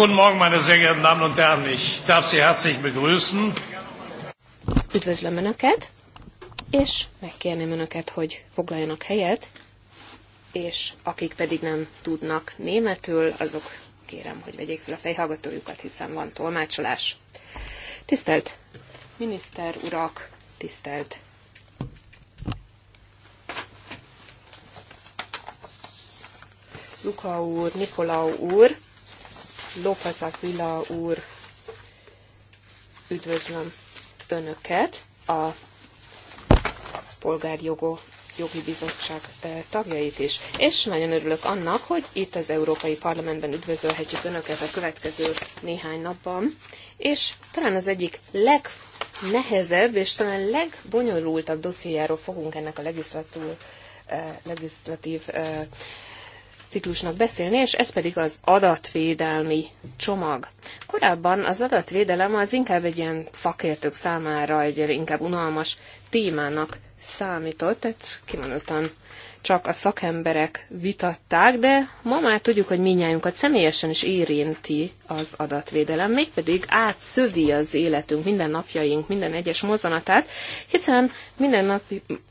Guten Morgen, meine sehr geehrten Damen und Herren. Ich darf Sie herzlich begrüßen. Üdvözlöm Önöket, és megkérném Önöket, hogy foglaljanak helyet, és akik pedig nem tudnak németül, azok kérem, hogy vegyék fel a fejhallgatójukat, hiszen van tolmácsolás. Tisztelt miniszter urak, tisztelt Luka úr, Nikolau úr, López Aquila úr, üdvözlöm Önöket a polgári jogi bizottság eh, tagjait is. És nagyon örülök annak, hogy itt az Európai Parlamentben üdvözölhetjük Önöket a következő néhány napban. És talán az egyik legnehezebb és talán legbonyolultabb dossziéjáról fogunk ennek a legislatív, eh, legislatív eh, ciklusnak beszélni, és ez pedig az adatvédelmi csomag. Korábban az adatvédelem az inkább egy ilyen szakértők számára egy inkább unalmas témának számított, tehát kimondottan csak a szakemberek vitatták, de ma már tudjuk, hogy minnyájunkat személyesen is érinti az adatvédelem, mégpedig átszövi az életünk, minden napjaink, minden egyes mozzanatát, hiszen minden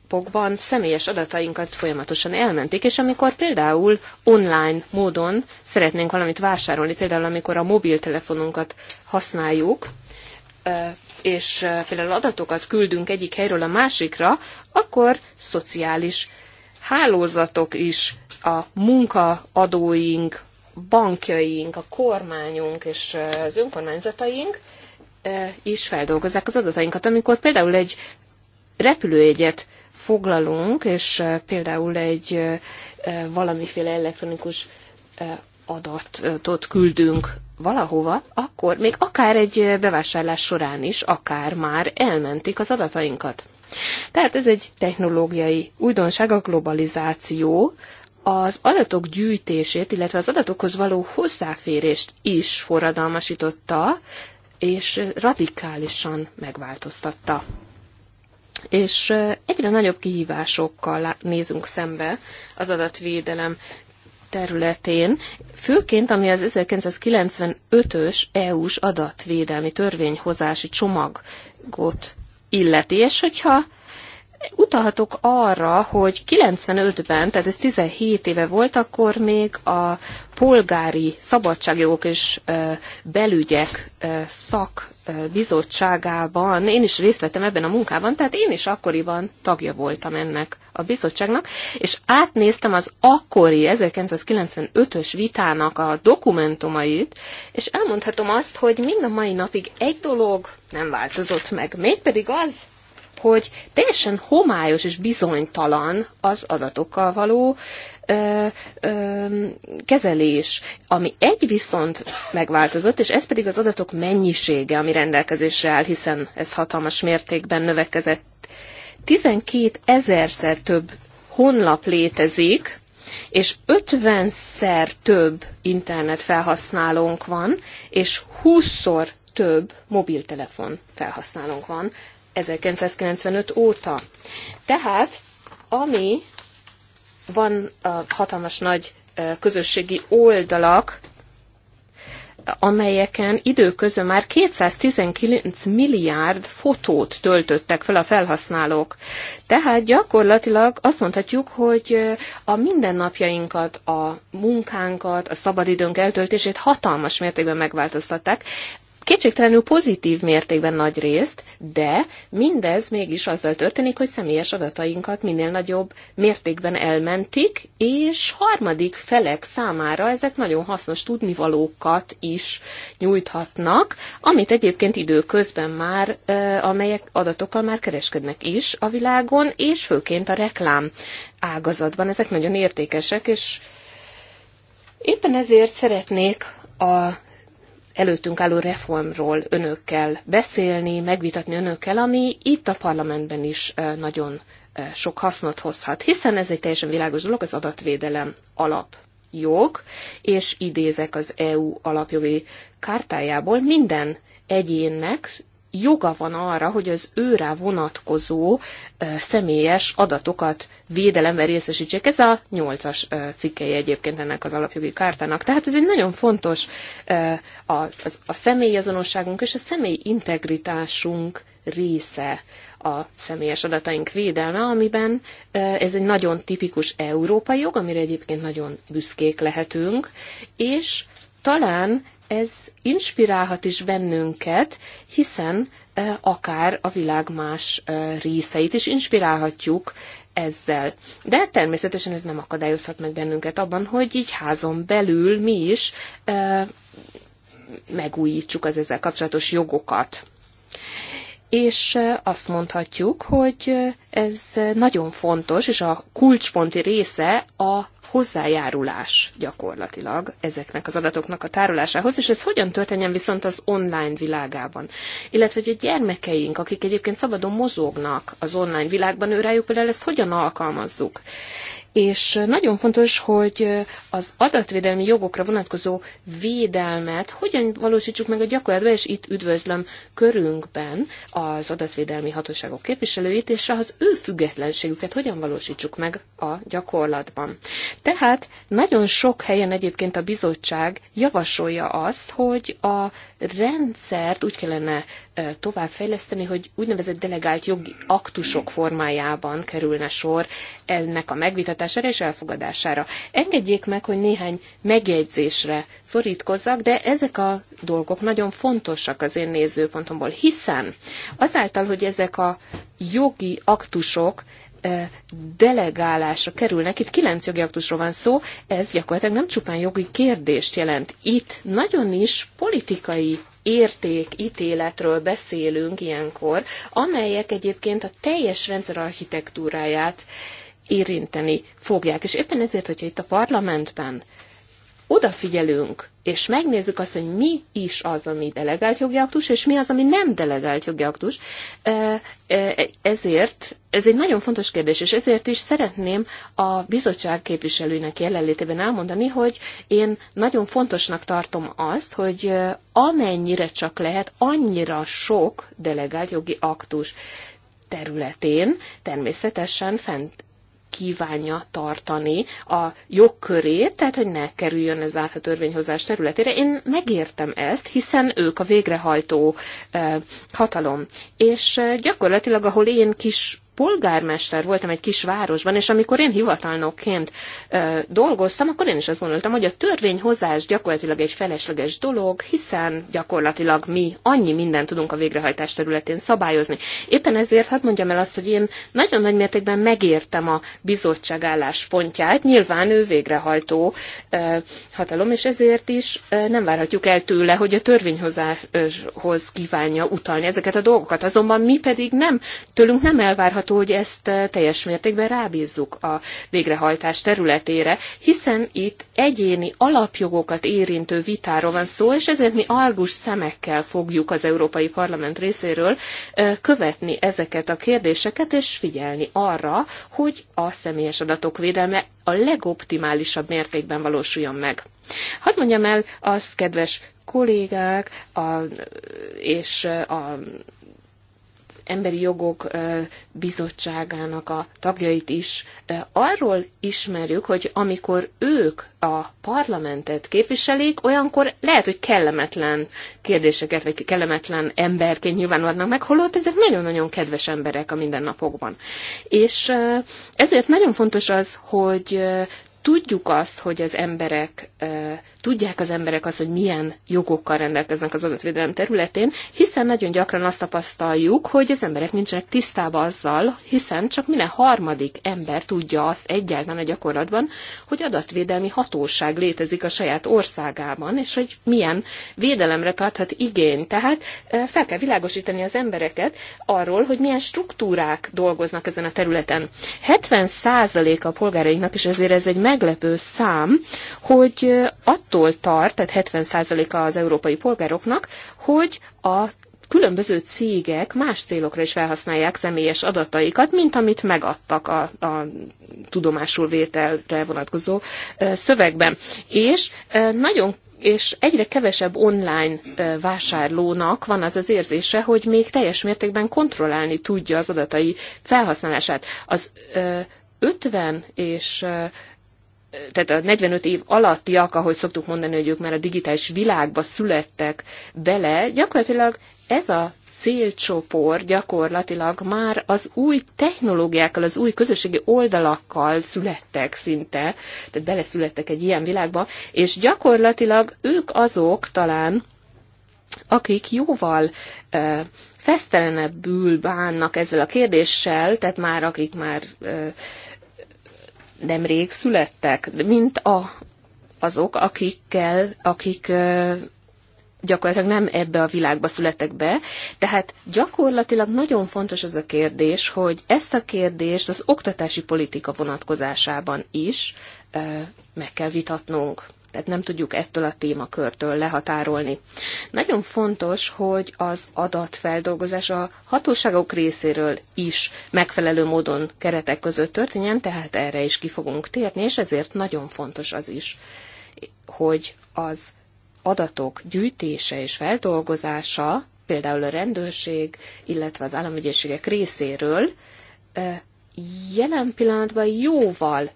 napokban személyes adatainkat folyamatosan elmentik, és amikor például online módon szeretnénk valamit vásárolni, például amikor a mobiltelefonunkat használjuk, és például adatokat küldünk egyik helyről a másikra, akkor szociális hálózatok is a munkaadóink, bankjaink, a kormányunk és az önkormányzataink is feldolgozzák az adatainkat. Amikor például egy repülőjegyet foglalunk, és például egy valamiféle elektronikus adatot küldünk valahova, akkor még akár egy bevásárlás során is, akár már elmentik az adatainkat. Tehát ez egy technológiai újdonság, a globalizáció, az adatok gyűjtését, illetve az adatokhoz való hozzáférést is forradalmasította, és radikálisan megváltoztatta. És egyre nagyobb kihívásokkal nézünk szembe az adatvédelem területén, főként ami az 1995-ös EU-s adatvédelmi törvényhozási csomagot illeti, és hogyha utalhatok arra, hogy 95-ben, tehát ez 17 éve volt, akkor még a polgári szabadságjogok és belügyek szak bizottságában, én is részt vettem ebben a munkában, tehát én is akkoriban tagja voltam ennek a bizottságnak, és átnéztem az akkori 1995-ös vitának a dokumentumait, és elmondhatom azt, hogy mind a mai napig egy dolog nem változott meg, mégpedig az, hogy teljesen homályos és bizonytalan az adatokkal való ö, ö, kezelés, ami egy viszont megváltozott, és ez pedig az adatok mennyisége, ami rendelkezésre áll, hiszen ez hatalmas mértékben növekezett. 12 ezerszer több honlap létezik, és 50-szer több internet felhasználónk van, és 20-szor több mobiltelefon felhasználónk van, 1995 óta. Tehát, ami van a hatalmas nagy közösségi oldalak, amelyeken időközön már 219 milliárd fotót töltöttek fel a felhasználók. Tehát gyakorlatilag azt mondhatjuk, hogy a mindennapjainkat, a munkánkat, a szabadidőnk eltöltését hatalmas mértékben megváltoztatták kétségtelenül pozitív mértékben nagy részt, de mindez mégis azzal történik, hogy személyes adatainkat minél nagyobb mértékben elmentik, és harmadik felek számára ezek nagyon hasznos tudnivalókat is nyújthatnak, amit egyébként időközben már, amelyek adatokkal már kereskednek is a világon, és főként a reklám ágazatban. Ezek nagyon értékesek, és éppen ezért szeretnék a előttünk álló reformról önökkel beszélni, megvitatni önökkel, ami itt a parlamentben is nagyon sok hasznot hozhat, hiszen ez egy teljesen világos dolog, az adatvédelem alap jog, és idézek az EU alapjogi kártájából, minden egyénnek joga van arra, hogy az őrá vonatkozó személyes adatokat védelemben részesítsék. Ez a nyolcas cikkei egyébként ennek az alapjogi kártának. Tehát ez egy nagyon fontos a, a, a személyazonosságunk és a személyi integritásunk része a személyes adataink védelme, amiben ez egy nagyon tipikus európai jog, amire egyébként nagyon büszkék lehetünk, és talán ez inspirálhat is bennünket, hiszen akár a világ más részeit is inspirálhatjuk ezzel. De természetesen ez nem akadályozhat meg bennünket abban, hogy így házon belül mi is megújítsuk az ezzel kapcsolatos jogokat és azt mondhatjuk, hogy ez nagyon fontos, és a kulcsponti része a hozzájárulás gyakorlatilag ezeknek az adatoknak a tárolásához, és ez hogyan történjen viszont az online világában. Illetve, hogy a gyermekeink, akik egyébként szabadon mozognak az online világban, őrájuk például ezt hogyan alkalmazzuk és nagyon fontos, hogy az adatvédelmi jogokra vonatkozó védelmet hogyan valósítsuk meg a gyakorlatban, és itt üdvözlöm körünkben az adatvédelmi hatóságok képviselőit, és az ő függetlenségüket hogyan valósítsuk meg a gyakorlatban. Tehát nagyon sok helyen egyébként a bizottság javasolja azt, hogy a rendszert úgy kellene továbbfejleszteni, hogy úgynevezett delegált jogi aktusok formájában kerülne sor ennek a megvitatására és elfogadására. Engedjék meg, hogy néhány megjegyzésre szorítkozzak, de ezek a dolgok nagyon fontosak az én nézőpontomból, hiszen azáltal, hogy ezek a jogi aktusok delegálásra kerülnek. Itt kilenc jogi aktusról van szó, ez gyakorlatilag nem csupán jogi kérdést jelent. Itt nagyon is politikai érték, ítéletről beszélünk ilyenkor, amelyek egyébként a teljes rendszer architektúráját érinteni fogják. És éppen ezért, hogyha itt a parlamentben odafigyelünk, és megnézzük azt, hogy mi is az, ami delegált jogi aktus, és mi az, ami nem delegált jogi aktus, ezért ez egy nagyon fontos kérdés, és ezért is szeretném a bizottság képviselőinek jelenlétében elmondani, hogy én nagyon fontosnak tartom azt, hogy amennyire csak lehet, annyira sok delegált jogi aktus területén természetesen fent kívánja tartani a jogkörét, tehát hogy ne kerüljön ez át a törvényhozás területére. Én megértem ezt, hiszen ők a végrehajtó eh, hatalom. És eh, gyakorlatilag, ahol én kis polgármester voltam egy kis városban, és amikor én hivatalnokként ö, dolgoztam, akkor én is azt gondoltam, hogy a törvényhozás gyakorlatilag egy felesleges dolog, hiszen gyakorlatilag mi annyi mindent tudunk a végrehajtás területén szabályozni. Éppen ezért hadd mondjam el azt, hogy én nagyon nagy mértékben megértem a bizottság álláspontját, nyilván ő végrehajtó ö, hatalom, és ezért is ö, nem várhatjuk el tőle, hogy a törvényhozáshoz kívánja utalni ezeket a dolgokat. Azonban mi pedig nem, tőlünk nem elvárható, hogy ezt eh, teljes mértékben rábízzuk a végrehajtás területére, hiszen itt egyéni alapjogokat érintő vitáról van szó, és ezért mi algus szemekkel fogjuk az Európai Parlament részéről eh, követni ezeket a kérdéseket, és figyelni arra, hogy a személyes adatok védelme a legoptimálisabb mértékben valósuljon meg. Hadd mondjam el azt, kedves kollégák a, és eh, a Emberi Jogok Bizottságának a tagjait is arról ismerjük, hogy amikor ők a parlamentet képviselik, olyankor lehet, hogy kellemetlen kérdéseket, vagy kellemetlen emberként nyilvánulnak meg, holott ezek nagyon-nagyon kedves emberek a mindennapokban. És ezért nagyon fontos az, hogy tudjuk azt, hogy az emberek, tudják az emberek azt, hogy milyen jogokkal rendelkeznek az adatvédelem területén, hiszen nagyon gyakran azt tapasztaljuk, hogy az emberek nincsenek tisztában azzal, hiszen csak minden harmadik ember tudja azt egyáltalán a gyakorlatban, hogy adatvédelmi hatóság létezik a saját országában, és hogy milyen védelemre tarthat igény. Tehát fel kell világosítani az embereket arról, hogy milyen struktúrák dolgoznak ezen a területen. 70% a polgárainknak, és ezért ez egy meg meglepő szám, hogy attól tart, tehát 70%-a az európai polgároknak, hogy a különböző cégek más célokra is felhasználják személyes adataikat, mint amit megadtak a, a tudomásul vételre vonatkozó szövegben. És nagyon és egyre kevesebb online vásárlónak van az az érzése, hogy még teljes mértékben kontrollálni tudja az adatai felhasználását. Az 50 és tehát a 45 év alattiak, ahogy szoktuk mondani, hogy ők már a digitális világba születtek bele, gyakorlatilag ez a célcsoport gyakorlatilag már az új technológiákkal, az új közösségi oldalakkal születtek szinte, tehát beleszülettek egy ilyen világba, és gyakorlatilag ők azok talán, akik jóval e, fesztelenebbül bánnak ezzel a kérdéssel, tehát már akik már nemrég születtek, mint a, azok, akikkel, akik gyakorlatilag nem ebbe a világba születtek be. Tehát gyakorlatilag nagyon fontos az a kérdés, hogy ezt a kérdést az oktatási politika vonatkozásában is meg kell vitatnunk tehát nem tudjuk ettől a témakörtől lehatárolni. Nagyon fontos, hogy az adatfeldolgozás a hatóságok részéről is megfelelő módon keretek között történjen, tehát erre is ki fogunk térni, és ezért nagyon fontos az is, hogy az adatok gyűjtése és feldolgozása, például a rendőrség, illetve az államügyészségek részéről jelen pillanatban jóval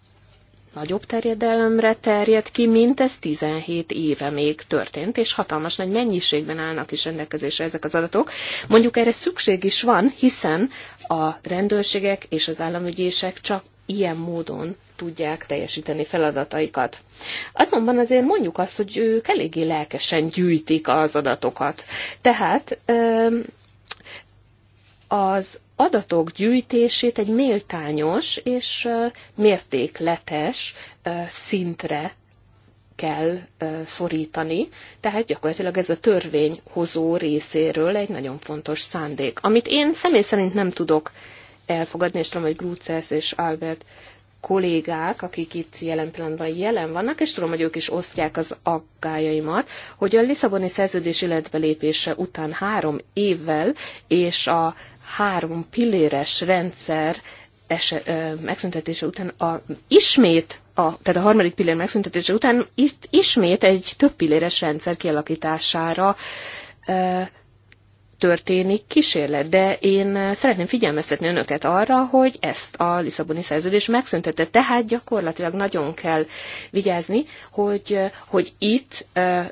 nagyobb terjedelemre terjed ki, mint ez 17 éve még történt, és hatalmas nagy mennyiségben állnak is rendelkezésre ezek az adatok. Mondjuk erre szükség is van, hiszen a rendőrségek és az államügyések csak ilyen módon tudják teljesíteni feladataikat. Azonban azért mondjuk azt, hogy ők eléggé lelkesen gyűjtik az adatokat. Tehát az adatok gyűjtését egy méltányos és mértékletes szintre kell szorítani, tehát gyakorlatilag ez a törvényhozó részéről egy nagyon fontos szándék, amit én személy szerint nem tudok elfogadni, és tudom, hogy Grúces és Albert kollégák, akik itt jelen pillanatban jelen vannak, és tudom, hogy ők is osztják az aggájaimat, hogy a Lisszaboni szerződés életbelépése után három évvel, és a három pilléres rendszer ö, megszüntetése után a, ismét, a, tehát a harmadik pillér megszüntetése után itt ismét egy több pilléres rendszer kialakítására ö, történik kísérlet, de én szeretném figyelmeztetni önöket arra, hogy ezt a Lisszaboni szerződés megszüntette, tehát gyakorlatilag nagyon kell vigyázni, hogy, hogy itt,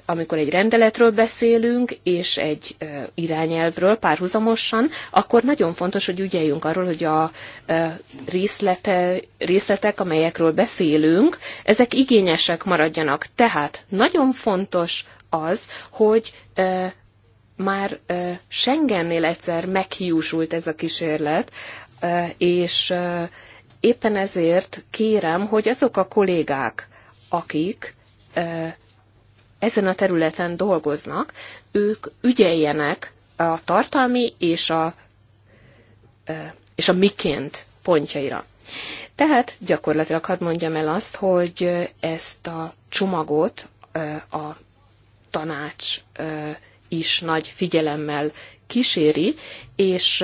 amikor egy rendeletről beszélünk, és egy irányelvről párhuzamosan, akkor nagyon fontos, hogy ügyeljünk arról, hogy a részlete, részletek, amelyekről beszélünk, ezek igényesek maradjanak. Tehát nagyon fontos az, hogy már Schengennél egyszer meghiúsult ez a kísérlet, és éppen ezért kérem, hogy azok a kollégák, akik ezen a területen dolgoznak, ők ügyeljenek a tartalmi és a, és a miként pontjaira. Tehát gyakorlatilag hadd mondjam el azt, hogy ezt a csomagot a tanács is nagy figyelemmel kíséri, és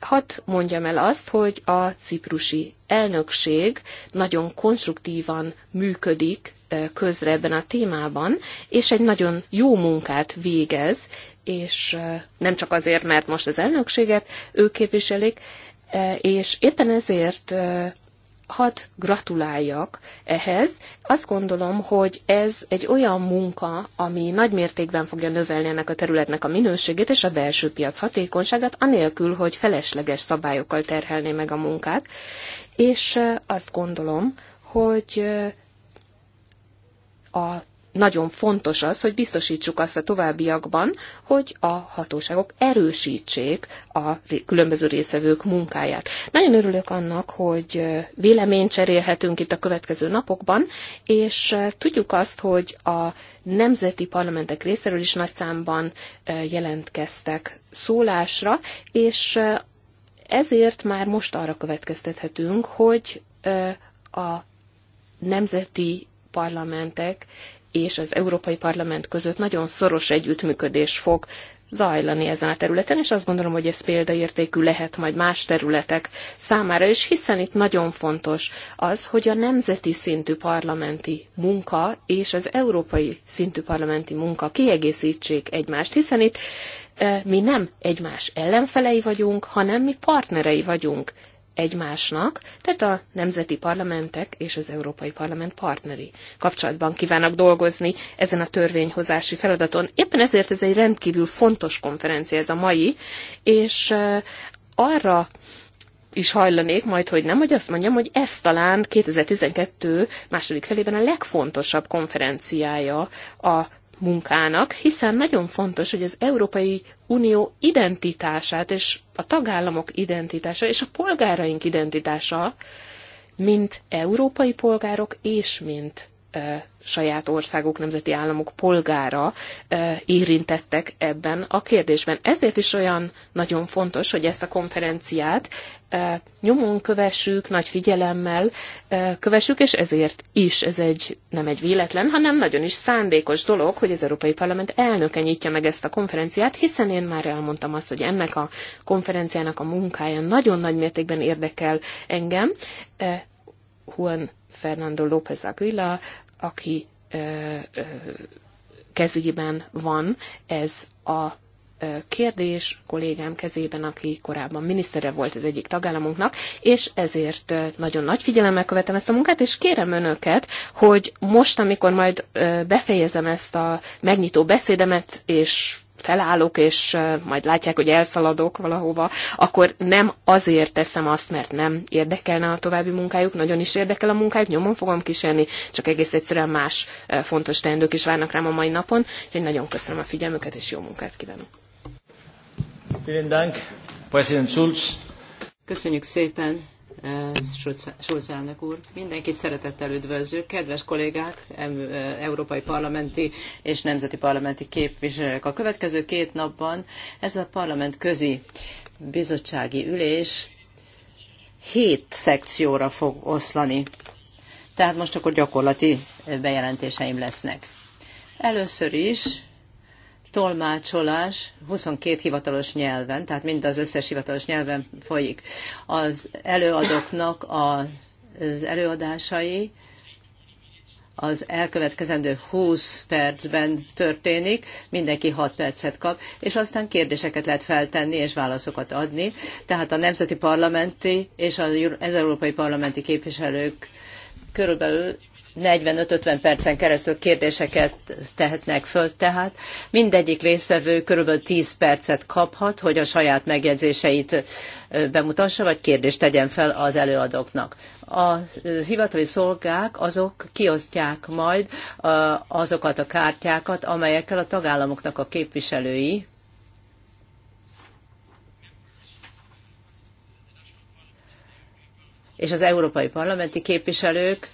hadd mondjam el azt, hogy a ciprusi elnökség nagyon konstruktívan működik közre ebben a témában, és egy nagyon jó munkát végez, és nem csak azért, mert most az elnökséget ők képviselik, és éppen ezért hadd gratuláljak ehhez. Azt gondolom, hogy ez egy olyan munka, ami nagy mértékben fogja növelni ennek a területnek a minőségét és a belső piac hatékonyságát, anélkül, hogy felesleges szabályokkal terhelné meg a munkát. És azt gondolom, hogy a nagyon fontos az, hogy biztosítsuk azt a továbbiakban, hogy a hatóságok erősítsék a különböző részevők munkáját. Nagyon örülök annak, hogy véleményt cserélhetünk itt a következő napokban, és tudjuk azt, hogy a nemzeti parlamentek részéről is nagy számban jelentkeztek szólásra, és ezért már most arra következtethetünk, hogy a nemzeti parlamentek és az Európai Parlament között nagyon szoros együttműködés fog zajlani ezen a területen, és azt gondolom, hogy ez példaértékű lehet majd más területek számára is, hiszen itt nagyon fontos az, hogy a nemzeti szintű parlamenti munka és az európai szintű parlamenti munka kiegészítsék egymást, hiszen itt eh, mi nem egymás ellenfelei vagyunk, hanem mi partnerei vagyunk egymásnak, tehát a nemzeti parlamentek és az Európai Parlament partneri kapcsolatban kívánnak dolgozni ezen a törvényhozási feladaton. Éppen ezért ez egy rendkívül fontos konferencia ez a mai, és arra is hajlanék majd, hogy nem, hogy azt mondjam, hogy ez talán 2012 második felében a legfontosabb konferenciája a munkának, hiszen nagyon fontos, hogy az Európai Unió identitását és a tagállamok identitása és a polgáraink identitása, mint európai polgárok és mint saját országok, nemzeti államok polgára érintettek ebben a kérdésben. Ezért is olyan nagyon fontos, hogy ezt a konferenciát nyomon kövessük, nagy figyelemmel kövessük, és ezért is ez egy, nem egy véletlen, hanem nagyon is szándékos dolog, hogy az Európai Parlament elnöke nyitja meg ezt a konferenciát, hiszen én már elmondtam azt, hogy ennek a konferenciának a munkája nagyon nagy mértékben érdekel engem, Juan Fernando López Aguila, aki kezében van ez a kérdés kollégám kezében, aki korábban minisztere volt az egyik tagállamunknak, és ezért nagyon nagy figyelemmel követem ezt a munkát, és kérem önöket, hogy most, amikor majd befejezem ezt a megnyitó beszédemet, és felállok, és majd látják, hogy elszaladok valahova, akkor nem azért teszem azt, mert nem érdekelne a további munkájuk, nagyon is érdekel a munkájuk, nyomon fogom kísérni, csak egész egyszerűen más fontos teendők is várnak rám a mai napon, úgyhogy nagyon köszönöm a figyelmüket, és jó munkát kívánok. Köszönjük szépen. Schulz elnök úr. Mindenkit szeretettel üdvözlök, kedves kollégák, eh, európai parlamenti és nemzeti parlamenti képviselők. A következő két napban ez a parlament közi bizottsági ülés hét szekcióra fog oszlani. Tehát most akkor gyakorlati bejelentéseim lesznek. Először is tolmácsolás 22 hivatalos nyelven, tehát mind az összes hivatalos nyelven folyik. Az előadóknak a, az előadásai az elkövetkezendő 20 percben történik, mindenki 6 percet kap, és aztán kérdéseket lehet feltenni és válaszokat adni. Tehát a nemzeti parlamenti és az európai parlamenti képviselők körülbelül 45-50 percen keresztül kérdéseket tehetnek föl, tehát mindegyik résztvevő körülbelül 10 percet kaphat, hogy a saját megjegyzéseit bemutassa, vagy kérdést tegyen fel az előadóknak. A hivatali szolgák azok kiosztják majd azokat a kártyákat, amelyekkel a tagállamoknak a képviselői és az európai parlamenti képviselők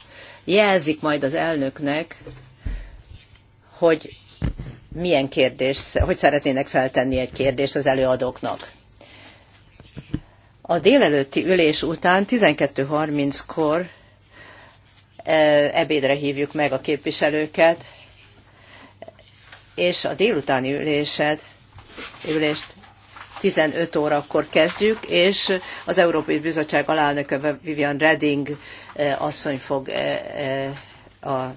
jelzik majd az elnöknek, hogy milyen kérdés, hogy szeretnének feltenni egy kérdést az előadóknak. A délelőtti ülés után 12.30-kor e, ebédre hívjuk meg a képviselőket, és a délutáni ülésed, ülést 15 órakor kezdjük, és az Európai Bizottság alelnöke Vivian Redding eh, asszony fog eh, eh, a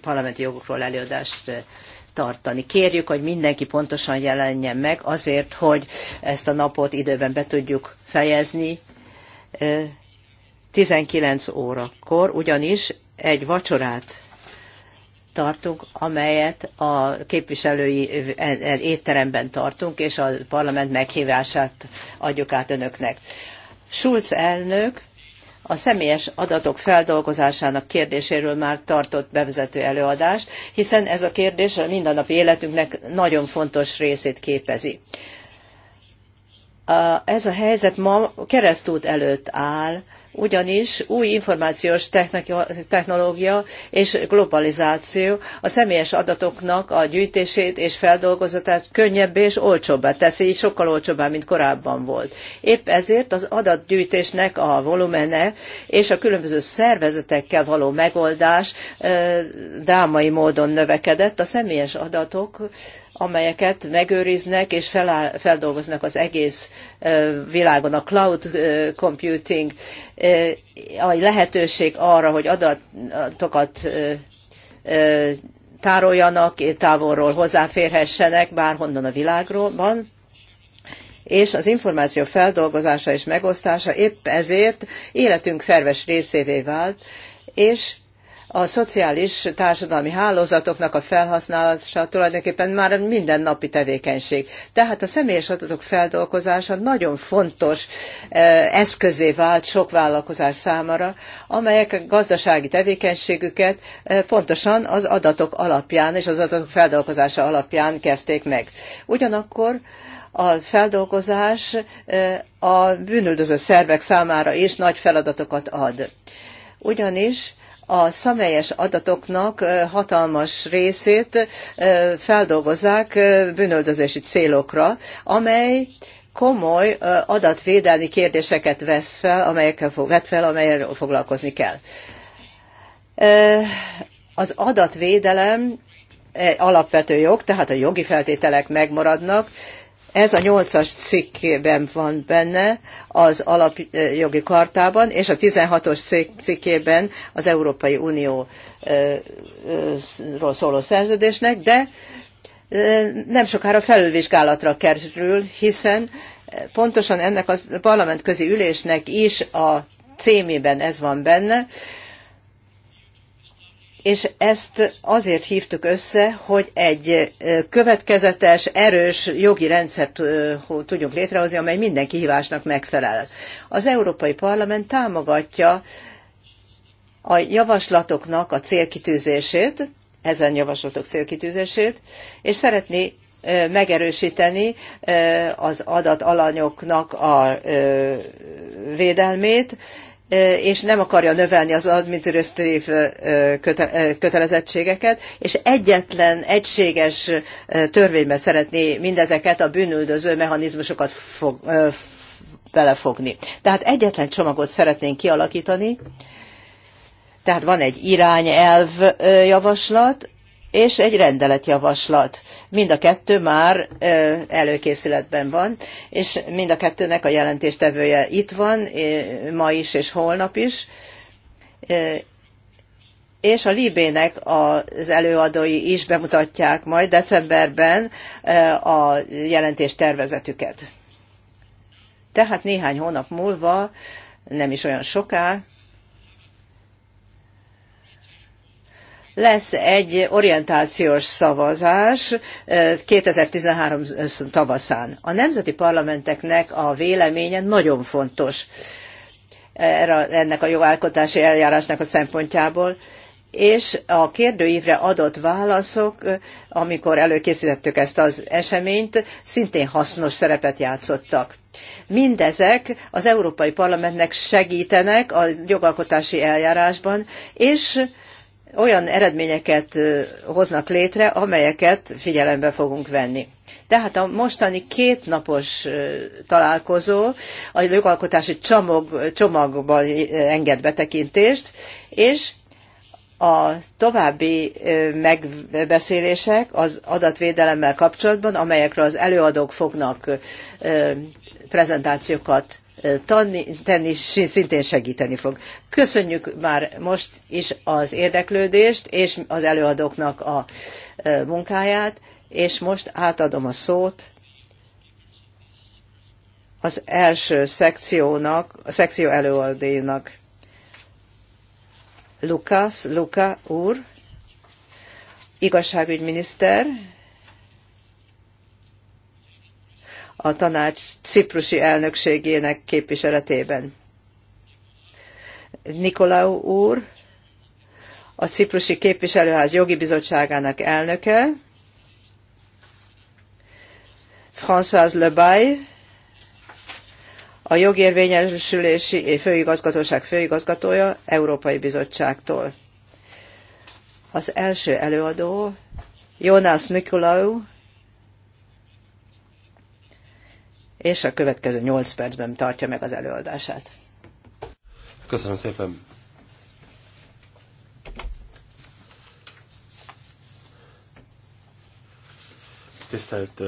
parlamenti jogokról előadást tartani. Kérjük, hogy mindenki pontosan jelenjen meg azért, hogy ezt a napot időben be tudjuk fejezni. 19 órakor, ugyanis egy vacsorát tartunk, amelyet a képviselői étteremben tartunk, és a parlament meghívását adjuk át önöknek. Schulz elnök a személyes adatok feldolgozásának kérdéséről már tartott bevezető előadást, hiszen ez a kérdés a mindennapi életünknek nagyon fontos részét képezi. Ez a helyzet ma keresztút előtt áll, ugyanis új információs technológia és globalizáció a személyes adatoknak a gyűjtését és feldolgozatát könnyebbé és olcsóbbá teszi, így sokkal olcsóbbá, mint korábban volt. Épp ezért az adatgyűjtésnek a volumene és a különböző szervezetekkel való megoldás drámai módon növekedett. A személyes adatok amelyeket megőriznek és feláll, feldolgoznak az egész világon. A cloud computing a lehetőség arra, hogy adatokat tároljanak, távolról hozzáférhessenek bárhonnan a világban, és az információ feldolgozása és megosztása épp ezért életünk szerves részévé vált, és a szociális társadalmi hálózatoknak a felhasználása tulajdonképpen már mindennapi tevékenység. Tehát a személyes adatok feldolgozása nagyon fontos e, eszközé vált sok vállalkozás számára, amelyek a gazdasági tevékenységüket e, pontosan az adatok alapján és az adatok feldolgozása alapján kezdték meg. Ugyanakkor a feldolgozás e, a bűnöldöző szervek számára is nagy feladatokat ad. Ugyanis a személyes adatoknak hatalmas részét feldolgozzák bűnöldözési célokra, amely komoly adatvédelmi kérdéseket vesz fel, amelyekkel vet fel, amelyről foglalkozni kell. Az adatvédelem alapvető jog, tehát a jogi feltételek megmaradnak, ez a nyolcas cikkében van benne az alapjogi kartában, és a 16-os cikkében az Európai Unióról szóló szerződésnek, de nem sokára felülvizsgálatra kerül, hiszen pontosan ennek a parlamentközi ülésnek is a címében ez van benne, és ezt azért hívtuk össze, hogy egy következetes, erős jogi rendszert tudjunk létrehozni, amely minden kihívásnak megfelel. Az Európai Parlament támogatja a javaslatoknak a célkitűzését, ezen javaslatok célkitűzését, és szeretné megerősíteni az adatalanyoknak a védelmét, és nem akarja növelni az administratív kötelezettségeket, és egyetlen egységes törvényben szeretné mindezeket a bűnüldöző mechanizmusokat fog, belefogni. Tehát egyetlen csomagot szeretnénk kialakítani, tehát van egy irányelv javaslat, és egy rendeletjavaslat. Mind a kettő már előkészületben van, és mind a kettőnek a jelentéstevője itt van, ma is és holnap is és a Libének az előadói is bemutatják majd decemberben a jelentés tervezetüket. Tehát néhány hónap múlva, nem is olyan soká, Lesz egy orientációs szavazás 2013 tavaszán. A nemzeti parlamenteknek a véleménye nagyon fontos ennek a jogalkotási eljárásnak a szempontjából, és a kérdőívre adott válaszok, amikor előkészítettük ezt az eseményt, szintén hasznos szerepet játszottak. Mindezek az Európai Parlamentnek segítenek a jogalkotási eljárásban, és olyan eredményeket hoznak létre, amelyeket figyelembe fogunk venni. Tehát a mostani kétnapos találkozó a jogalkotási csomag, csomagban enged betekintést, és a további megbeszélések az adatvédelemmel kapcsolatban, amelyekre az előadók fognak prezentációkat tenni, szintén segíteni fog. Köszönjük már most is az érdeklődést és az előadóknak a munkáját, és most átadom a szót az első szekciónak, a szekció előadóinak. Lukasz, Luka úr, igazságügyminiszter, a tanács ciprusi elnökségének képviseletében. Nikolau úr, a ciprusi képviselőház jogi bizottságának elnöke, François Lebay, a jogérvényesülési főigazgatóság főigazgatója Európai Bizottságtól. Az első előadó Jonas Nikolau, és a következő 8 percben tartja meg az előadását. Köszönöm szépen. Tisztelt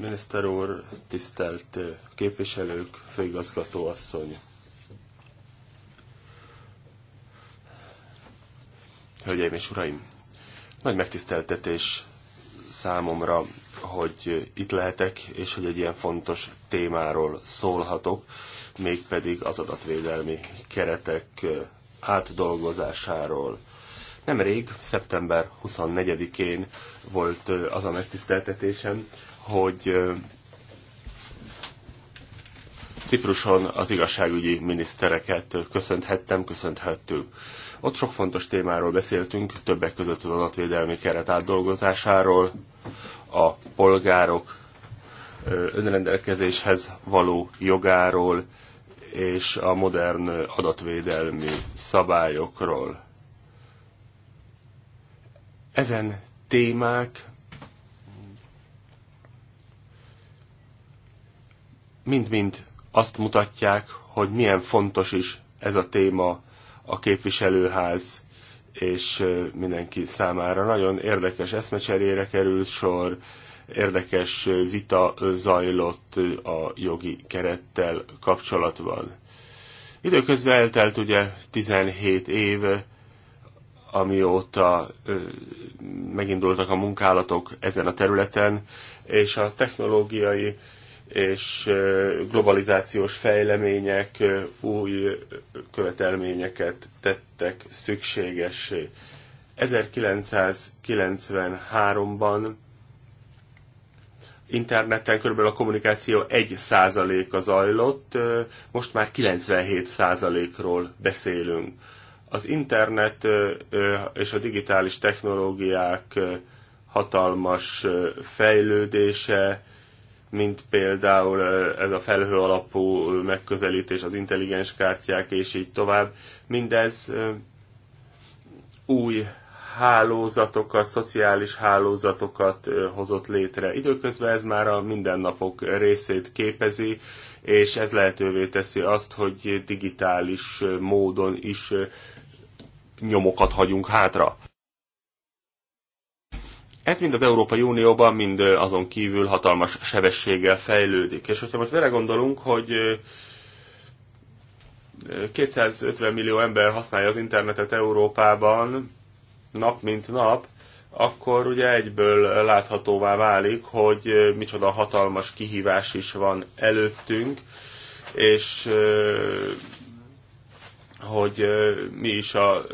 miniszter úr, tisztelt képviselők, főigazgató asszony. Hölgyeim és uraim, nagy megtiszteltetés számomra hogy itt lehetek, és hogy egy ilyen fontos témáról szólhatok, mégpedig az adatvédelmi keretek átdolgozásáról. Nemrég, szeptember 24-én volt az a megtiszteltetésem, hogy Cipruson az igazságügyi minisztereket köszönthettem, köszönthettük. Ott sok fontos témáról beszéltünk, többek között az adatvédelmi keret átdolgozásáról, a polgárok önrendelkezéshez való jogáról és a modern adatvédelmi szabályokról. Ezen témák mind-mind azt mutatják, hogy milyen fontos is ez a téma a képviselőház és mindenki számára nagyon érdekes eszmecserére került sor, érdekes vita zajlott a jogi kerettel kapcsolatban. Időközben eltelt ugye 17 év, amióta megindultak a munkálatok ezen a területen, és a technológiai és globalizációs fejlemények új követelményeket tettek szükségessé. 1993-ban interneten körülbelül a kommunikáció 1%-a zajlott, most már 97%-ról beszélünk. Az internet és a digitális technológiák hatalmas fejlődése, mint például ez a felhő alapú megközelítés, az intelligens kártyák, és így tovább. Mindez új hálózatokat, szociális hálózatokat hozott létre. Időközben ez már a mindennapok részét képezi, és ez lehetővé teszi azt, hogy digitális módon is nyomokat hagyunk hátra. Ez mind az Európai Unióban, mind azon kívül hatalmas sebességgel fejlődik. És hogyha most vele gondolunk, hogy 250 millió ember használja az internetet Európában nap mint nap, akkor ugye egyből láthatóvá válik, hogy micsoda hatalmas kihívás is van előttünk, és hogy mi is a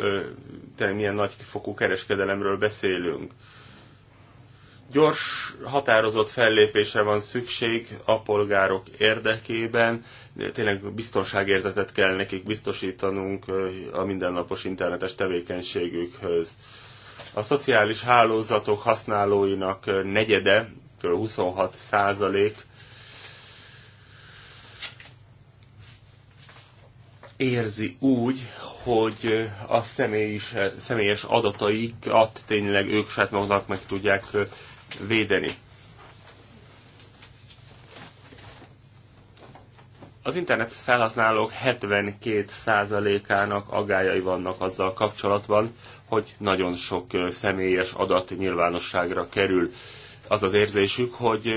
milyen nagyfokú kereskedelemről beszélünk. Gyors, határozott fellépése van szükség a polgárok érdekében. Tényleg biztonságérzetet kell nekik biztosítanunk a mindennapos internetes tevékenységükhöz. A szociális hálózatok használóinak negyede, kb. 26 százalék érzi úgy, hogy a személyis, személyes adataikat tényleg ők saját maguknak meg tudják védeni. Az internet felhasználók 72%-ának agályai vannak azzal kapcsolatban, hogy nagyon sok személyes adat nyilvánosságra kerül. Az az érzésük, hogy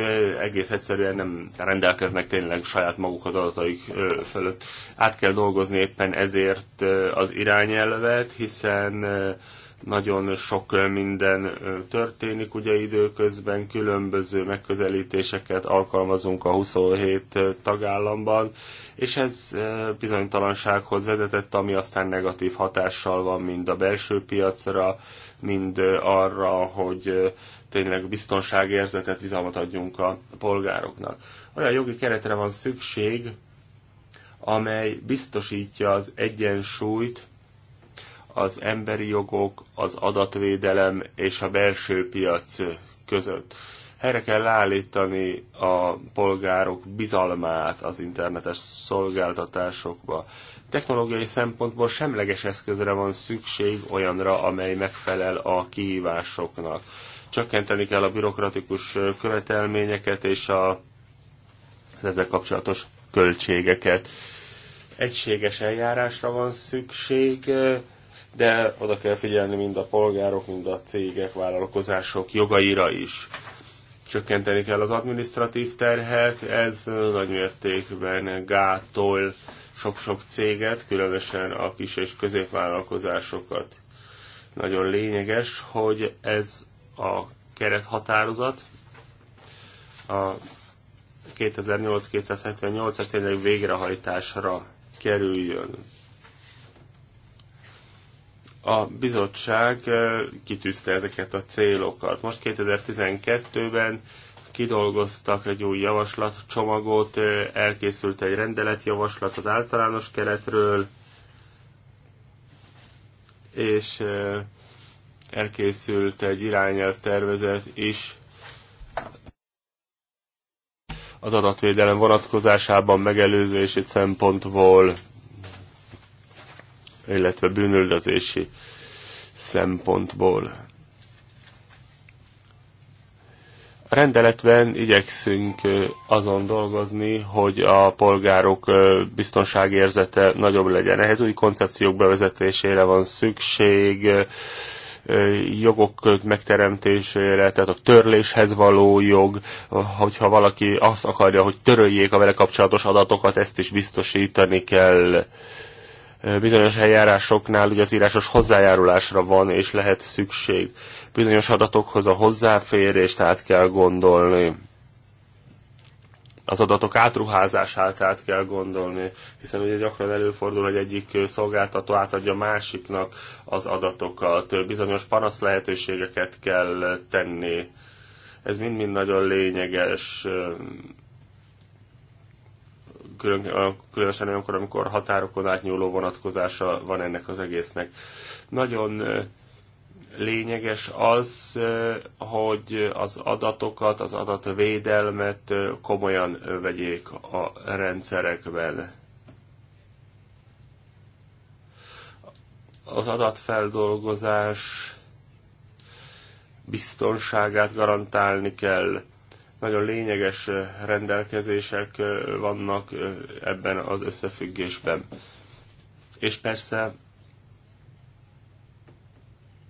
egész egyszerűen nem rendelkeznek tényleg saját maguk az adataik fölött. Át kell dolgozni éppen ezért az irányelvet, hiszen nagyon sok minden történik ugye időközben, különböző megközelítéseket alkalmazunk a 27 tagállamban, és ez bizonytalansághoz vezetett, ami aztán negatív hatással van mind a belső piacra, mind arra, hogy tényleg biztonságérzetet, bizalmat adjunk a polgároknak. Olyan jogi keretre van szükség, amely biztosítja az egyensúlyt az emberi jogok, az adatvédelem és a belső piac között. Erre kell állítani a polgárok bizalmát az internetes szolgáltatásokba. Technológiai szempontból semleges eszközre van szükség olyanra, amely megfelel a kihívásoknak. Csökkenteni kell a bürokratikus követelményeket és a ezzel kapcsolatos költségeket. Egységes eljárásra van szükség, de oda kell figyelni mind a polgárok, mind a cégek, vállalkozások jogaira is. Csökkenteni kell az administratív terhet, ez mértékben gátol sok-sok céget, különösen a kis és középvállalkozásokat. Nagyon lényeges, hogy ez a kerethatározat a 2008-278-as tényleg végrehajtásra kerüljön a bizottság kitűzte ezeket a célokat. Most 2012-ben kidolgoztak egy új javaslatcsomagot, elkészült egy rendeletjavaslat az általános keretről, és elkészült egy irányelvtervezet is az adatvédelem vonatkozásában megelőzési szempontból illetve bűnöldözési szempontból. A rendeletben igyekszünk azon dolgozni, hogy a polgárok biztonságérzete nagyobb legyen. Ehhez új koncepciók bevezetésére van szükség, jogok megteremtésére, tehát a törléshez való jog, hogyha valaki azt akarja, hogy töröljék a vele kapcsolatos adatokat, ezt is biztosítani kell bizonyos eljárásoknál ugye az írásos hozzájárulásra van és lehet szükség. Bizonyos adatokhoz a hozzáférést át kell gondolni, az adatok átruházását át kell gondolni, hiszen ugye gyakran előfordul, hogy egyik szolgáltató átadja másiknak az adatokat, bizonyos panasz lehetőségeket kell tenni. Ez mind-mind nagyon lényeges, külön, különösen olyankor, amikor határokon átnyúló vonatkozása van ennek az egésznek. Nagyon lényeges az, hogy az adatokat, az adatvédelmet komolyan vegyék a rendszerekben. Az adatfeldolgozás biztonságát garantálni kell, nagyon lényeges eh, rendelkezések eh, vannak eh, ebben az összefüggésben. És persze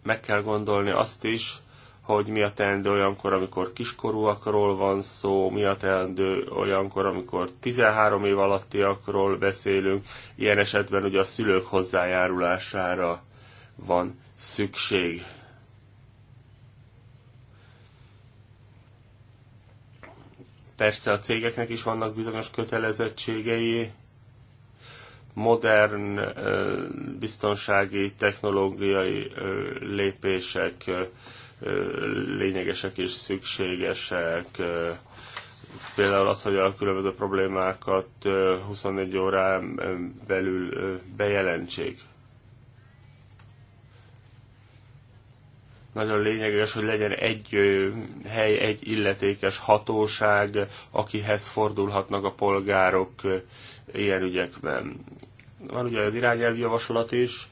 meg kell gondolni azt is, hogy mi a teendő olyankor, amikor kiskorúakról van szó, mi a teendő olyankor, amikor 13 év alattiakról beszélünk, ilyen esetben ugye a szülők hozzájárulására van szükség Persze a cégeknek is vannak bizonyos kötelezettségei, modern biztonsági, technológiai lépések lényegesek és szükségesek. Például az, hogy a különböző problémákat 24 órán belül bejelentsék. nagyon lényeges, hogy legyen egy hely, egy illetékes hatóság, akihez fordulhatnak a polgárok ilyen ügyekben. Van ugye az irányelvi javaslat is,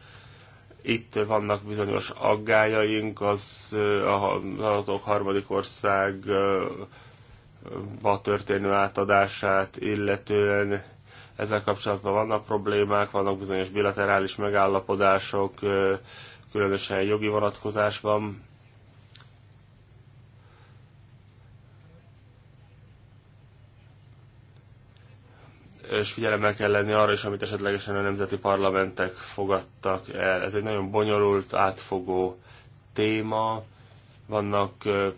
itt vannak bizonyos aggájaink, az a adatok harmadik a történő átadását illetően ezzel kapcsolatban vannak problémák, vannak bizonyos bilaterális megállapodások, különösen jogi vonatkozásban. és figyelemmel kell lenni arra is, amit esetlegesen a nemzeti parlamentek fogadtak el. Ez egy nagyon bonyolult, átfogó téma, vannak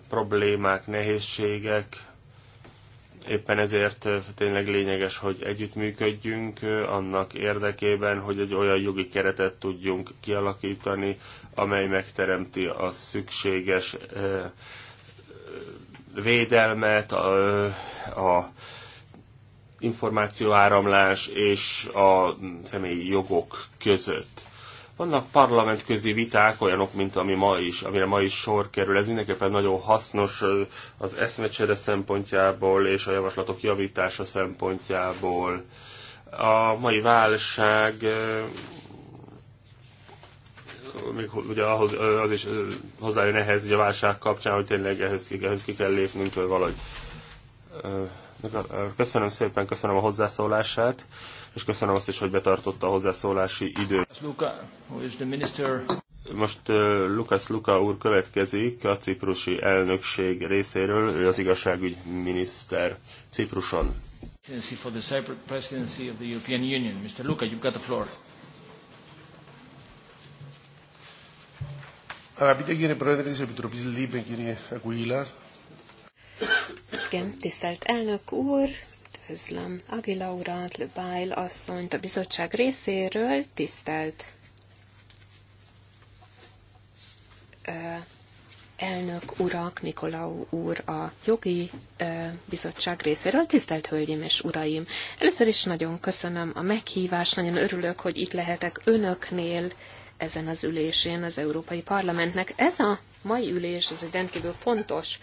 problémák, nehézségek, Éppen ezért tényleg lényeges, hogy együttműködjünk annak érdekében, hogy egy olyan jogi keretet tudjunk kialakítani, amely megteremti a szükséges védelmet, a, a információáramlás és a mm, személyi jogok között. Vannak parlamentközi viták, olyanok, mint ami ma is, amire ma is sor kerül. Ez mindenképpen nagyon hasznos az eszmecsere szempontjából és a javaslatok javítása szempontjából. A mai válság még ugye ahhoz, az is hozzájön ehhez, hogy a válság kapcsán, hogy tényleg ehhez ki, ehhez ki kell lépnünk valahogy. Köszönöm szépen, köszönöm a hozzászólását és köszönöm azt is, hogy betartotta a hozzászólási időt. Most uh, Lukasz Luka úr következik a ciprusi elnökség részéről, ő az igazságügy miniszter Cipruson. For the presidency of the European Union. Mr. Luka, you've got the floor. Αγαπητέ κύριε Πρόεδρε της Επιτροπής ΛΥΠΕ, κύριε Ακουίλα. Igen, tisztelt elnök úr, Üdvözlöm Agila urat, Bail asszonyt a bizottság részéről, tisztelt elnök urak, Nikolau úr a jogi bizottság részéről, tisztelt hölgyeim és uraim! Először is nagyon köszönöm a meghívást, nagyon örülök, hogy itt lehetek önöknél ezen az ülésén az Európai Parlamentnek. Ez a mai ülés, ez egy rendkívül fontos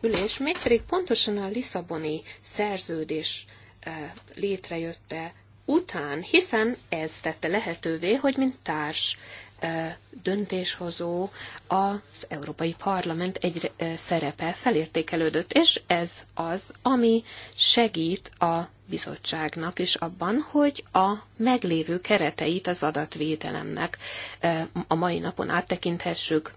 ülés, mégpedig pontosan a Lisszaboni szerződés létrejötte után, hiszen ez tette lehetővé, hogy mint társ döntéshozó az Európai Parlament egy szerepe felértékelődött, és ez az, ami segít a bizottságnak is abban, hogy a meglévő kereteit az adatvédelemnek a mai napon áttekinthessük.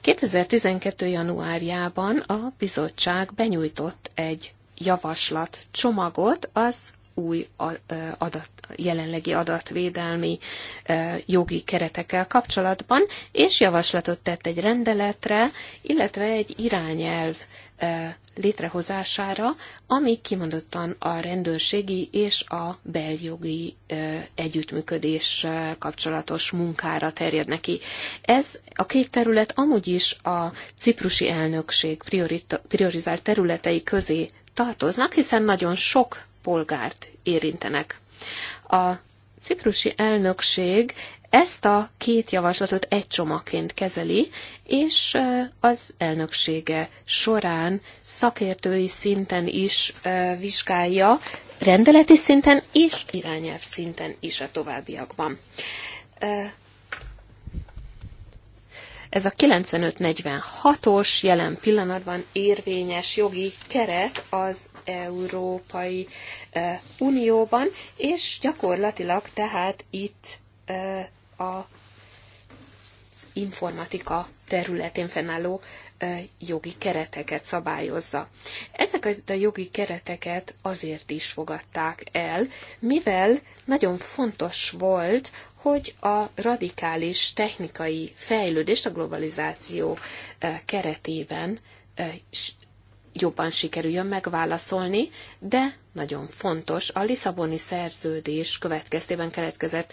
2012. januárjában a bizottság benyújtott egy javaslat csomagot az új adat, jelenlegi adatvédelmi jogi keretekkel kapcsolatban, és javaslatot tett egy rendeletre, illetve egy irányelv létrehozására, ami kimondottan a rendőrségi és a beljogi együttműködés kapcsolatos munkára terjednek neki. Ez a kék terület amúgy is a ciprusi elnökség priorizált területei közé tartoznak, hiszen nagyon sok polgárt érintenek. A ciprusi elnökség ezt a két javaslatot egy csomagként kezeli, és az elnöksége során szakértői szinten is vizsgálja, rendeleti szinten és irányelv szinten is a továbbiakban. Ez a 95-46-os jelen pillanatban érvényes jogi keret az Európai Unióban, és gyakorlatilag tehát itt a informatika területén fennálló jogi kereteket szabályozza. Ezeket a jogi kereteket azért is fogadták el, mivel nagyon fontos volt, hogy a radikális technikai fejlődést a globalizáció keretében jobban sikerüljön megválaszolni, de nagyon fontos a Lisszaboni szerződés következtében keletkezett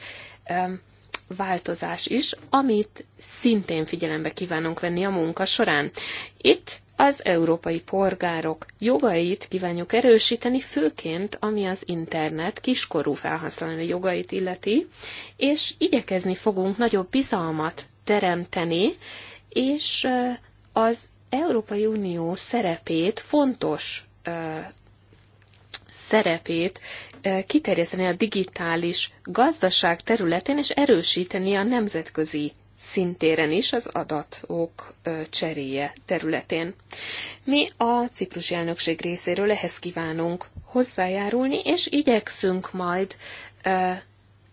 változás is, amit szintén figyelembe kívánunk venni a munka során. Itt az európai polgárok jogait kívánjuk erősíteni, főként ami az internet kiskorú felhasználói jogait illeti, és igyekezni fogunk nagyobb bizalmat teremteni, és az Európai Unió szerepét, fontos szerepét kiterjeszteni a digitális gazdaság területén, és erősíteni a nemzetközi szintéren is az adatok cseréje területén. Mi a ciprusi elnökség részéről ehhez kívánunk hozzájárulni, és igyekszünk majd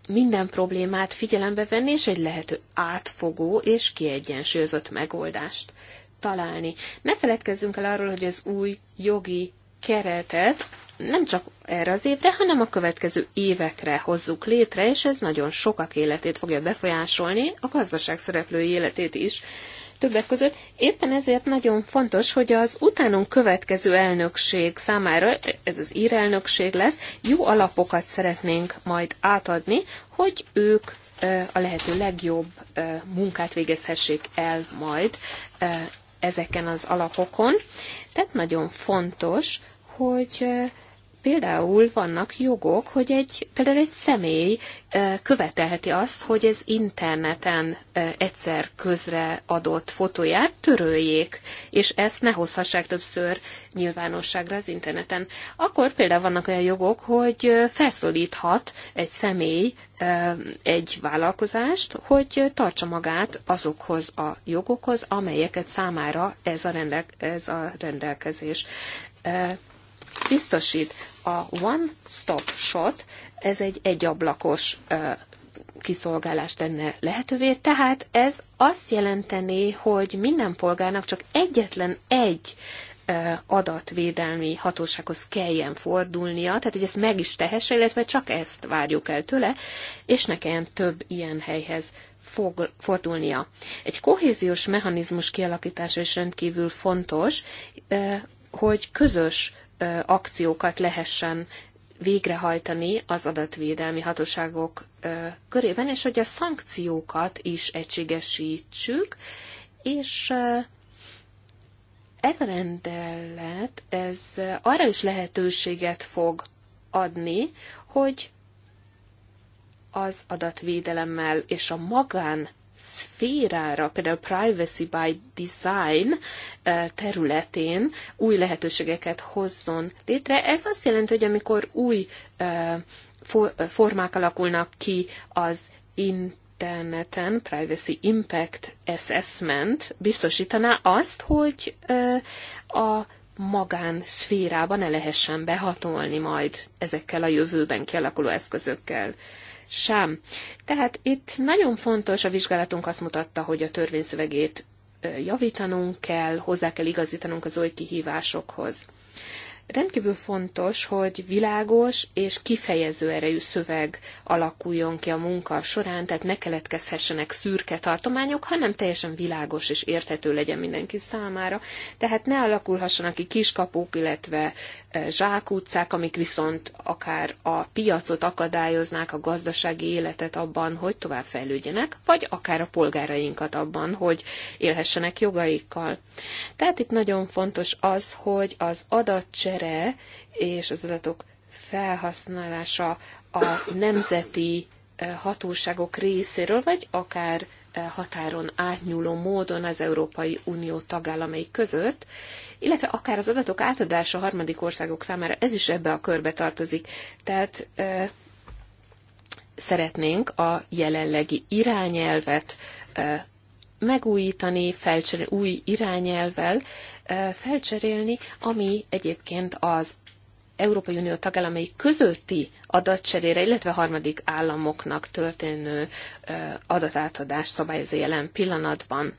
minden problémát figyelembe venni, és egy lehető átfogó és kiegyensúlyozott megoldást találni. Ne feledkezzünk el arról, hogy az új jogi keretet nem csak erre az évre, hanem a következő évekre hozzuk létre, és ez nagyon sokak életét fogja befolyásolni, a gazdaság szereplői életét is. Többek között éppen ezért nagyon fontos, hogy az utánunk következő elnökség számára, ez az írelnökség lesz, jó alapokat szeretnénk majd átadni, hogy ők a lehető legjobb munkát végezhessék el majd ezeken az alapokon. Tehát nagyon fontos, hogy például vannak jogok, hogy egy, például egy személy követelheti azt, hogy az interneten egyszer közre adott fotóját töröljék, és ezt ne hozhassák többször nyilvánosságra az interneten. Akkor például vannak olyan jogok, hogy felszólíthat egy személy egy vállalkozást, hogy tartsa magát azokhoz a jogokhoz, amelyeket számára ez a, rendel- ez a rendelkezés biztosít. A One Stop Shot, ez egy egyablakos kiszolgálást tenne lehetővé, tehát ez azt jelenteni, hogy minden polgárnak csak egyetlen egy adatvédelmi hatósághoz kelljen fordulnia, tehát hogy ezt meg is tehesse, illetve csak ezt várjuk el tőle, és ne kelljen több ilyen helyhez fog, fordulnia. Egy kohéziós mechanizmus kialakítása is rendkívül fontos, hogy közös akciókat lehessen végrehajtani az adatvédelmi hatóságok körében, és hogy a szankciókat is egységesítsük, és ez a rendelet, ez arra is lehetőséget fog adni, hogy az adatvédelemmel és a magán szférára, például Privacy by Design területén új lehetőségeket hozzon létre. Ez azt jelenti, hogy amikor új formák alakulnak ki az interneten, Privacy Impact Assessment biztosítaná azt, hogy a magán szférában ne lehessen behatolni majd ezekkel a jövőben kialakuló eszközökkel sem. Tehát itt nagyon fontos, a vizsgálatunk azt mutatta, hogy a törvényszövegét javítanunk kell, hozzá kell igazítanunk az új kihívásokhoz. Rendkívül fontos, hogy világos és kifejező erejű szöveg alakuljon ki a munka során, tehát ne keletkezhessenek szürke tartományok, hanem teljesen világos és érthető legyen mindenki számára. Tehát ne alakulhassanak ki kiskapuk, illetve e, zsákutcák, amik viszont akár a piacot akadályoznák, a gazdasági életet abban, hogy tovább fejlődjenek, vagy akár a polgárainkat abban, hogy élhessenek jogaikkal. Tehát itt nagyon fontos az, hogy az adatcse csere és az adatok felhasználása a nemzeti eh, hatóságok részéről, vagy akár eh, határon átnyúló módon az Európai Unió tagállamai között, illetve akár az adatok átadása harmadik országok számára, ez is ebbe a körbe tartozik. Tehát e, szeretnénk a jelenlegi irányelvet e, megújítani, felcserélni új irányelvel, felcserélni, ami egyébként az Európai Unió tagállamai közötti adatcserére, illetve harmadik államoknak történő adatátadás szabályozó jelen pillanatban.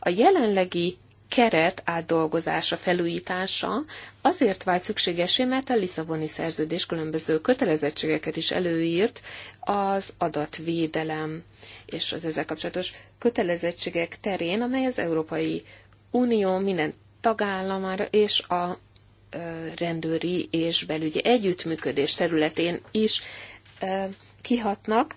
A jelenlegi keret átdolgozása, felújítása azért vált szükségesé, mert a Lisszaboni szerződés különböző kötelezettségeket is előírt az adatvédelem és az ezzel kapcsolatos kötelezettségek terén, amely az Európai Unió minden tagállamára és a rendőri és belügyi együttműködés területén is kihatnak,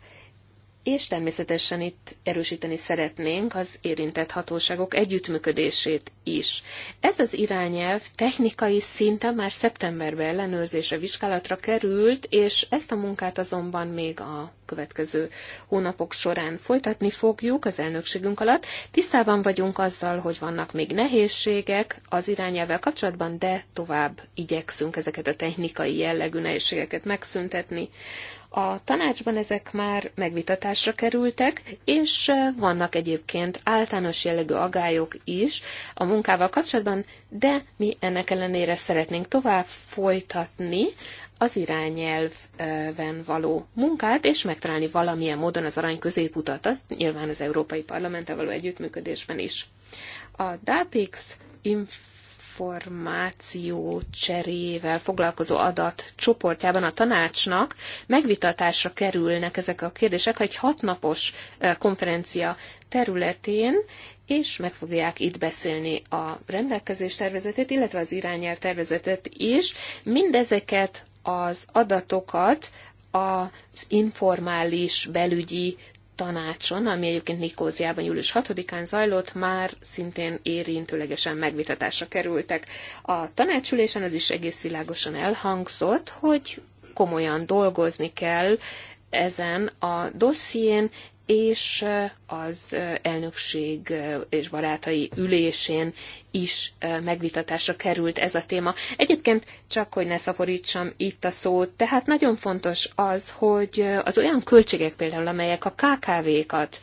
és természetesen itt erősíteni szeretnénk az érintett hatóságok együttműködését is. Ez az irányelv technikai szinten már szeptemberben ellenőrzése vizsgálatra került, és ezt a munkát azonban még a következő hónapok során folytatni fogjuk az elnökségünk alatt. Tisztában vagyunk azzal, hogy vannak még nehézségek az irányelvvel kapcsolatban, de tovább igyekszünk ezeket a technikai jellegű nehézségeket megszüntetni. A tanácsban ezek már megvitatásra kerültek, és vannak egyébként általános jellegű agályok is a munkával kapcsolatban, de mi ennek ellenére szeretnénk tovább folytatni az irányelven való munkát, és megtalálni valamilyen módon az arany középutat, az nyilván az Európai Parlamenttel való együttműködésben is. A DAPIX inf- információ cserével foglalkozó adat csoportjában a tanácsnak megvitatásra kerülnek ezek a kérdések egy hatnapos konferencia területén, és meg fogják itt beszélni a rendelkezés tervezetét, illetve az irányel tervezetet is. Mindezeket az adatokat az informális belügyi tanácson, ami egyébként Nikóziában július 6-án zajlott, már szintén érintőlegesen megvitatásra kerültek. A tanácsülésen az is egész világosan elhangzott, hogy komolyan dolgozni kell ezen a dosszién, és az elnökség és barátai ülésén is megvitatásra került ez a téma. Egyébként csak, hogy ne szaporítsam itt a szót, tehát nagyon fontos az, hogy az olyan költségek például, amelyek a KKV-kat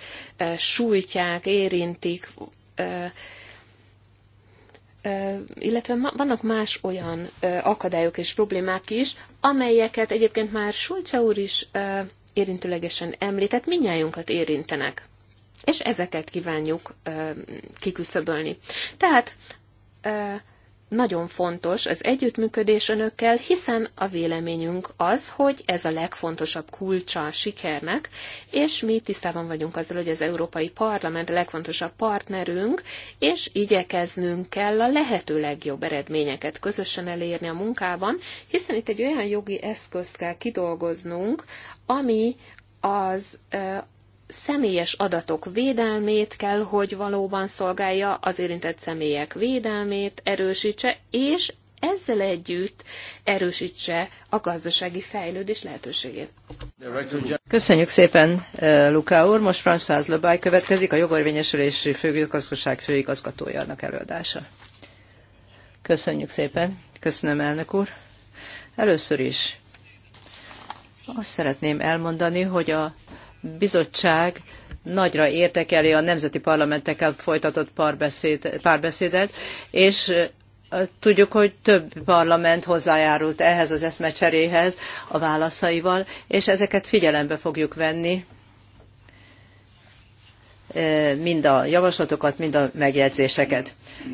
sújtják, érintik, illetve vannak más olyan akadályok és problémák is, amelyeket egyébként már Sulca úr is érintőlegesen említett minnyájunkat érintenek. És ezeket kívánjuk ö, kiküszöbölni. Tehát ö, nagyon fontos az együttműködés önökkel, hiszen a véleményünk az, hogy ez a legfontosabb kulcsa a sikernek, és mi tisztában vagyunk azzal, hogy az Európai Parlament a legfontosabb partnerünk, és igyekeznünk kell a lehető legjobb eredményeket közösen elérni a munkában, hiszen itt egy olyan jogi eszközt kell kidolgoznunk, ami az személyes adatok védelmét kell, hogy valóban szolgálja, az érintett személyek védelmét erősítse, és ezzel együtt erősítse a gazdasági fejlődés lehetőségét. Köszönjük szépen, eh, Luka úr. Most François Lebáj következik, a jogorvényesülési főigazgatóság főigazgatójának előadása. Köszönjük szépen. Köszönöm, elnök úr. Először is azt szeretném elmondani, hogy a bizottság nagyra értékeli a nemzeti parlamentekkel folytatott párbeszéd, párbeszédet, és Tudjuk, hogy több parlament hozzájárult ehhez az eszmecseréhez a válaszaival, és ezeket figyelembe fogjuk venni, mind a javaslatokat, mind a megjegyzéseket.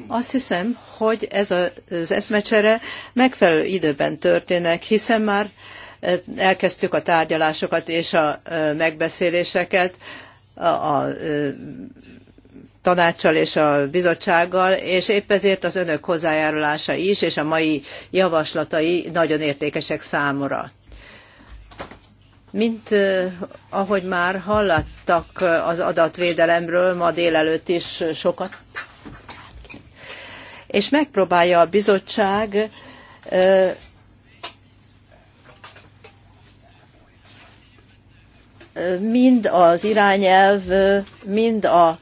Azt hiszem, hogy ez az eszmecsere megfelelő időben történik, hiszen már elkezdtük a tárgyalásokat és a megbeszéléseket a tanácssal és a bizottsággal, és épp ezért az önök hozzájárulása is, és a mai javaslatai nagyon értékesek számomra. Mint ahogy már hallattak az adatvédelemről ma délelőtt is sokat, és megpróbálja a bizottság mind az irányelv, mind a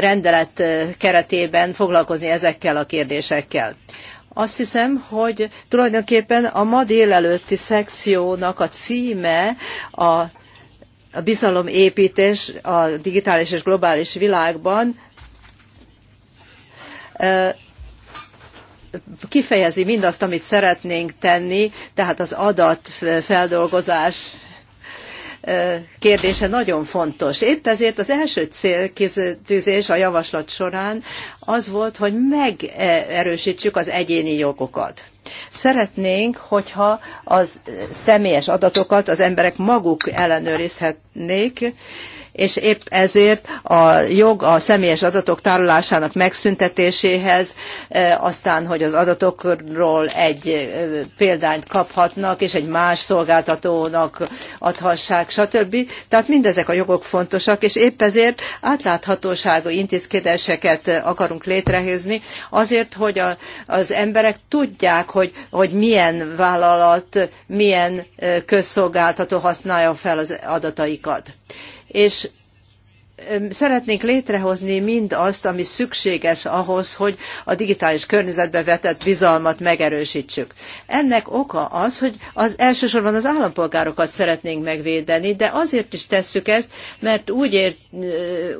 rendelet keretében foglalkozni ezekkel a kérdésekkel. Azt hiszem, hogy tulajdonképpen a ma délelőtti szekciónak a címe a a bizalomépítés a digitális és globális világban kifejezi mindazt, amit szeretnénk tenni, tehát az adatfeldolgozás kérdése nagyon fontos. Épp ezért az első célkiztűzés a javaslat során az volt, hogy megerősítsük az egyéni jogokat. Szeretnénk, hogyha az személyes adatokat az emberek maguk ellenőrizhetnék, és épp ezért a jog a személyes adatok tárolásának megszüntetéséhez, e, aztán, hogy az adatokról egy e, példányt kaphatnak, és egy más szolgáltatónak adhassák, stb. Tehát mindezek a jogok fontosak, és épp ezért átláthatósági intézkedéseket akarunk létrehozni, azért, hogy a, az emberek tudják, hogy, hogy milyen vállalat, milyen e, közszolgáltató használja fel az adataikat és szeretnénk létrehozni mindazt, ami szükséges ahhoz, hogy a digitális környezetbe vetett bizalmat megerősítsük. Ennek oka az, hogy az elsősorban az állampolgárokat szeretnénk megvédeni, de azért is tesszük ezt, mert úgy, ér,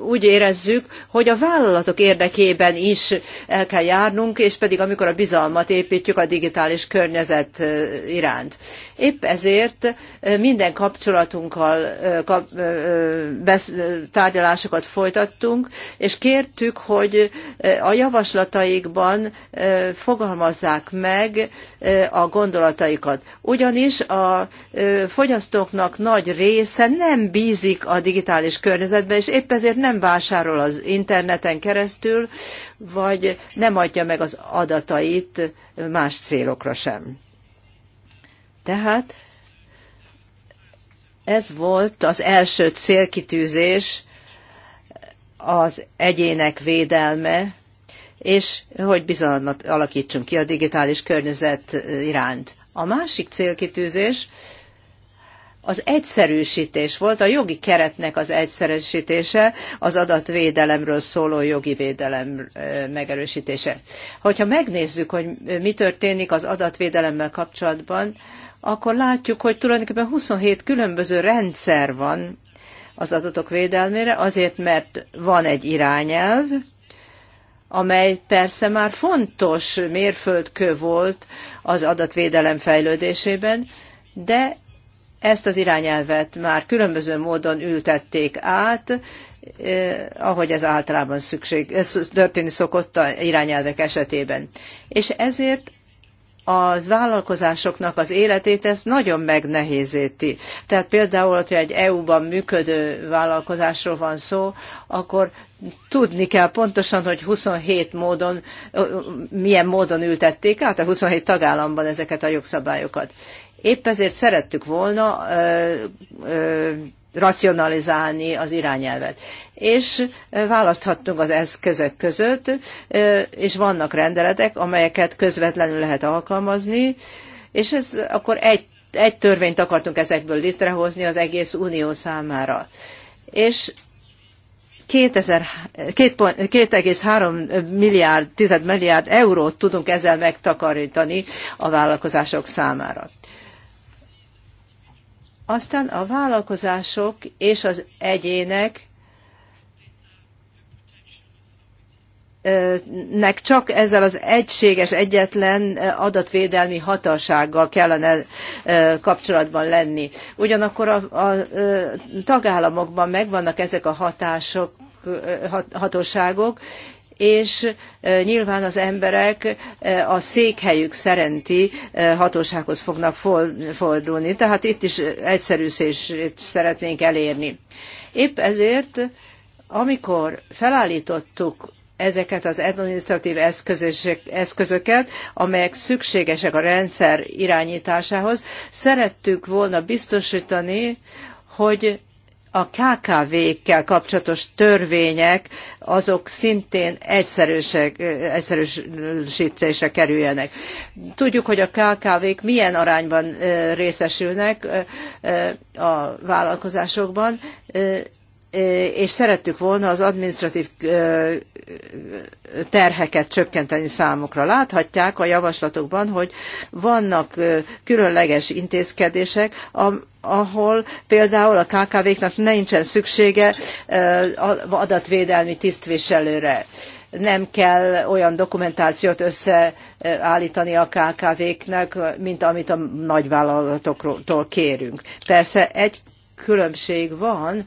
úgy érezzük, hogy a vállalatok érdekében is el kell járnunk, és pedig amikor a bizalmat építjük a digitális környezet iránt. Épp ezért minden kapcsolatunkkal kap, tárgyalásokat folytattunk, és kértük, hogy e, a javaslataikban e, fogalmazzák meg e, a gondolataikat. Ugyanis a fogyasztóknak nagy része nem bízik a digitális környezetbe, és épp ezért nem vásárol az interneten keresztül, vagy nem adja meg az adatait más célokra sem. Tehát ez volt az első célkitűzés, az egyének védelme, és hogy bizalmat alakítsunk ki a digitális környezet iránt. A másik célkitűzés az egyszerűsítés volt, a jogi keretnek az egyszerűsítése, az adatvédelemről szóló jogi védelem megerősítése. Hogyha megnézzük, hogy mi történik az adatvédelemmel kapcsolatban, akkor látjuk, hogy tulajdonképpen 27 különböző rendszer van, az adatok védelmére, azért mert van egy irányelv, amely persze már fontos mérföldkő volt az adatvédelem fejlődésében, de ezt az irányelvet már különböző módon ültették át, eh, ahogy ez általában szükség, ez történni szokott a irányelvek esetében. És ezért a vállalkozásoknak az életét ez nagyon megnehézíti. Tehát például, hogyha egy EU-ban működő vállalkozásról van szó, akkor tudni kell pontosan, hogy 27 módon, milyen módon ültették át a 27 tagállamban ezeket a jogszabályokat. Épp ezért szerettük volna ö, ö, racionalizálni az irányelvet. És választhattunk az eszközök között, és vannak rendeletek, amelyeket közvetlenül lehet alkalmazni, és ez akkor egy, egy törvényt akartunk ezekből létrehozni az egész unió számára. És 2,3 milliárd, 10 milliárd eurót tudunk ezzel megtakarítani a vállalkozások számára. Aztán a vállalkozások és az egyének nek csak ezzel az egységes, egyetlen adatvédelmi hatalsággal kellene kapcsolatban lenni. Ugyanakkor a, a, a tagállamokban megvannak ezek a hatások, hat, hatóságok, és nyilván az emberek a székhelyük szerinti hatósághoz fognak fordulni. Tehát itt is egyszerűsést szeretnénk elérni. Épp ezért, amikor felállítottuk ezeket az adminisztratív eszközöket, amelyek szükségesek a rendszer irányításához, szerettük volna biztosítani, hogy a KKV-kkel kapcsolatos törvények azok szintén egyszerűsek, egyszerűsítésre kerüljenek. Tudjuk, hogy a KKV-k milyen arányban részesülnek a vállalkozásokban, és szerettük volna az administratív terheket csökkenteni számukra. Láthatják a javaslatokban, hogy vannak különleges intézkedések, ahol például a KKV-knak nincsen szüksége adatvédelmi tisztviselőre nem kell olyan dokumentációt összeállítani a KKV-knek, mint amit a nagyvállalatoktól kérünk. Persze egy különbség van,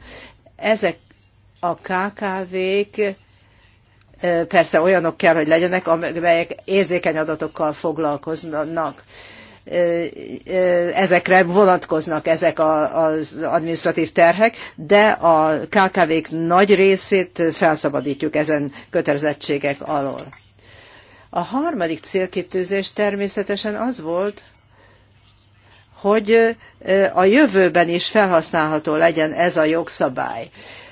ezek a KKV-k persze olyanok kell, hogy legyenek, amelyek érzékeny adatokkal foglalkoznak. Ezekre vonatkoznak ezek az administratív terhek, de a KKV-k nagy részét felszabadítjuk ezen kötelezettségek alól. A harmadik célkitűzés természetesen az volt, hogy a jövőben is felhasználható legyen ez a jogszabály.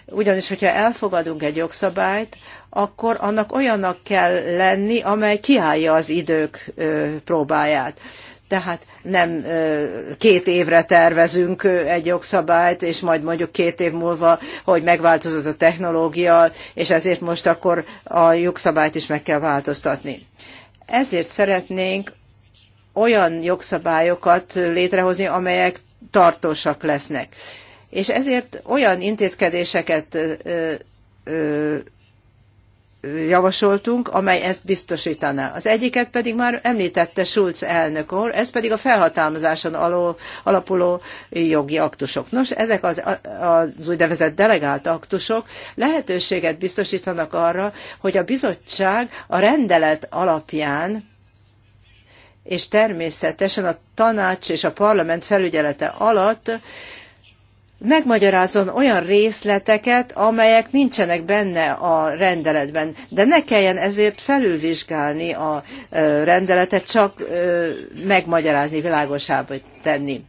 Ugyanis, hogyha elfogadunk egy jogszabályt, akkor annak olyannak kell lenni, amely kiállja az idők próbáját. Tehát nem két évre tervezünk egy jogszabályt, és majd mondjuk két év múlva, hogy megváltozott a technológia, és ezért most akkor a jogszabályt is meg kell változtatni. Ezért szeretnénk olyan jogszabályokat létrehozni, amelyek tartósak lesznek. És ezért olyan intézkedéseket javasoltunk, amely ezt biztosítaná. Az egyiket pedig már említette Schulz elnök úr, ez pedig a felhatalmazáson alapuló jogi aktusok. Nos, ezek az, az úgynevezett delegált aktusok lehetőséget biztosítanak arra, hogy a bizottság a rendelet alapján és természetesen a tanács és a parlament felügyelete alatt megmagyarázzon olyan részleteket, amelyek nincsenek benne a rendeletben. De ne kelljen ezért felülvizsgálni a rendeletet, csak megmagyarázni, világosába tenni.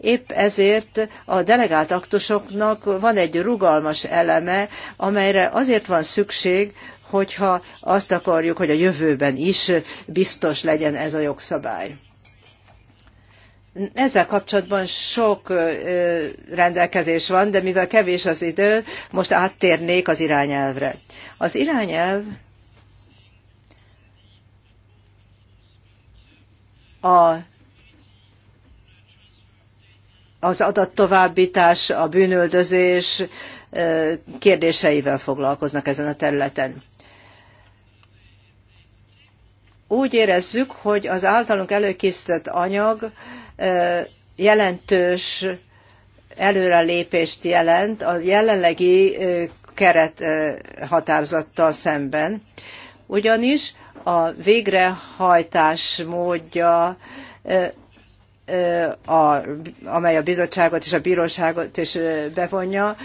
Épp ezért a delegált aktusoknak van egy rugalmas eleme, amelyre azért van szükség, hogyha azt akarjuk, hogy a jövőben is biztos legyen ez a jogszabály. Ezzel kapcsolatban sok rendelkezés van, de mivel kevés az idő, most áttérnék az irányelvre. Az irányelv a az adattovábbítás, a bűnöldözés kérdéseivel foglalkoznak ezen a területen. Úgy érezzük, hogy az általunk előkészített anyag jelentős előrelépést jelent a jelenlegi keret határozattal szemben, ugyanis a végrehajtás módja, a, amely a bizottságot és a bíróságot is bevonja,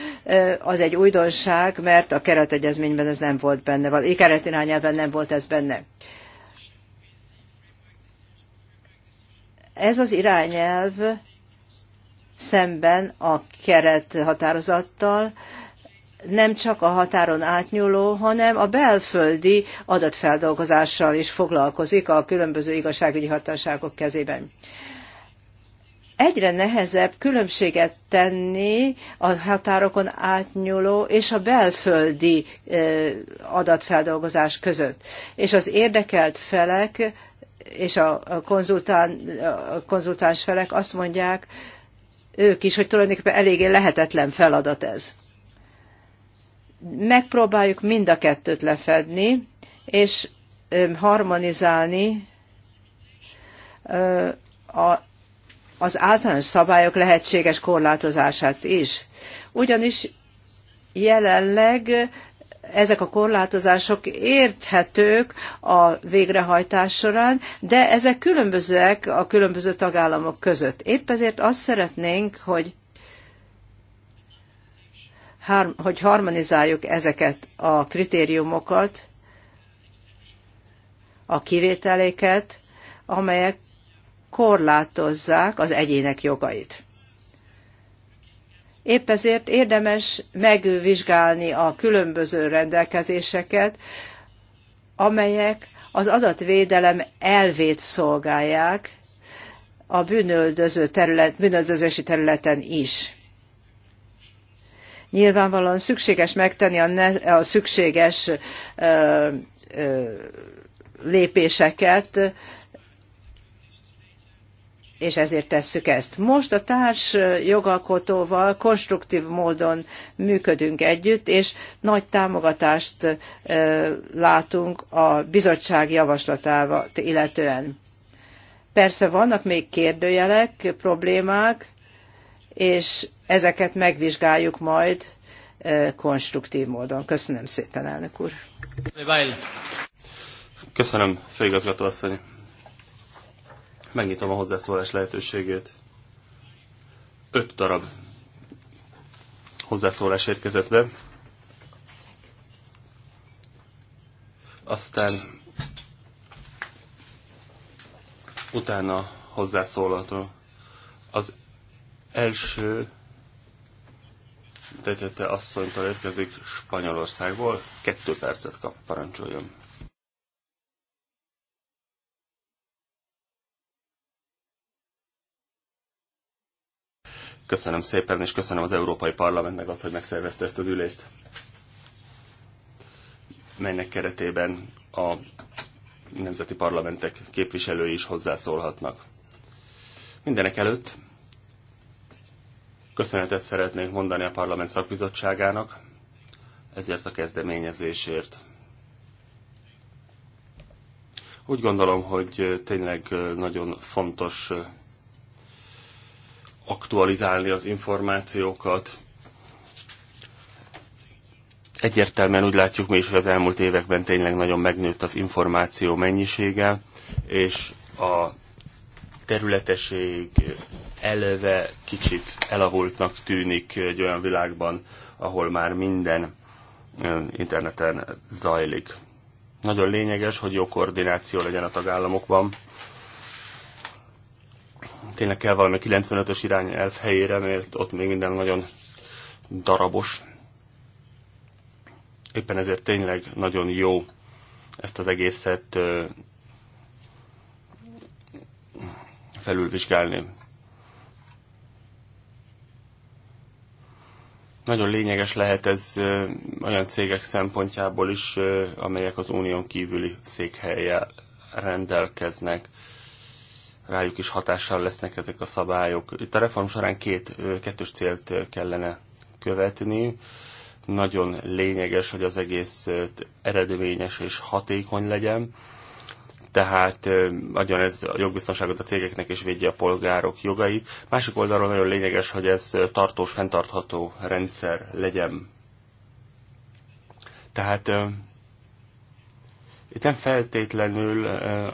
az egy újdonság, mert a keretegyezményben ez nem volt benne, vagy keretirányelven nem volt ez benne. Ez az irányelv szemben a keret határozattal nem csak a határon átnyúló, hanem a belföldi adatfeldolgozással is foglalkozik a különböző igazságügyi hatóságok kezében. Egyre nehezebb különbséget tenni a határokon átnyúló és a belföldi adatfeldolgozás között. És az érdekelt felek és a, konzultán, a konzultáns felek azt mondják, ők is, hogy tulajdonképpen eléggé lehetetlen feladat ez. Megpróbáljuk mind a kettőt lefedni, és harmonizálni a, az általános szabályok lehetséges korlátozását is. Ugyanis jelenleg ezek a korlátozások érthetők a végrehajtás során, de ezek különbözőek a különböző tagállamok között. Épp ezért azt szeretnénk, hogy hogy harmonizáljuk ezeket a kritériumokat, a kivételéket, amelyek korlátozzák az egyének jogait. Épp ezért érdemes megvizsgálni a különböző rendelkezéseket, amelyek az adatvédelem elvét szolgálják a bűnöldöző terület, bűnöldözési területen is. Nyilvánvalóan szükséges megtenni a, ne, a szükséges ö, ö, lépéseket és ezért tesszük ezt. Most a társ jogalkotóval konstruktív módon működünk együtt, és nagy támogatást látunk a bizottság javaslatával illetően. Persze vannak még kérdőjelek, problémák, és ezeket megvizsgáljuk majd konstruktív módon. Köszönöm szépen, elnök úr. Köszönöm, főigazgató asszony. Megnyitom a hozzászólás lehetőségét. Öt darab hozzászólás érkezett be. Aztán utána hozzászólható. Az első tetete asszonytól érkezik Spanyolországból. Kettő percet kap, parancsoljon. Köszönöm szépen, és köszönöm az Európai Parlamentnek azt, hogy megszervezte ezt az ülést, melynek keretében a nemzeti parlamentek képviselői is hozzászólhatnak. Mindenek előtt köszönetet szeretnék mondani a Parlament Szakbizottságának ezért a kezdeményezésért. Úgy gondolom, hogy tényleg nagyon fontos aktualizálni az információkat. Egyértelműen úgy látjuk mi is, hogy az elmúlt években tényleg nagyon megnőtt az információ mennyisége, és a területeség eleve kicsit elavultnak tűnik egy olyan világban, ahol már minden interneten zajlik. Nagyon lényeges, hogy jó koordináció legyen a tagállamokban, tényleg kell valami 95-ös elf helyére, mert ott még minden nagyon darabos. Éppen ezért tényleg nagyon jó ezt az egészet felülvizsgálni. Nagyon lényeges lehet ez olyan cégek szempontjából is, amelyek az unión kívüli székhelye rendelkeznek rájuk is hatással lesznek ezek a szabályok. Itt a reform során két kettős célt kellene követni. Nagyon lényeges, hogy az egész eredményes és hatékony legyen. Tehát adjon ez a jogbiztonságot a cégeknek és védje a polgárok jogait. Másik oldalról nagyon lényeges, hogy ez tartós, fenntartható rendszer legyen. Tehát itt nem feltétlenül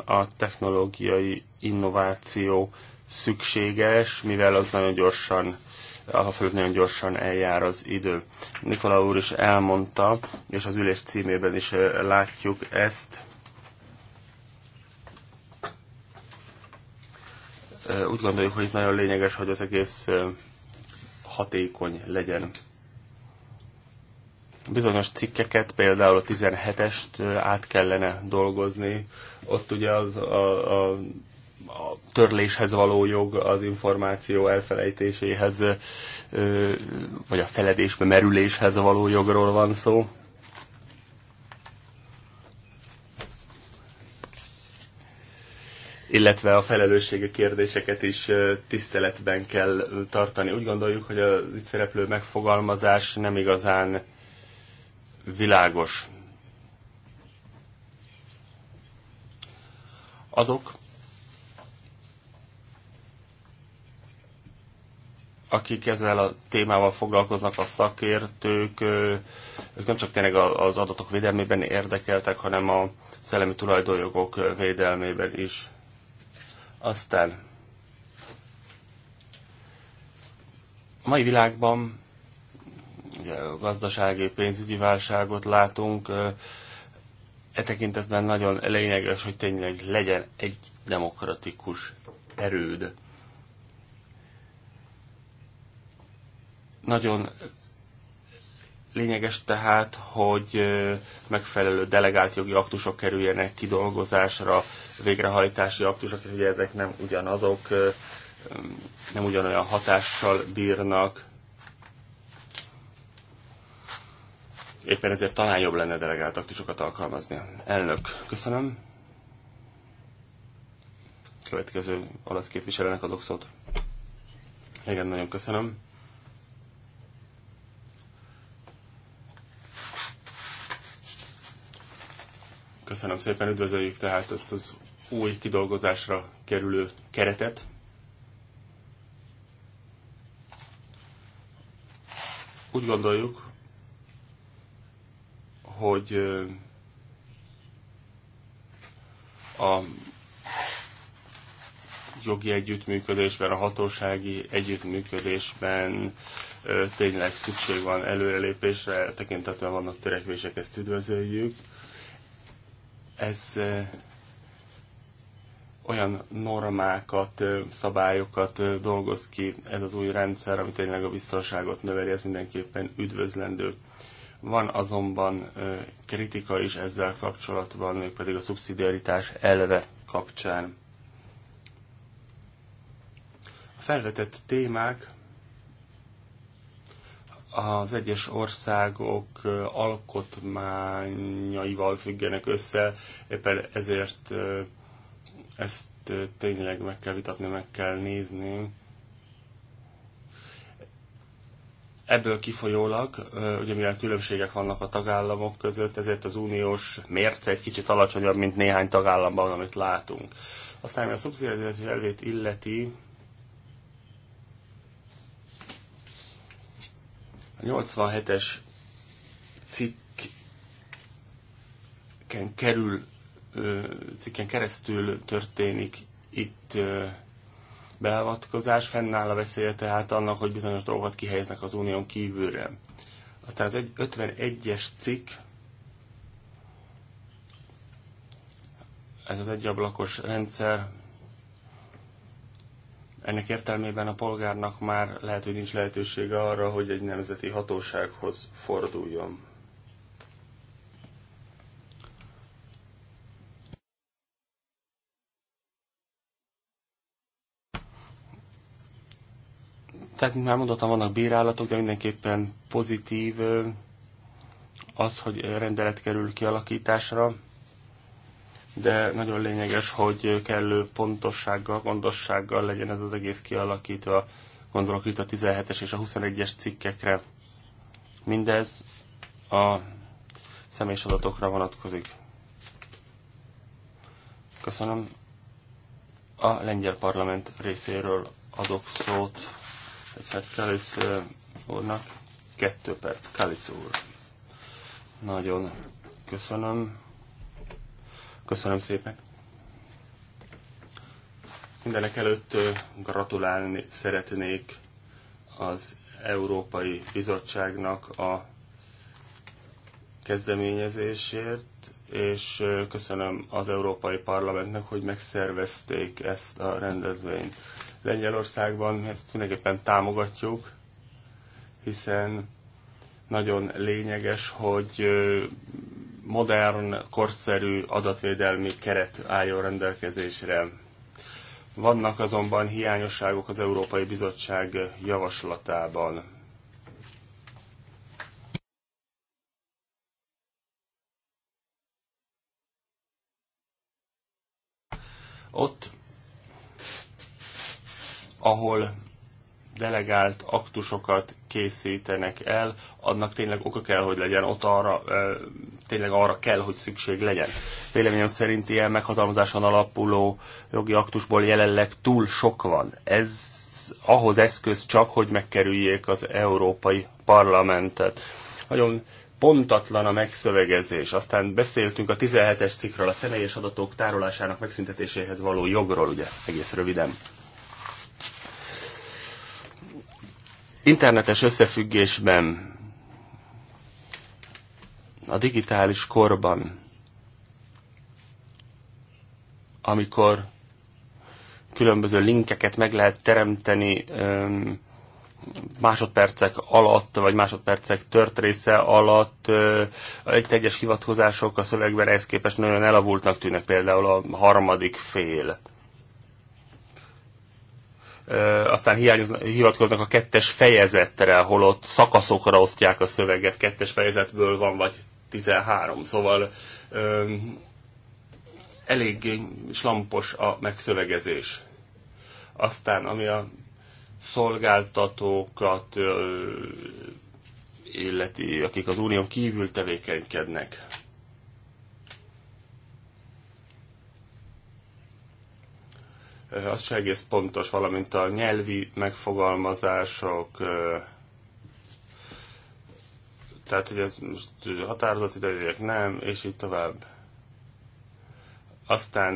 a technológiai innováció szükséges, mivel az nagyon gyorsan ha fölött nagyon gyorsan eljár az idő. Nikola úr is elmondta, és az ülés címében is látjuk ezt. Úgy gondoljuk, hogy itt nagyon lényeges, hogy az egész hatékony legyen. Bizonyos cikkeket, például a 17-est át kellene dolgozni. Ott ugye az a, a a törléshez való jog, az információ elfelejtéséhez, vagy a feledésbe merüléshez való jogról van szó. illetve a felelőssége kérdéseket is tiszteletben kell tartani. Úgy gondoljuk, hogy az itt szereplő megfogalmazás nem igazán világos. Azok, akik ezzel a témával foglalkoznak, a szakértők, ők nem csak tényleg az adatok védelmében érdekeltek, hanem a szellemi tulajdonjogok védelmében is. Aztán a mai világban ugye, gazdasági, pénzügyi válságot látunk, e tekintetben nagyon lényeges, hogy tényleg legyen egy demokratikus erőd. Nagyon lényeges tehát, hogy megfelelő delegált jogi aktusok kerüljenek kidolgozásra, végrehajtási aktusok, és ugye ezek nem ugyanazok, nem ugyanolyan hatással bírnak. Éppen ezért talán jobb lenne delegált aktusokat alkalmazni. Elnök, köszönöm. Következő olasz képviselőnek adok szót. Igen, nagyon köszönöm. Köszönöm szépen, üdvözöljük tehát ezt az új kidolgozásra kerülő keretet. Úgy gondoljuk, hogy a jogi együttműködésben, a hatósági együttműködésben tényleg szükség van előrelépésre, tekintetben vannak törekvések, ezt üdvözöljük. Ez olyan normákat, szabályokat dolgoz ki ez az új rendszer, ami tényleg a biztonságot növeli, ez mindenképpen üdvözlendő. Van azonban kritika is ezzel kapcsolatban, pedig a szubszidiaritás elve kapcsán. A felvetett témák az egyes országok alkotmányaival függenek össze, éppen ezért ezt tényleg meg kell vitatni, meg kell nézni. Ebből kifolyólag, ugye mivel különbségek vannak a tagállamok között, ezért az uniós mérce egy kicsit alacsonyabb, mint néhány tagállamban, amit látunk. Aztán, ami a szubszidiaritás elvét illeti, 87-es cikken kerül, cikken keresztül történik itt beavatkozás, fennáll a veszélye tehát annak, hogy bizonyos dolgokat kihelyeznek az unión kívülre. Aztán az 51-es cikk, ez az egyablakos rendszer ennek értelmében a polgárnak már lehet, hogy nincs lehetősége arra, hogy egy nemzeti hatósághoz forduljon. Tehát, mint már mondottam, vannak bírálatok, de mindenképpen pozitív az, hogy rendelet kerül kialakításra de nagyon lényeges, hogy kellő pontossággal, gondossággal legyen ez az egész kialakítva. Gondolok itt a 17-es és a 21-es cikkekre. Mindez a személyes adatokra vonatkozik. Köszönöm. A lengyel parlament részéről adok szót egyszer Kalisz úrnak. Kettő perc, Kalisz úr. Nagyon köszönöm. Köszönöm szépen. Mindenek előtt gratulálni szeretnék az Európai Bizottságnak a kezdeményezésért, és köszönöm az Európai Parlamentnek, hogy megszervezték ezt a rendezvényt. Lengyelországban ezt mindenképpen támogatjuk, hiszen nagyon lényeges, hogy modern, korszerű adatvédelmi keret álljon rendelkezésre. Vannak azonban hiányosságok az Európai Bizottság javaslatában. Ott, ahol delegált aktusokat készítenek el, annak tényleg oka kell, hogy legyen, ott arra, tényleg arra kell, hogy szükség legyen. Véleményem szerint ilyen meghatalmazáson alapuló jogi aktusból jelenleg túl sok van. Ez ahhoz eszköz csak, hogy megkerüljék az Európai Parlamentet. Nagyon pontatlan a megszövegezés. Aztán beszéltünk a 17-es cikkről, a személyes adatok tárolásának megszüntetéséhez való jogról, ugye, egész röviden. internetes összefüggésben a digitális korban, amikor különböző linkeket meg lehet teremteni másodpercek alatt, vagy másodpercek tört része alatt egy egyes hivatkozások a szövegben ehhez képest nagyon elavultnak tűnnek, például a harmadik fél aztán hivatkoznak a kettes fejezetre, ahol ott szakaszokra osztják a szöveget, kettes fejezetből van vagy 13, szóval eléggé slampos a megszövegezés. Aztán, ami a szolgáltatókat illeti, akik az unión kívül tevékenykednek, az is egész pontos, valamint a nyelvi megfogalmazások, tehát hogy ez most határozott idejűek nem, és így tovább. Aztán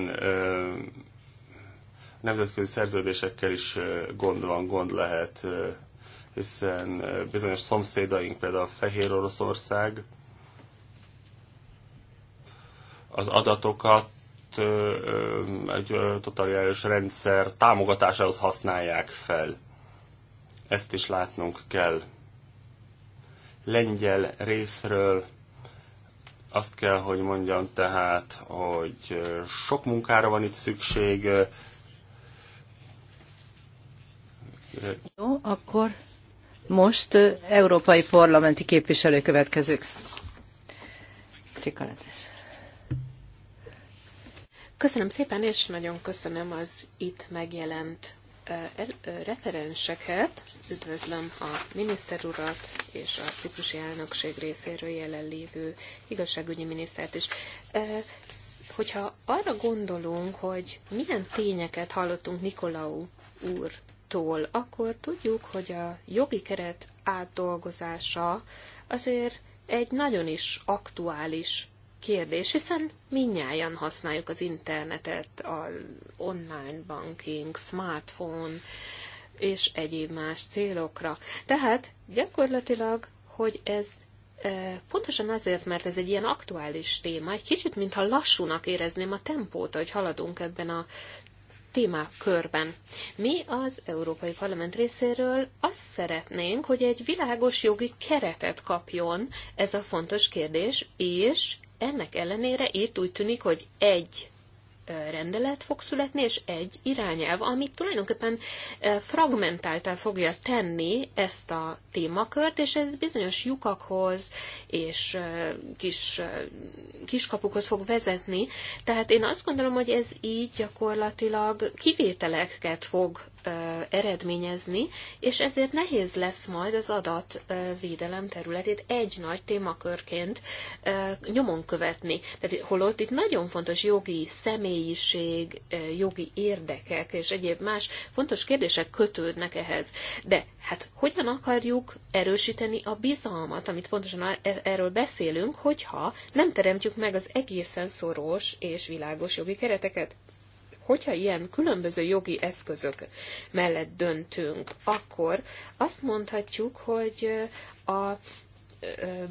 nemzetközi szerződésekkel is gond van, gond lehet, hiszen bizonyos szomszédaink, például a Fehér Oroszország, az adatokat egy totalitárius rendszer támogatásához használják fel. Ezt is látnunk kell. Lengyel részről azt kell, hogy mondjam tehát, hogy sok munkára van itt szükség. Jó, akkor most európai parlamenti képviselő következők. Trikaletes. Köszönöm szépen, és nagyon köszönöm az itt megjelent referenseket. Üdvözlöm a miniszter urat és a ciprusi elnökség részéről jelenlévő igazságügyi minisztert is. Hogyha arra gondolunk, hogy milyen tényeket hallottunk Nikolau úrtól, akkor tudjuk, hogy a jogi keret átdolgozása azért egy nagyon is aktuális kérdés, hiszen minnyáján használjuk az internetet, a online banking, smartphone és egyéb más célokra. Tehát gyakorlatilag, hogy ez e, Pontosan azért, mert ez egy ilyen aktuális téma, egy kicsit, mintha lassúnak érezném a tempót, hogy haladunk ebben a témakörben. Mi az Európai Parlament részéről azt szeretnénk, hogy egy világos jogi keretet kapjon ez a fontos kérdés, és ennek ellenére itt úgy tűnik, hogy egy rendelet fog születni, és egy irányelv, amit tulajdonképpen fragmentáltá fogja tenni ezt a témakört, és ez bizonyos lyukakhoz és kis, kiskapukhoz fog vezetni. Tehát én azt gondolom, hogy ez így gyakorlatilag kivételeket fog eredményezni, és ezért nehéz lesz majd az adatvédelem területét egy nagy témakörként nyomon követni. Tehát holott itt nagyon fontos jogi személyiség, jogi érdekek és egyéb más fontos kérdések kötődnek ehhez. De hát hogyan akarjuk erősíteni a bizalmat, amit pontosan e- erről beszélünk, hogyha nem teremtjük meg az egészen szoros és világos jogi kereteket? hogyha ilyen különböző jogi eszközök mellett döntünk, akkor azt mondhatjuk, hogy a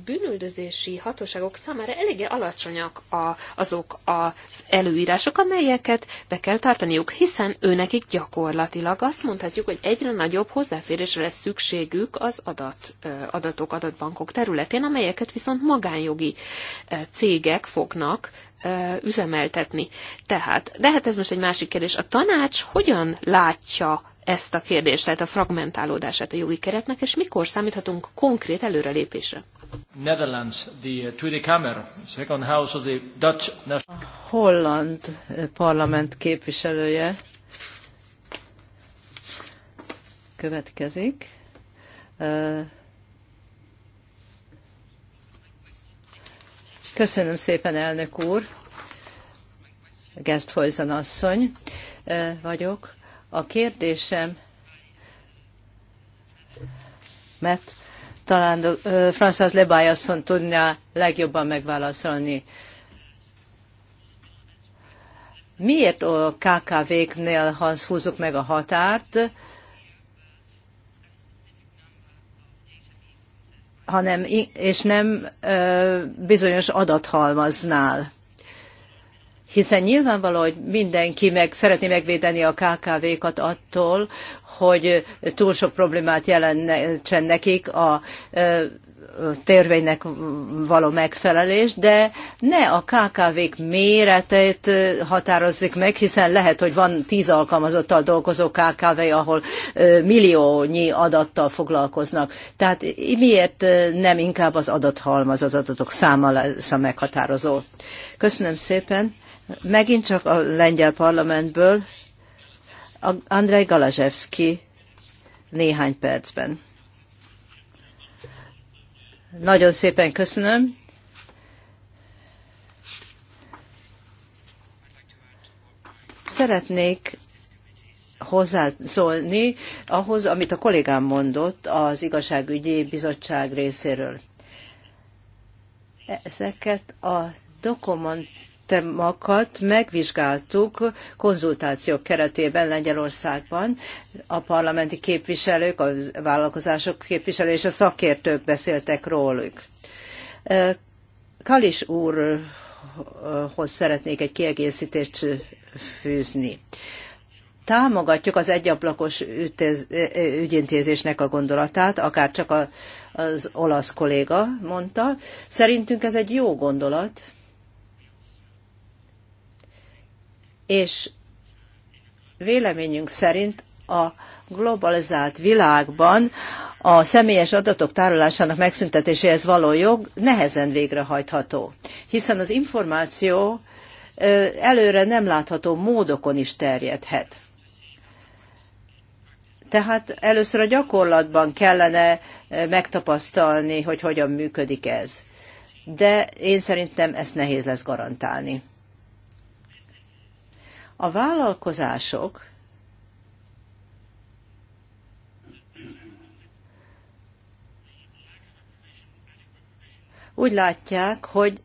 bűnüldözési hatóságok számára eléggé alacsonyak a, azok az előírások, amelyeket be kell tartaniuk, hiszen őnekik gyakorlatilag azt mondhatjuk, hogy egyre nagyobb hozzáférésre lesz szükségük az adat, adatok, adatbankok területén, amelyeket viszont magánjogi cégek fognak üzemeltetni. Tehát, de hát ez most egy másik kérdés. A tanács hogyan látja ezt a kérdést, tehát a fragmentálódását a jogi keretnek, és mikor számíthatunk konkrét előrelépésre? Netherlands, the uh, Tweede Kamer, second house of the Dutch holland uh, parlament képviselője következik. Uh, Köszönöm szépen, elnök úr. Geszthoizan asszony eh, vagyok. A kérdésem, mert talán eh, François Lebály asszony tudná legjobban megválaszolni. Miért a KKV-knál húzzuk meg a határt, hanem, és nem bizonyos adathalmaznál. Hiszen nyilvánvaló, hogy mindenki meg szeretné megvédeni a KKV-kat attól, hogy túl sok problémát jelentsen nekik a törvénynek való megfelelés, de ne a KKV-k méretét határozzuk meg, hiszen lehet, hogy van tíz alkalmazottal dolgozó KKV, ahol milliónyi adattal foglalkoznak. Tehát miért nem inkább az adathalmaz, az adatok száma lesz a meghatározó? Köszönöm szépen. Megint csak a lengyel parlamentből Andrei Galazsevski néhány percben. Nagyon szépen köszönöm. Szeretnék hozzászólni ahhoz, amit a kollégám mondott az igazságügyi bizottság részéről. Ezeket a dokumentumokat témakat megvizsgáltuk konzultációk keretében Lengyelországban. A parlamenti képviselők, a vállalkozások képviselői és a szakértők beszéltek róluk. Kalis úrhoz szeretnék egy kiegészítést fűzni. Támogatjuk az egyablakos ügyintézésnek a gondolatát, akár csak az olasz kolléga mondta. Szerintünk ez egy jó gondolat, és véleményünk szerint a globalizált világban a személyes adatok tárolásának megszüntetéséhez való jog nehezen végrehajtható, hiszen az információ előre nem látható módokon is terjedhet. Tehát először a gyakorlatban kellene megtapasztalni, hogy hogyan működik ez. De én szerintem ezt nehéz lesz garantálni. A vállalkozások úgy látják, hogy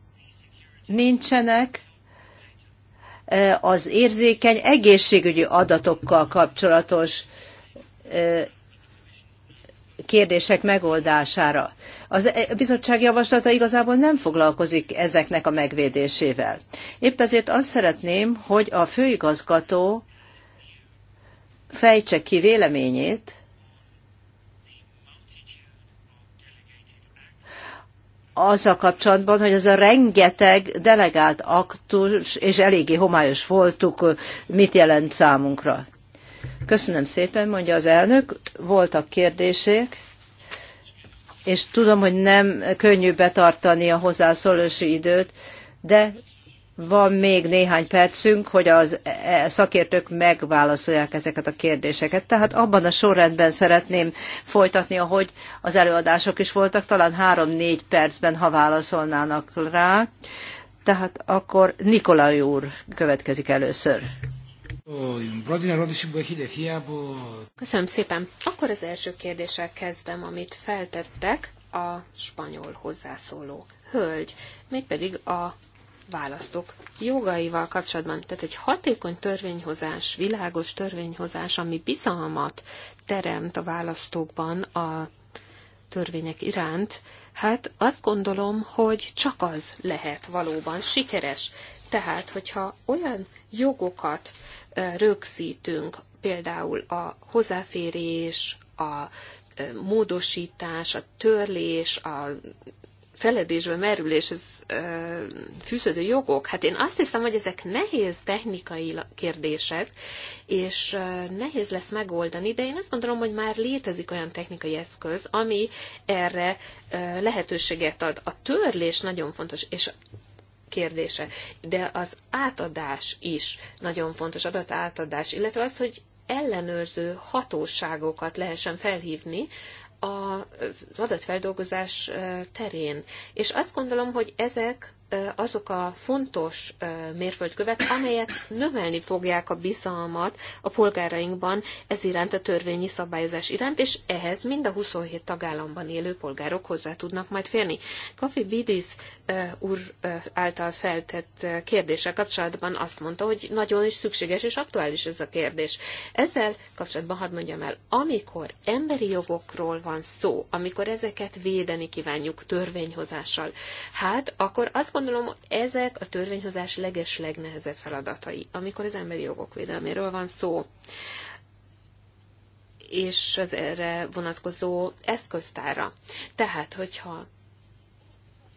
nincsenek e, az érzékeny egészségügyi adatokkal kapcsolatos e, kérdések megoldására. Az e, bizottság javaslata igazából nem foglalkozik ezeknek a megvédésével. Épp ezért azt szeretném, hogy a főigazgató fejtse ki véleményét, az a kapcsolatban, hogy ez a rengeteg delegált aktus, és eléggé homályos voltuk, mit jelent számunkra. Köszönöm szépen, mondja az elnök. Voltak kérdések, és tudom, hogy nem könnyű betartani a hozzászólási időt, de van még néhány percünk, hogy a e- szakértők megválaszolják ezeket a kérdéseket. Tehát abban a sorrendben szeretném folytatni, ahogy az előadások is voltak, talán három-négy percben, ha válaszolnának rá. Tehát akkor Nikolaj úr következik először. Köszönöm szépen. Akkor az első kérdéssel kezdem, amit feltettek a spanyol hozzászóló hölgy, mégpedig a választók jogaival kapcsolatban. Tehát egy hatékony törvényhozás, világos törvényhozás, ami bizalmat teremt a választókban a törvények iránt, hát azt gondolom, hogy csak az lehet valóban sikeres. Tehát, hogyha olyan jogokat rögzítünk, például a hozzáférés, a e, módosítás, a törlés, a feledésbe merülés, ez e, fűződő jogok. Hát én azt hiszem, hogy ezek nehéz technikai kérdések, és e, nehéz lesz megoldani, de én azt gondolom, hogy már létezik olyan technikai eszköz, ami erre lehetőséget ad. A törlés nagyon fontos, és kérdése, de az átadás is nagyon fontos, adatátadás, illetve az, hogy ellenőrző hatóságokat lehessen felhívni, az adatfeldolgozás terén. És azt gondolom, hogy ezek azok a fontos mérföldkövek, amelyek növelni fogják a bizalmat a polgárainkban ez iránt a törvényi szabályozás iránt, és ehhez mind a 27 tagállamban élő polgárok hozzá tudnak majd férni. Kafi Bidis úr által feltett kérdése kapcsolatban azt mondta, hogy nagyon is szükséges és aktuális ez a kérdés. Ezzel kapcsolatban hadd mondjam el, amikor emberi jogokról van szó, amikor ezeket védeni kívánjuk törvényhozással, hát akkor azt gondolom, Gondolom, ezek a törvényhozás leges legnehezebb feladatai, amikor az emberi jogok védelméről van szó és az erre vonatkozó eszköztára. Tehát, hogyha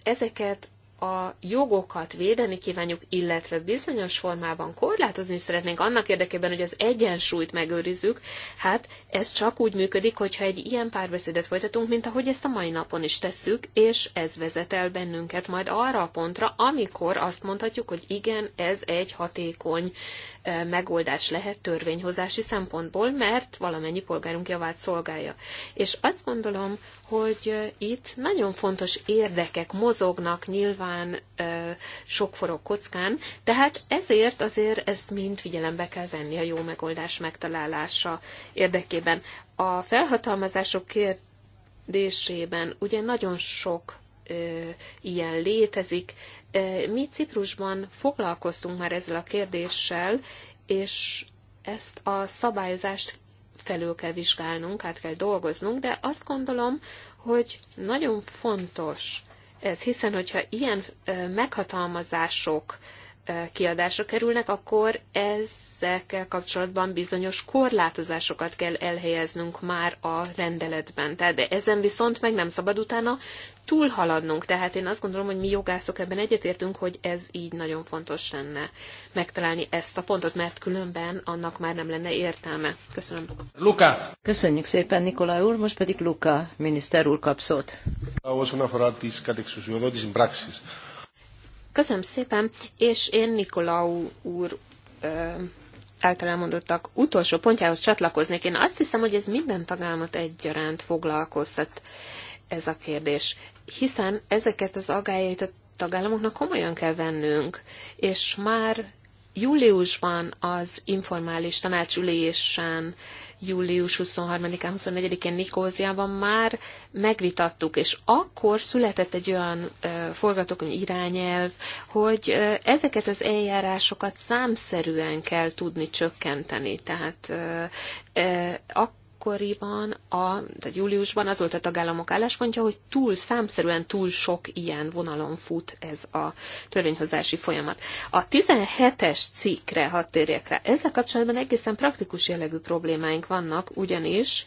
ezeket a jogokat védeni kívánjuk, illetve bizonyos formában korlátozni szeretnénk annak érdekében, hogy az egyensúlyt megőrizzük, hát ez csak úgy működik, hogyha egy ilyen párbeszédet folytatunk, mint ahogy ezt a mai napon is tesszük, és ez vezet el bennünket majd arra a pontra, amikor azt mondhatjuk, hogy igen, ez egy hatékony e, megoldás lehet törvényhozási szempontból, mert valamennyi polgárunk javát szolgálja. És azt gondolom, hogy itt nagyon fontos érdekek mozognak nyilván sok forog kockán, tehát ezért azért ezt mind figyelembe kell venni a jó megoldás megtalálása érdekében. A felhatalmazások kérdésében ugye nagyon sok ilyen létezik. Mi Ciprusban foglalkoztunk már ezzel a kérdéssel, és ezt a szabályozást felül kell vizsgálnunk, át kell dolgoznunk, de azt gondolom, hogy nagyon fontos ez, hiszen hogyha ilyen meghatalmazások kiadásra kerülnek, akkor ezekkel kapcsolatban bizonyos korlátozásokat kell elhelyeznünk már a rendeletben. Tehát de ezen viszont meg nem szabad utána túlhaladnunk. Tehát én azt gondolom, hogy mi jogászok ebben egyetértünk, hogy ez így nagyon fontos lenne megtalálni ezt a pontot, mert különben annak már nem lenne értelme. Köszönöm. Luka! Köszönjük szépen, Nikolaj úr, most pedig Luka miniszter úr kap szót. Köszönöm szépen, és én Nikolau úr által elmondottak utolsó pontjához csatlakoznék. Én azt hiszem, hogy ez minden tagállamot egyaránt foglalkoztat ez a kérdés, hiszen ezeket az agályait a tagállamoknak komolyan kell vennünk, és már júliusban az informális tanácsülésen július 23-án, 24-én Nikóziában már megvitattuk, és akkor született egy olyan forgatókönyv irányelv, hogy ezeket az eljárásokat számszerűen kell tudni csökkenteni. Tehát akkor akkoriban, a, tehát júliusban az volt a tagállamok álláspontja, hogy túl számszerűen túl sok ilyen vonalon fut ez a törvényhozási folyamat. A 17-es cikkre, hadd térjek rá, ezzel kapcsolatban egészen praktikus jellegű problémáink vannak, ugyanis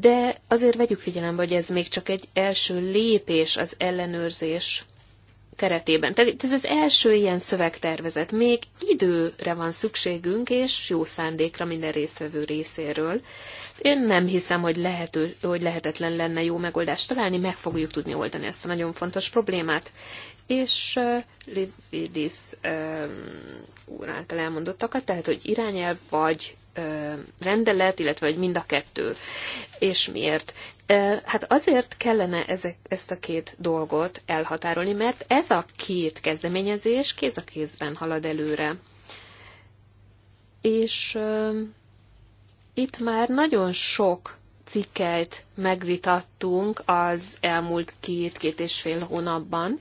de azért vegyük figyelembe, hogy ez még csak egy első lépés az ellenőrzés keretében. Tehát ez az első ilyen szövegtervezet. Még időre van szükségünk, és jó szándékra minden résztvevő részéről. Én nem hiszem, hogy, lehető, hogy lehetetlen lenne jó megoldást találni, meg fogjuk tudni oldani ezt a nagyon fontos problémát. És uh, Lividis uh, um, úr által elmondottakat, tehát, hogy irányelv vagy uh, rendelet, illetve hogy mind a kettő. És miért? Hát azért kellene ezek, ezt a két dolgot elhatárolni, mert ez a két kezdeményezés kéz a kézben halad előre. És uh, itt már nagyon sok cikkelt megvitattunk az elmúlt két-két és fél hónapban,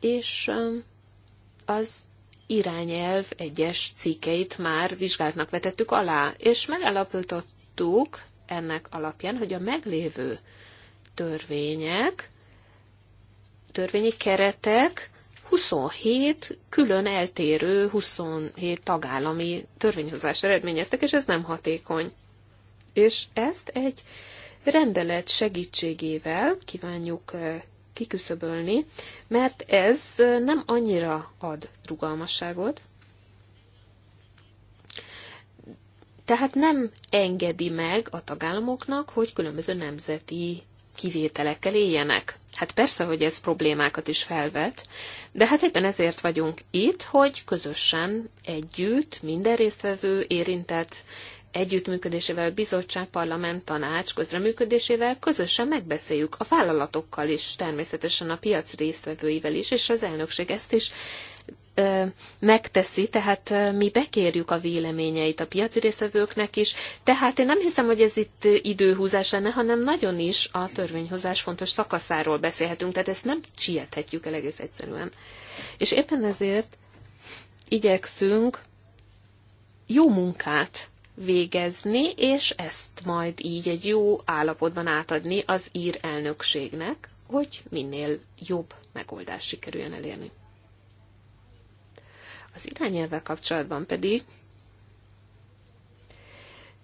és uh, az irányelv egyes cikkeit már vizsgáltnak vetettük alá, és megállapítottuk, ennek alapján, hogy a meglévő törvények, törvényi keretek 27 külön eltérő 27 tagállami törvényhozás eredményeztek, és ez nem hatékony. És ezt egy rendelet segítségével kívánjuk eh, kiküszöbölni, mert ez eh, nem annyira ad rugalmasságot, tehát nem engedi meg a tagállamoknak, hogy különböző nemzeti kivételekkel éljenek. Hát persze, hogy ez problémákat is felvet, de hát éppen ezért vagyunk itt, hogy közösen, együtt, minden résztvevő érintett együttműködésével, bizottság, parlament, tanács közreműködésével közösen megbeszéljük a vállalatokkal is, természetesen a piac résztvevőivel is, és az elnökség ezt is megteszi, tehát mi bekérjük a véleményeit a piaci részvevőknek is, tehát én nem hiszem, hogy ez itt időhúzás lenne, hanem nagyon is a törvényhozás fontos szakaszáról beszélhetünk, tehát ezt nem csiethetjük el egész egyszerűen. És éppen ezért igyekszünk jó munkát végezni, és ezt majd így egy jó állapotban átadni az ír elnökségnek, hogy minél jobb megoldást sikerüljön elérni. Az irányelvvel kapcsolatban pedig,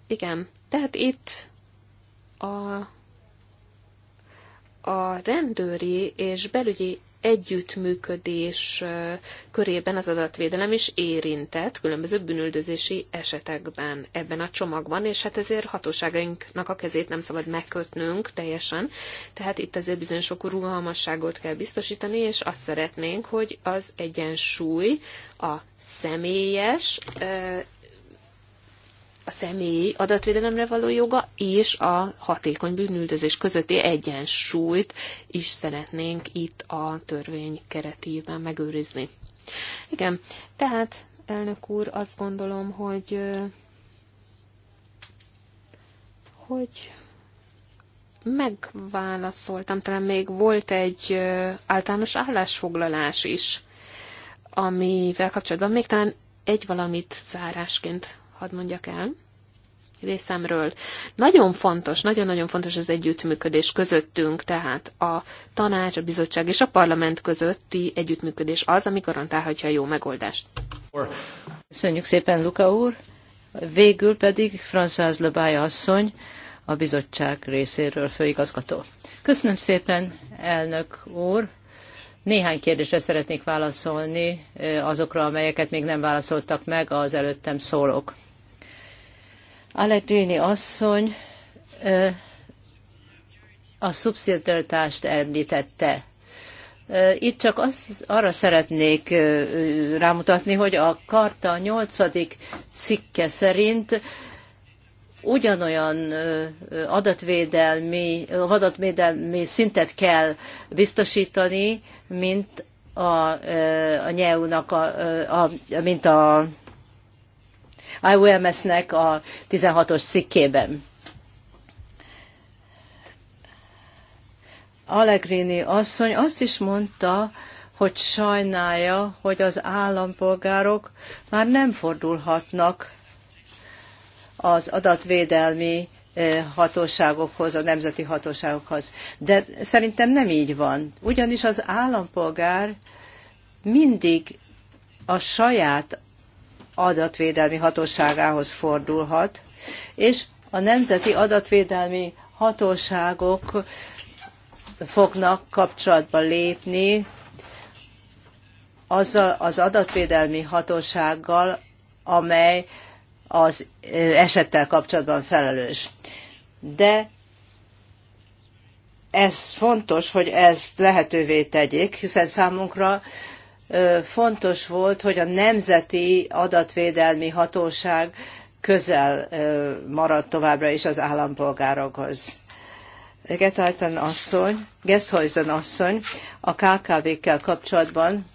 igen, tehát itt a a rendőri és belügyi együttműködés körében az adatvédelem is érintett különböző bűnüldözési esetekben ebben a csomagban, és hát ezért hatóságainknak a kezét nem szabad megkötnünk teljesen, tehát itt azért bizony sok rugalmasságot kell biztosítani, és azt szeretnénk, hogy az egyensúly a személyes a személyi adatvédelemre való joga és a hatékony bűnüldözés közötti egyensúlyt is szeretnénk itt a törvény keretében megőrizni. Igen, tehát elnök úr, azt gondolom, hogy hogy megválaszoltam, talán még volt egy általános állásfoglalás is, amivel kapcsolatban még talán egy valamit zárásként hadd mondjak el részemről. Nagyon fontos, nagyon-nagyon fontos az együttműködés közöttünk, tehát a tanács, a bizottság és a parlament közötti együttműködés az, ami garantálhatja a jó megoldást. Köszönjük szépen, Luka úr! Végül pedig François Lebája asszony, a bizottság részéről főigazgató. Köszönöm szépen, elnök úr! Néhány kérdésre szeretnék válaszolni eh, azokra, amelyeket még nem válaszoltak meg az előttem szólók. Aletrini asszony a szubszidertást említette. Itt csak az, arra szeretnék rámutatni, hogy a karta 8. cikke szerint ugyanolyan adatvédelmi, adatvédelmi szintet kell biztosítani, mint a, a nyelvnak, a, a, mint a IOMS-nek a 16-os cikkében. Allegrini asszony azt is mondta, hogy sajnálja, hogy az állampolgárok már nem fordulhatnak az adatvédelmi eh, hatóságokhoz, a nemzeti hatóságokhoz. De szerintem nem így van. Ugyanis az állampolgár mindig a saját adatvédelmi hatóságához fordulhat, és a nemzeti adatvédelmi hatóságok fognak kapcsolatba lépni azzal az adatvédelmi hatósággal, amely az esettel kapcsolatban felelős. De ez fontos, hogy ezt lehetővé tegyék, hiszen számunkra fontos volt, hogy a Nemzeti Adatvédelmi Hatóság közel maradt továbbra is az állampolgárokhoz. Getalten asszony, Gesthuizen asszony a KKV-kkel kapcsolatban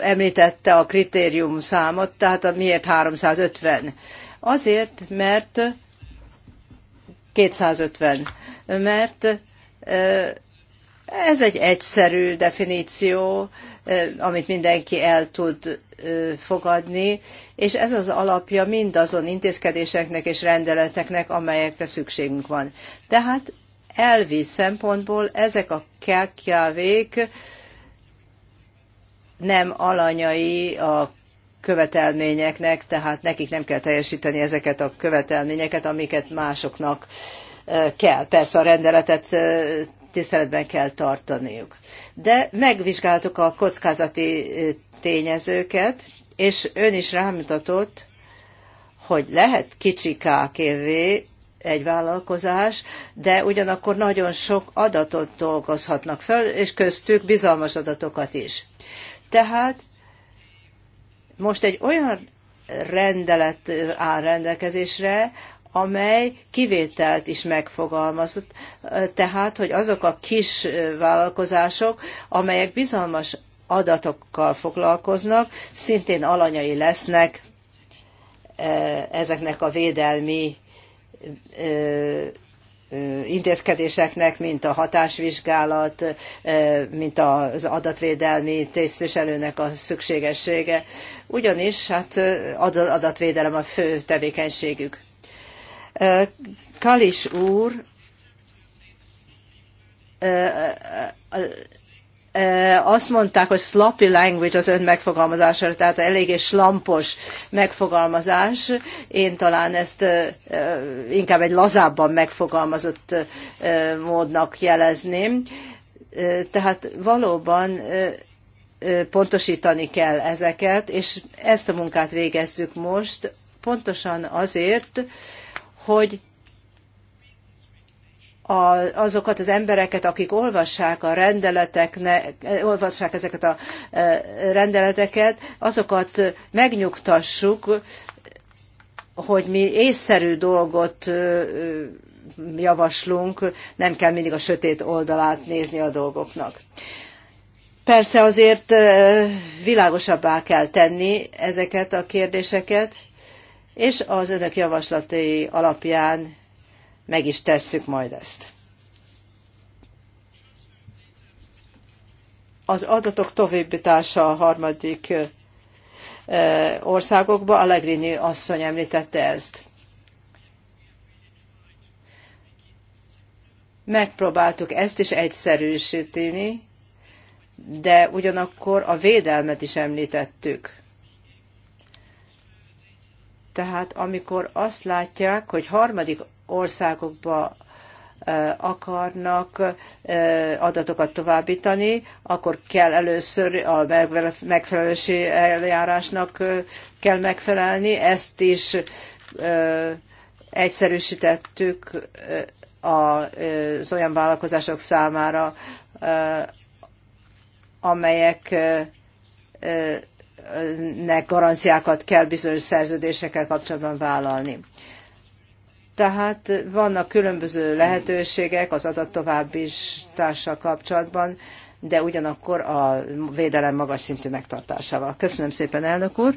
említette a kritérium számot, tehát a miért 350. Azért, mert 250, mert ez egy egyszerű definíció, amit mindenki el tud fogadni, és ez az alapja mindazon intézkedéseknek és rendeleteknek, amelyekre szükségünk van. Tehát elvi szempontból ezek a kkv nem alanyai a követelményeknek, tehát nekik nem kell teljesíteni ezeket a követelményeket, amiket másoknak kell. Persze a rendeletet tiszteletben kell tartaniuk. De megvizsgáltuk a kockázati tényezőket, és ön is rámutatott, hogy lehet kicsi KKV egy vállalkozás, de ugyanakkor nagyon sok adatot dolgozhatnak fel, és köztük bizalmas adatokat is. Tehát most egy olyan rendelet áll rendelkezésre, amely kivételt is megfogalmazott, tehát, hogy azok a kis vállalkozások, amelyek bizalmas adatokkal foglalkoznak, szintén alanyai lesznek ezeknek a védelmi intézkedéseknek, mint a hatásvizsgálat, mint az adatvédelmi tisztviselőnek a szükségessége. Ugyanis hát adatvédelem a fő tevékenységük. Kalis úr azt mondták, hogy sloppy language az ön megfogalmazására, tehát eléggé slampos megfogalmazás. Én talán ezt inkább egy lazábban megfogalmazott módnak jelezném. Tehát valóban pontosítani kell ezeket, és ezt a munkát végezzük most, pontosan azért, hogy a, azokat az embereket, akik olvassák a rendeleteknek, olvassák ezeket a e, rendeleteket, azokat megnyugtassuk, hogy mi észszerű dolgot e, javaslunk, nem kell mindig a sötét oldalát nézni a dolgoknak. Persze azért e, világosabbá kell tenni ezeket a kérdéseket, és az önök javaslatai alapján meg is tesszük majd ezt. Az adatok továbbítása a harmadik országokba, a Legrini asszony említette ezt. Megpróbáltuk ezt is egyszerűsíteni, de ugyanakkor a védelmet is említettük. Tehát amikor azt látják, hogy harmadik országokba akarnak adatokat továbbítani, akkor kell először a megfelelési eljárásnak kell megfelelni. Ezt is egyszerűsítettük az olyan vállalkozások számára, amelyek nek garanciákat kell bizonyos szerződésekkel kapcsolatban vállalni. Tehát vannak különböző lehetőségek az adattovábbítással kapcsolatban, de ugyanakkor a védelem magas szintű megtartásával. Köszönöm szépen, elnök úr!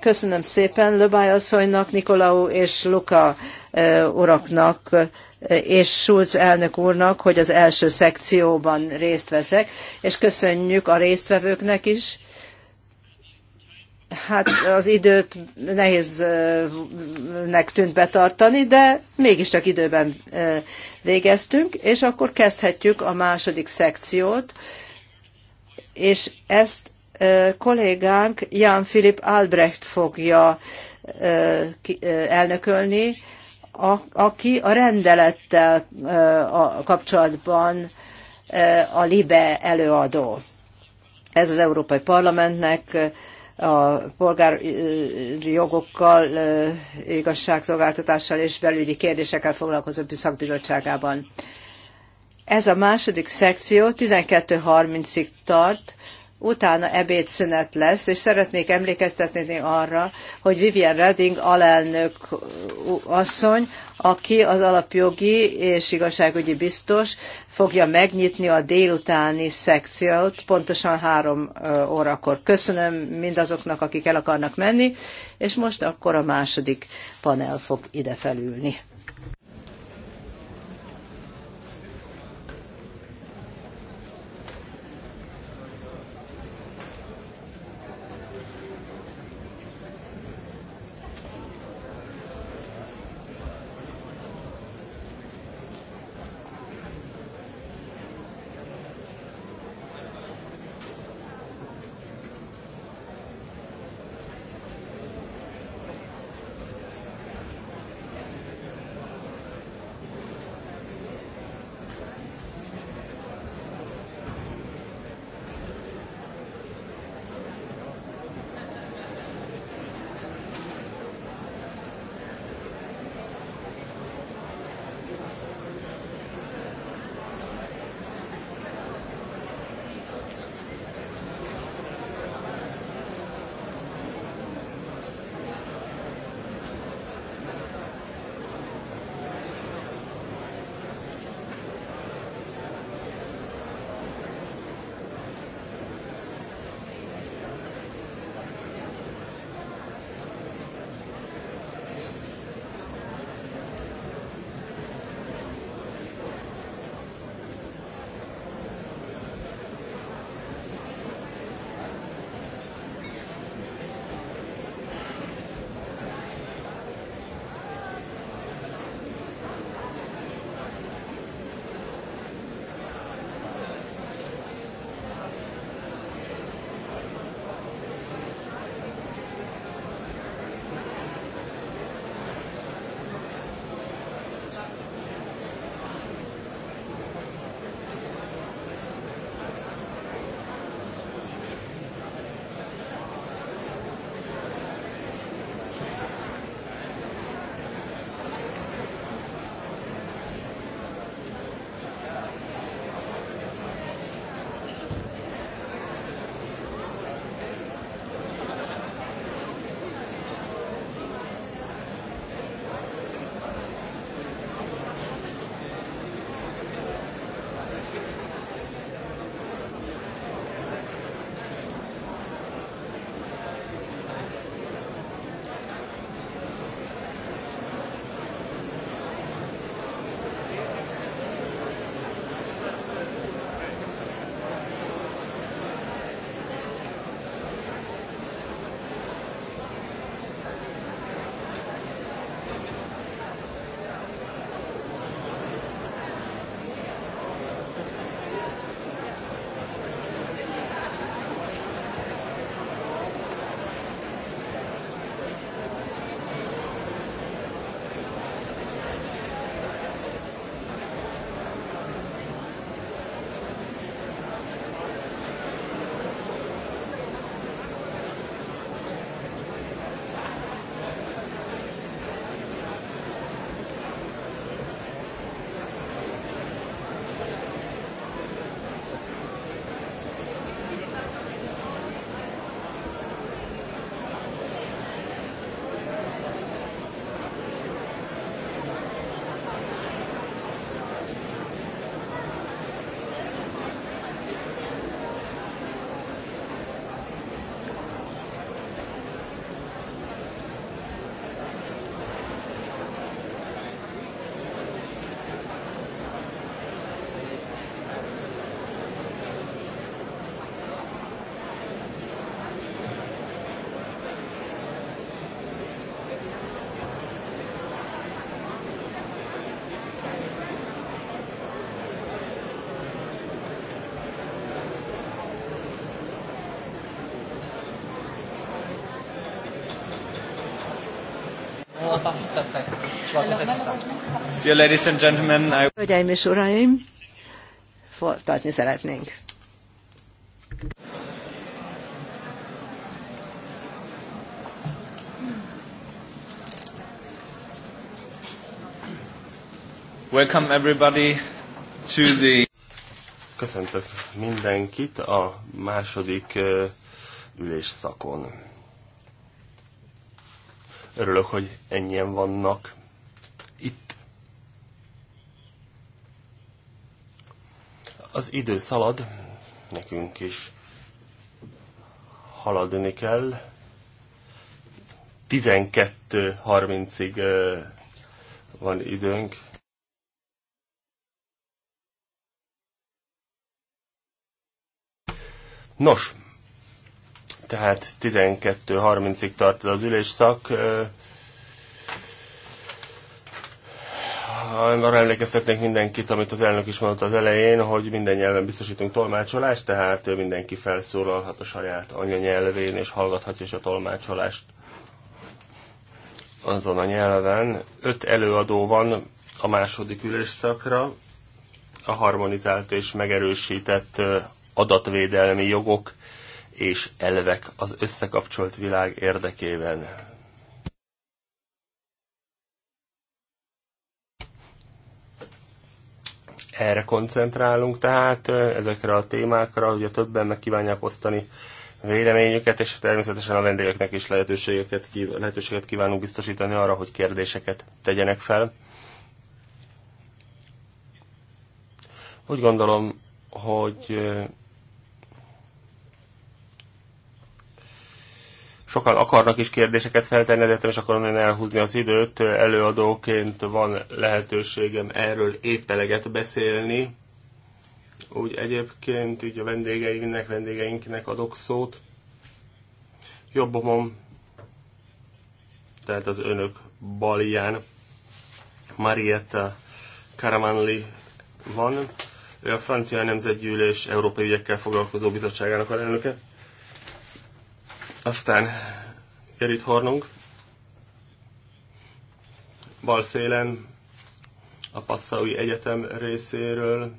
Köszönöm szépen Löbály asszonynak, Nikolau és Luka uraknak és Schulz elnök úrnak, hogy az első szekcióban részt veszek, és köszönjük a résztvevőknek is. Hát az időt nehéznek tűnt betartani, de mégiscsak időben végeztünk, és akkor kezdhetjük a második szekciót, és ezt kollégánk Jan Philip Albrecht fogja elnökölni, a, aki a rendelettel a kapcsolatban a LIBE előadó. Ez az Európai Parlamentnek a polgári jogokkal, igazságszolgáltatással és belügyi kérdésekkel foglalkozó szakbizottságában. Ez a második szekció 12.30-ig tart, utána ebédszünet lesz, és szeretnék emlékeztetni arra, hogy Vivian Redding alelnök asszony, aki az alapjogi és igazságügyi biztos fogja megnyitni a délutáni szekciót, pontosan három órakor. Köszönöm mindazoknak, akik el akarnak menni, és most akkor a második panel fog ide felülni. Dear ladies and gentlemen, I... Hölgyeim és uraim, folytatni szeretnénk. Welcome everybody to the... Köszöntök mindenkit a második ülésszakon. Örülök, hogy ennyien vannak itt. Az idő szalad, nekünk is haladni kell. 12.30-ig van időnk. Nos, tehát 12.30-ig tart az ülésszak. Arra emlékeztetnék mindenkit, amit az elnök is mondott az elején, hogy minden nyelven biztosítunk tolmácsolást, tehát mindenki felszólalhat a saját anyanyelvén, és hallgathatja is a tolmácsolást azon a nyelven. Öt előadó van a második ülésszakra, a harmonizált és megerősített adatvédelmi jogok és elvek az összekapcsolt világ érdekében. Erre koncentrálunk tehát, ezekre a témákra, a többen meg kívánják osztani véleményüket, és természetesen a vendégeknek is lehetőségeket, lehetőséget kívánunk biztosítani arra, hogy kérdéseket tegyenek fel. Úgy gondolom, hogy sokan akarnak is kérdéseket feltenni, de és akarom én elhúzni az időt. Előadóként van lehetőségem erről ételeget beszélni. Úgy egyébként így a vendégeinknek, vendégeinknek adok szót. Jobbomom, tehát az önök balján, Marietta Karamanli van. Ő a francia nemzetgyűlés európai ügyekkel foglalkozó bizottságának a elnöke aztán Gerrit Hornung, szélen a Passaui Egyetem részéről,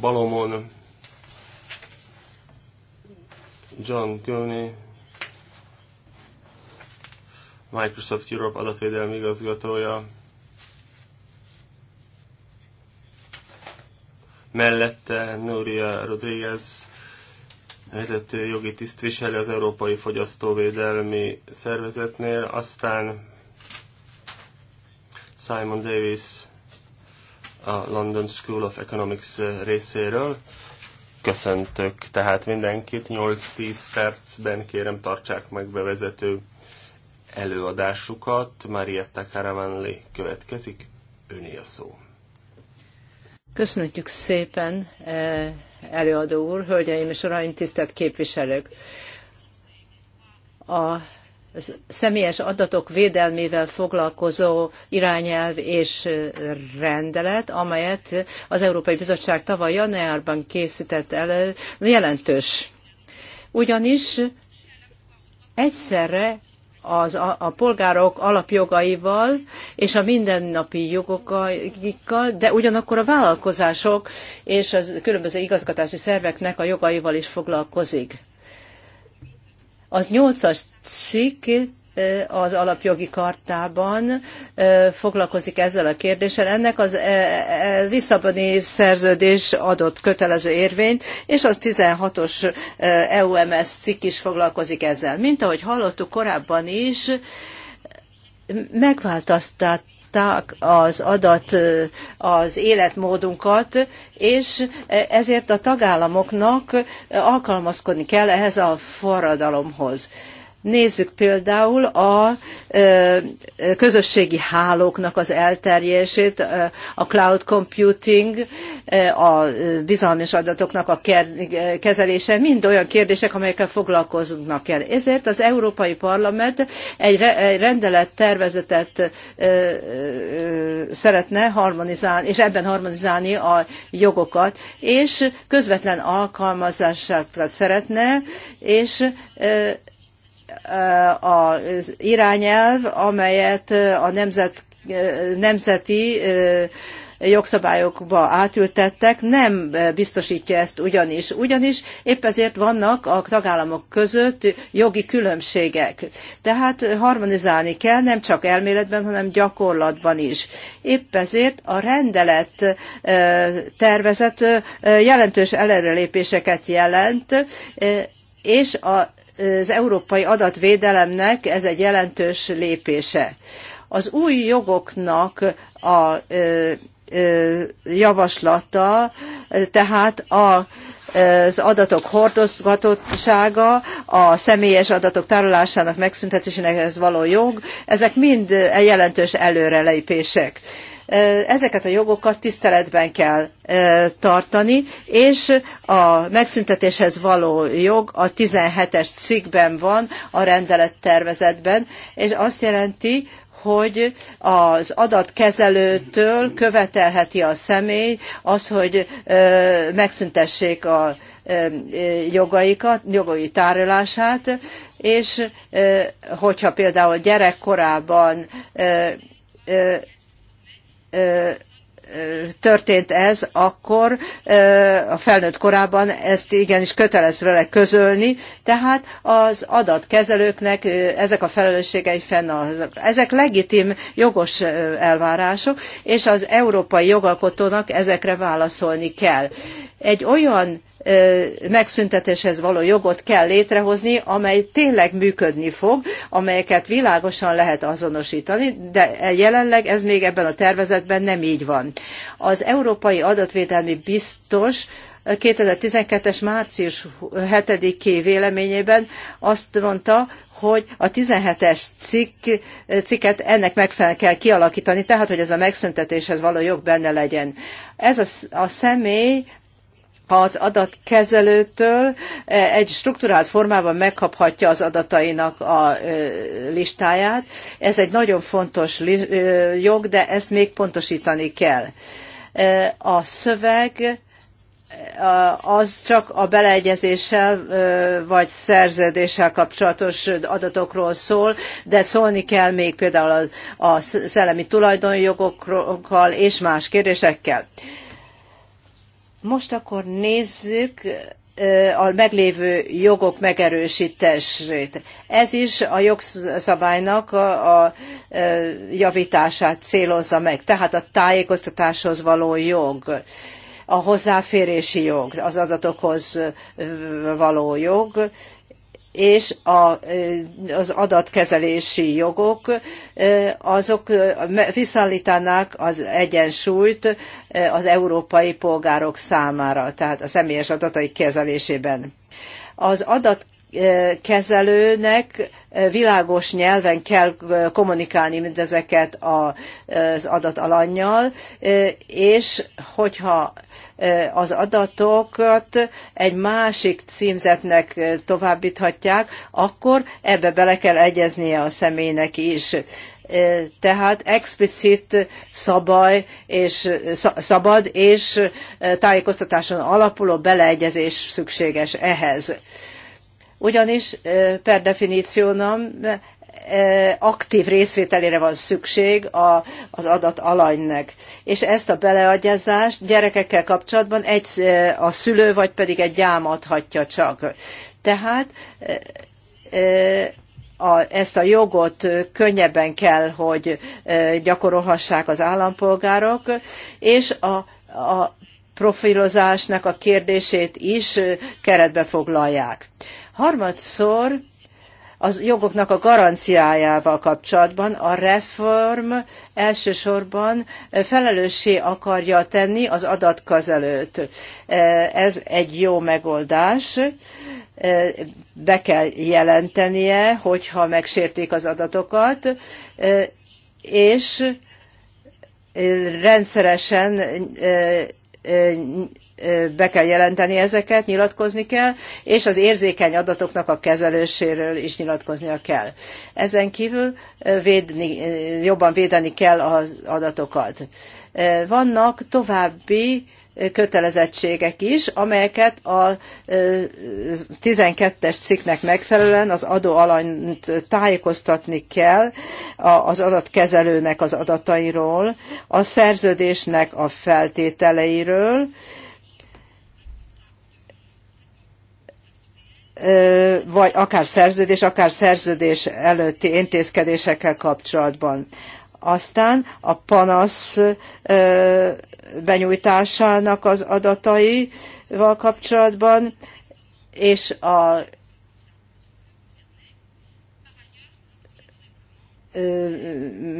Balomon, John Gurney, Microsoft Europe adatvédelmi igazgatója, mellette Nuria Rodriguez, vezető jogi tisztviselő az Európai Fogyasztóvédelmi Szervezetnél, aztán Simon Davis a London School of Economics részéről. Köszöntök tehát mindenkit, 8-10 percben kérem tartsák meg bevezető előadásukat. Marietta Caravanli következik, öné a szó. Köszönjük szépen, eh, előadó úr, hölgyeim és uraim, tisztelt képviselők! A személyes adatok védelmével foglalkozó irányelv és rendelet, amelyet az Európai Bizottság tavaly januárban készített elő, jelentős. Ugyanis egyszerre az, a, a polgárok alapjogaival és a mindennapi jogokkal, de ugyanakkor a vállalkozások és a különböző igazgatási szerveknek a jogaival is foglalkozik. Az nyolcas cikk az alapjogi kartában foglalkozik ezzel a kérdéssel. Ennek az e, e, Lisszaboni szerződés adott kötelező érvényt, és az 16-os EUMS cikk is foglalkozik ezzel. Mint ahogy hallottuk korábban is, megváltoztat az adat, az életmódunkat, és ezért a tagállamoknak alkalmazkodni kell ehhez a forradalomhoz. Nézzük például a közösségi hálóknak az elterjését, a cloud computing, a bizalmas adatoknak a kezelése, mind olyan kérdések, amelyekkel foglalkoznak kell. Ezért az Európai Parlament egy rendelet tervezetet szeretne harmonizálni, és ebben harmonizálni a jogokat, és közvetlen alkalmazásokat szeretne, és az irányelv, amelyet a nemzet, nemzeti jogszabályokba átültettek, nem biztosítja ezt ugyanis. Ugyanis épp ezért vannak a tagállamok között jogi különbségek. Tehát harmonizálni kell nem csak elméletben, hanem gyakorlatban is. Épp ezért a rendelet tervezet jelentős előrelépéseket jelent, és a az európai adatvédelemnek ez egy jelentős lépése. Az új jogoknak a javaslata, tehát a az adatok hordozgatottsága, a személyes adatok tárolásának megszüntetésének ez való jog, ezek mind jelentős előrelépések. Ezeket a jogokat tiszteletben kell tartani, és a megszüntetéshez való jog a 17-es cikkben van a rendelettervezetben, és azt jelenti, hogy az adatkezelőtől követelheti a személy az, hogy megszüntessék a jogaikat, jogai tárolását, és hogyha például gyerekkorában történt ez, akkor a felnőtt korában ezt igenis kötelez vele közölni, tehát az adatkezelőknek ezek a felelősségei fennállnak. Ezek legitim, jogos elvárások, és az európai jogalkotónak ezekre válaszolni kell. Egy olyan megszüntetéshez való jogot kell létrehozni, amely tényleg működni fog, amelyeket világosan lehet azonosítani, de jelenleg ez még ebben a tervezetben nem így van. Az Európai Adatvédelmi Biztos 2012-es március 7-i véleményében azt mondta, hogy a 17-es cikk, cikket ennek megfelelően kell kialakítani, tehát hogy ez a megszüntetéshez való jog benne legyen. Ez a, a személy az adatkezelőtől e, egy strukturált formában megkaphatja az adatainak a e, listáját. Ez egy nagyon fontos e, jog, de ezt még pontosítani kell. A szöveg az csak a beleegyezéssel vagy szerződéssel kapcsolatos adatokról szól, de szólni kell még például a szellemi tulajdonjogokkal és más kérdésekkel. Most akkor nézzük a meglévő jogok megerősítését. Ez is a jogszabálynak a javítását célozza meg, tehát a tájékoztatáshoz való jog a hozzáférési jog, az adatokhoz való jog, és a, az adatkezelési jogok, azok visszaállítanák az egyensúlyt az európai polgárok számára, tehát a személyes adatai kezelésében. Az adat kezelőnek világos nyelven kell kommunikálni mindezeket az adatalanyjal, és hogyha Eh, az adatokat egy másik címzetnek eh, továbbíthatják, akkor ebbe bele kell egyeznie a személynek is. Eh, tehát explicit szabály és szabad és tájékoztatáson alapuló beleegyezés szükséges ehhez ugyanis per definíciónom aktív részvételére van szükség a, az adat alanynak. És ezt a beleagyázást gyerekekkel kapcsolatban egy, a szülő vagy pedig egy gyám adhatja csak. Tehát a, ezt a jogot könnyebben kell, hogy gyakorolhassák az állampolgárok, és a, a profilozásnak a kérdését is keretbe foglalják. Harmadszor az jogoknak a garanciájával kapcsolatban a reform elsősorban felelőssé akarja tenni az adatkezelőt. Ez egy jó megoldás. Be kell jelentenie, hogyha megsértik az adatokat, és rendszeresen be kell jelenteni ezeket, nyilatkozni kell, és az érzékeny adatoknak a kezeléséről is nyilatkoznia kell. Ezen kívül védni, jobban védeni kell az adatokat. Vannak további kötelezettségek is, amelyeket a 12-es cikknek megfelelően az adóalanyt tájékoztatni kell az adatkezelőnek az adatairól, a szerződésnek a feltételeiről, vagy akár szerződés, akár szerződés előtti intézkedésekkel kapcsolatban. Aztán a panasz benyújtásának az adataival kapcsolatban, és a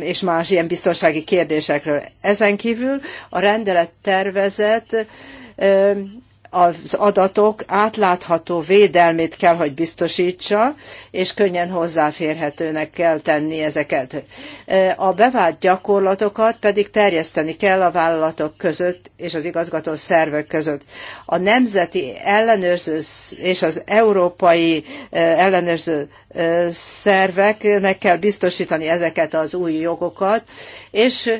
és más ilyen biztonsági kérdésekről. Ezen kívül a rendelet tervezet az adatok átlátható védelmét kell, hogy biztosítsa, és könnyen hozzáférhetőnek kell tenni ezeket. A bevált gyakorlatokat pedig terjeszteni kell a vállalatok között és az igazgató szervek között. A nemzeti ellenőrző és az európai ellenőrző szerveknek kell biztosítani ezeket az új jogokat, és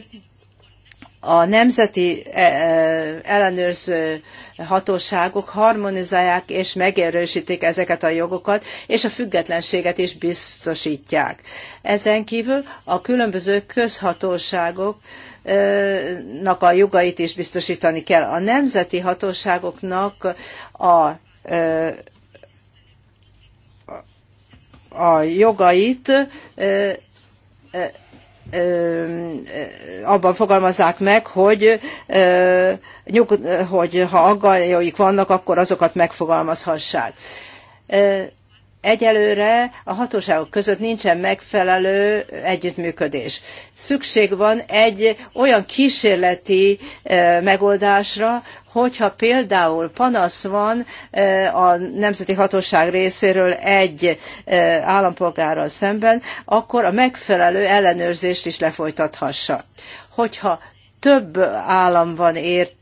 a nemzeti e, e, ellenőrző hatóságok harmonizálják és megerősítik ezeket a jogokat, és a függetlenséget is biztosítják. Ezen kívül a különböző közhatóságoknak a jogait is biztosítani kell. A nemzeti hatóságoknak a e, a jogait abban fogalmazzák meg, hogy, hogy ha aggályaik vannak, akkor azokat megfogalmazhassák egyelőre a hatóságok között nincsen megfelelő együttműködés. Szükség van egy olyan kísérleti e, megoldásra, hogyha például panasz van e, a nemzeti hatóság részéről egy e, állampolgárral szemben, akkor a megfelelő ellenőrzést is lefolytathassa. Hogyha több állam van ér,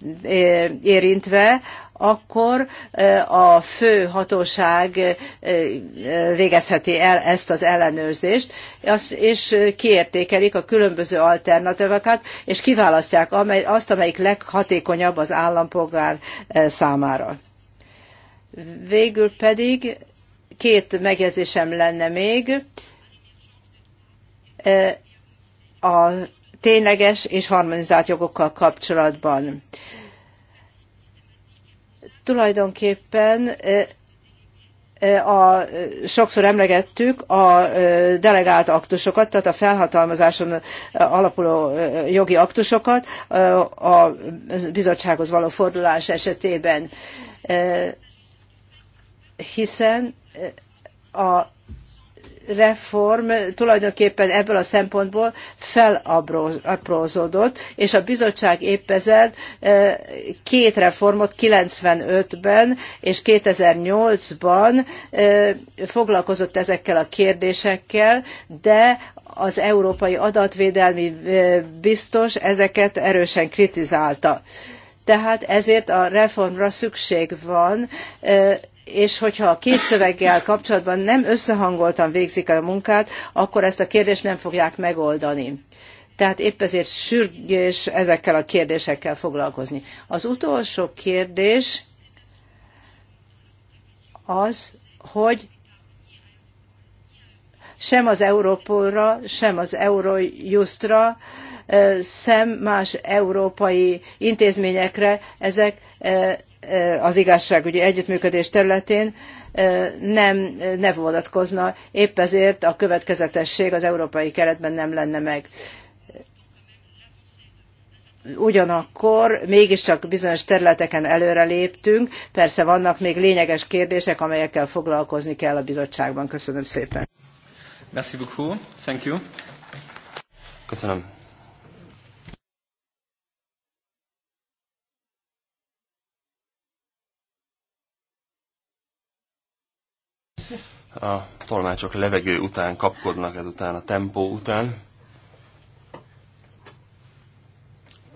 érintve, akkor e, a fő hatóság e, végezheti el ezt az ellenőrzést, és kiértékelik a különböző alternatívákat, és kiválasztják azt, amelyik leghatékonyabb az állampolgár e, számára. Végül pedig két megjegyzésem lenne még a tényleges és harmonizált jogokkal kapcsolatban. Tulajdonképpen a, sokszor emlegettük a delegált aktusokat, tehát a felhatalmazáson alapuló jogi aktusokat a bizottsághoz való fordulás esetében, hiszen a reform tulajdonképpen ebből a szempontból felaprózódott, és a bizottság épp ezért e, két reformot 95-ben és 2008-ban e, foglalkozott ezekkel a kérdésekkel, de az Európai Adatvédelmi e, Biztos ezeket erősen kritizálta. Tehát ezért a reformra szükség van, és hogyha a két szöveggel kapcsolatban nem összehangoltan végzik el a munkát, akkor ezt a kérdést nem fogják megoldani. Tehát épp ezért sürgés ezekkel a kérdésekkel foglalkozni. Az utolsó kérdés az, hogy sem az Európolra, sem az Eurojustra, sem más európai intézményekre ezek Eh, az igazságügyi együttműködés területén eh, nem, eh, ne vonatkozna, épp ezért a következetesség az európai keretben nem lenne meg. Ugyanakkor mégiscsak bizonyos területeken előreléptünk, persze vannak még lényeges kérdések, amelyekkel foglalkozni kell a bizottságban. Köszönöm szépen. Merci beaucoup. Thank you. Köszönöm A tolmácsok levegő után kapkodnak ezután, a tempó után.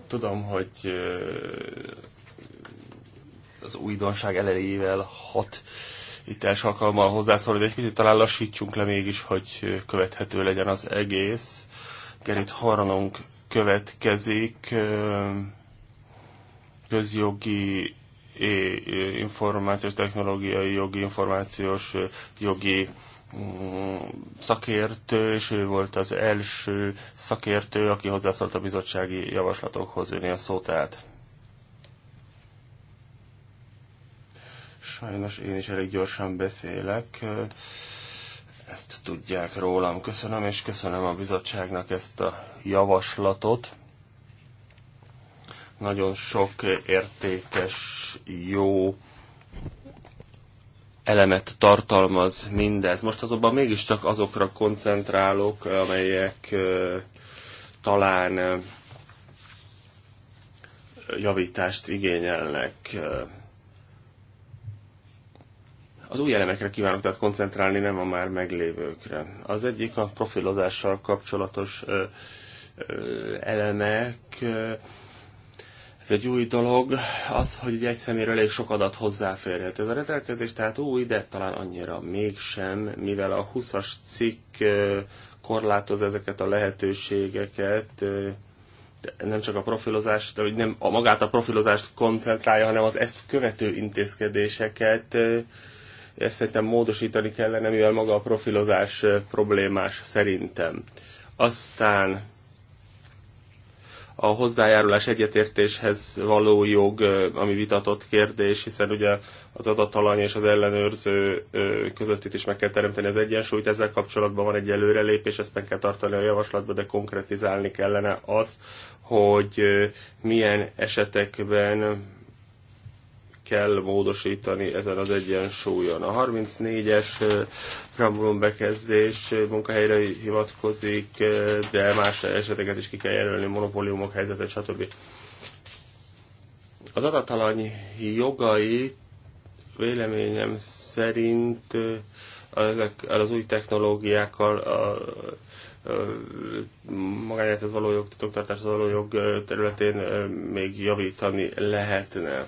Tudom, hogy az újdonság elejével hat itt első alkalommal hozzászólni, de egy kicsit talán lassítsunk le mégis, hogy követhető legyen az egész. Gerit Haranunk következik, közjogi információs technológiai, jogi, információs jogi mm, szakértő, és ő volt az első szakértő, aki hozzászólt a bizottsági javaslatokhoz, őnél szó tehát. Sajnos én is elég gyorsan beszélek, ezt tudják rólam. Köszönöm, és köszönöm a bizottságnak ezt a javaslatot nagyon sok értékes, jó elemet tartalmaz mindez. Most azonban mégiscsak azokra koncentrálok, amelyek talán javítást igényelnek. Az új elemekre kívánok tehát koncentrálni, nem a már meglévőkre. Az egyik a profilozással kapcsolatos elemek, ez egy új dolog, az, hogy egy szeméről elég sok adat hozzáférhet. Ez a rendelkezés tehát új, de talán annyira mégsem, mivel a 20-as cikk korlátoz ezeket a lehetőségeket, nem csak a profilozást, de nem a magát a profilozást koncentrálja, hanem az ezt követő intézkedéseket. Ezt szerintem módosítani kellene, mivel maga a profilozás problémás szerintem. Aztán a hozzájárulás egyetértéshez való jog, ami vitatott kérdés, hiszen ugye az adatalany és az ellenőrző között itt is meg kell teremteni az egyensúlyt, ezzel kapcsolatban van egy előrelépés, ezt meg kell tartani a javaslatban, de konkretizálni kellene azt, hogy milyen esetekben kell módosítani ezen az egyensúlyon. A 34-es preambulum bekezdés munkahelyre hivatkozik, de más eseteket is ki kell jelölni, monopóliumok helyzete, stb. Az adatalany jogai véleményem szerint ezek az új technológiákkal a, magányát az való jog, az való jog területén még javítani lehetne.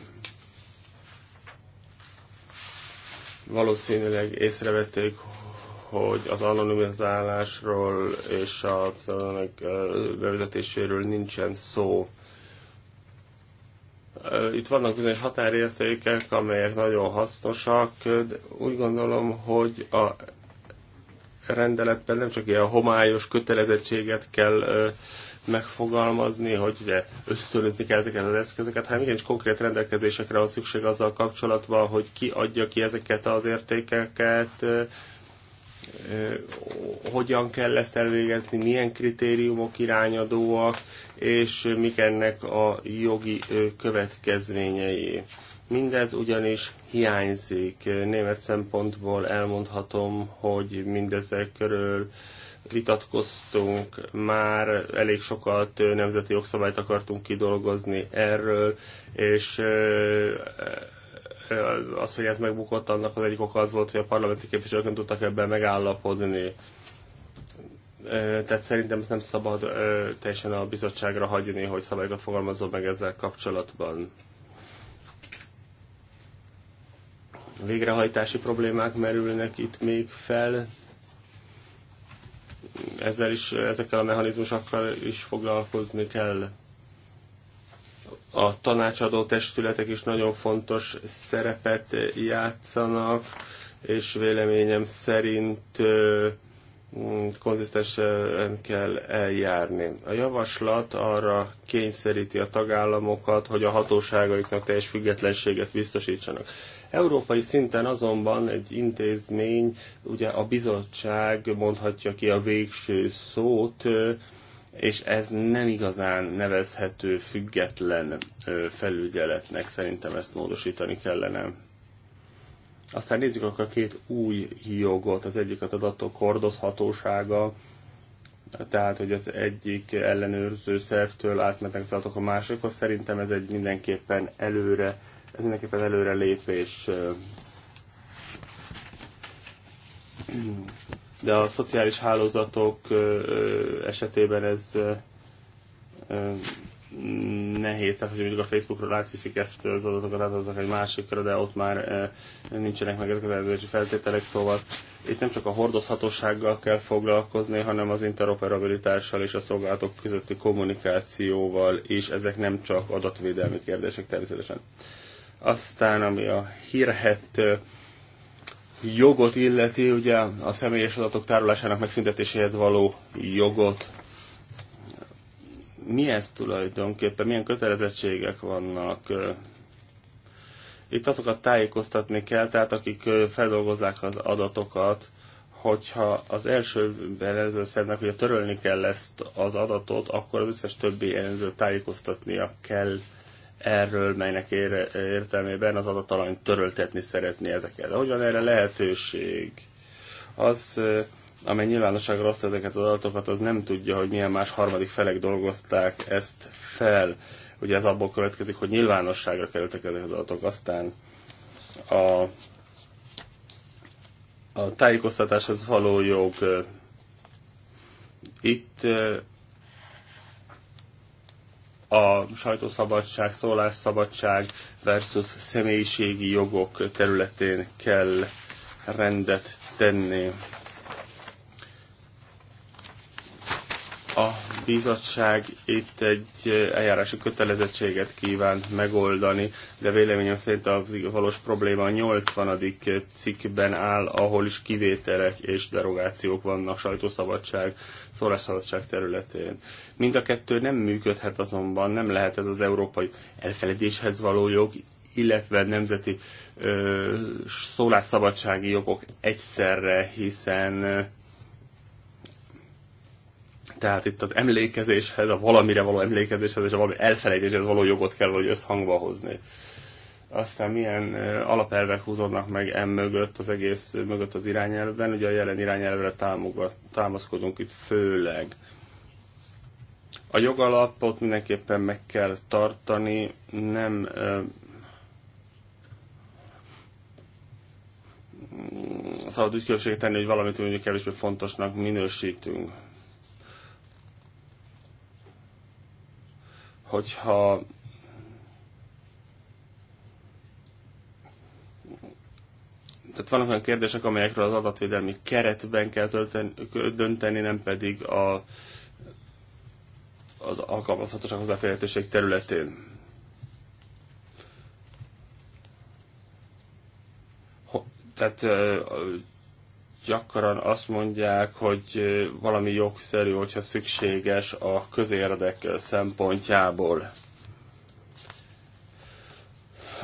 valószínűleg észrevették, hogy az anonimizálásról és a pseudonimok bevezetéséről nincsen szó. Itt vannak bizonyos határértékek, amelyek nagyon hasznosak, de úgy gondolom, hogy a rendeletben nem csak ilyen homályos kötelezettséget kell megfogalmazni, hogy ugye ösztönözni kell ezeket az eszközöket, hanem hát igenis konkrét rendelkezésekre van szükség azzal kapcsolatban, hogy ki adja ki ezeket az értékeket, hogyan kell ezt elvégezni, milyen kritériumok irányadóak, és mik ennek a jogi következményei. Mindez ugyanis hiányzik. Német szempontból elmondhatom, hogy mindezek körül vitatkoztunk már, elég sokat nemzeti jogszabályt akartunk kidolgozni erről, és az, hogy ez megbukott, annak az egyik oka az volt, hogy a parlamenti képviselők nem tudtak ebben megállapodni. Tehát szerintem ezt nem szabad teljesen a bizottságra hagyni, hogy szabályokat fogalmazzon meg ezzel kapcsolatban. Végrehajtási problémák merülnek itt még fel ezzel is, ezekkel a mechanizmusokkal is foglalkozni kell. A tanácsadó testületek is nagyon fontos szerepet játszanak, és véleményem szerint konzisztensen kell eljárni. A javaslat arra kényszeríti a tagállamokat, hogy a hatóságaiknak teljes függetlenséget biztosítsanak. Európai szinten azonban egy intézmény, ugye a bizottság mondhatja ki a végső szót, és ez nem igazán nevezhető független felügyeletnek, szerintem ezt módosítani kellene. Aztán nézzük akkor a két új jogot, az egyik az adatok hordozhatósága, tehát hogy az egyik ellenőrző szervtől átmennek az adatok a másikhoz. Szerintem ez egy mindenképpen előre, ez mindenképpen előre lépés. De a szociális hálózatok esetében ez nehéz, tehát hogy mondjuk a Facebookról átviszik ezt az adatokat, átadnak egy másikra, de ott már eh, nincsenek meg ezek az előzési feltételek, szóval itt nem csak a hordozhatósággal kell foglalkozni, hanem az interoperabilitással és a szolgálatok közötti kommunikációval is, ezek nem csak adatvédelmi kérdések természetesen. Aztán, ami a hírhet eh, jogot illeti, ugye a személyes adatok tárolásának megszüntetéséhez való jogot mi ez tulajdonképpen, milyen kötelezettségek vannak. Itt azokat tájékoztatni kell, tehát akik feldolgozzák az adatokat, hogyha az első szednek, hogy törölni kell ezt az adatot, akkor az összes többi elemző tájékoztatnia kell erről, melynek értelmében az adatalany töröltetni szeretné ezeket. De hogy van erre lehetőség? Az amely nyilvánosságra azt ezeket az adatokat, az nem tudja, hogy milyen más harmadik felek dolgozták ezt fel. Ugye ez abból következik, hogy nyilvánosságra kerültek ezek az adatok. Aztán a, a tájékoztatáshoz való jog itt a sajtószabadság, szólásszabadság versus személyiségi jogok területén kell rendet tenni. A bizottság itt egy eljárási kötelezettséget kíván megoldani, de véleményem szerint a valós probléma a 80. cikkben áll, ahol is kivételek és derogációk vannak sajtószabadság, szólásszabadság területén. Mind a kettő nem működhet azonban, nem lehet ez az európai elfeledéshez való jog, illetve nemzeti ö, szólásszabadsági jogok egyszerre, hiszen tehát itt az emlékezéshez, a valamire való emlékezéshez és a valami elfelejtéshez való jogot kell, hogy összhangba hozni. Aztán milyen alapelvek húzódnak meg e mögött az egész mögött az irányelvben. Ugye a jelen irányelvre támogat, támaszkodunk itt főleg. A jogalapot mindenképpen meg kell tartani, nem szabad úgy különbséget tenni, hogy valamit mondjuk kevésbé fontosnak minősítünk. hogyha tehát vannak olyan kérdések, amelyekről az adatvédelmi keretben kell tölteni, dönteni, nem pedig a, az alkalmazhatóság hozzáférhetőség területén. tehát gyakran azt mondják, hogy valami jogszerű, hogyha szükséges a közérdek szempontjából.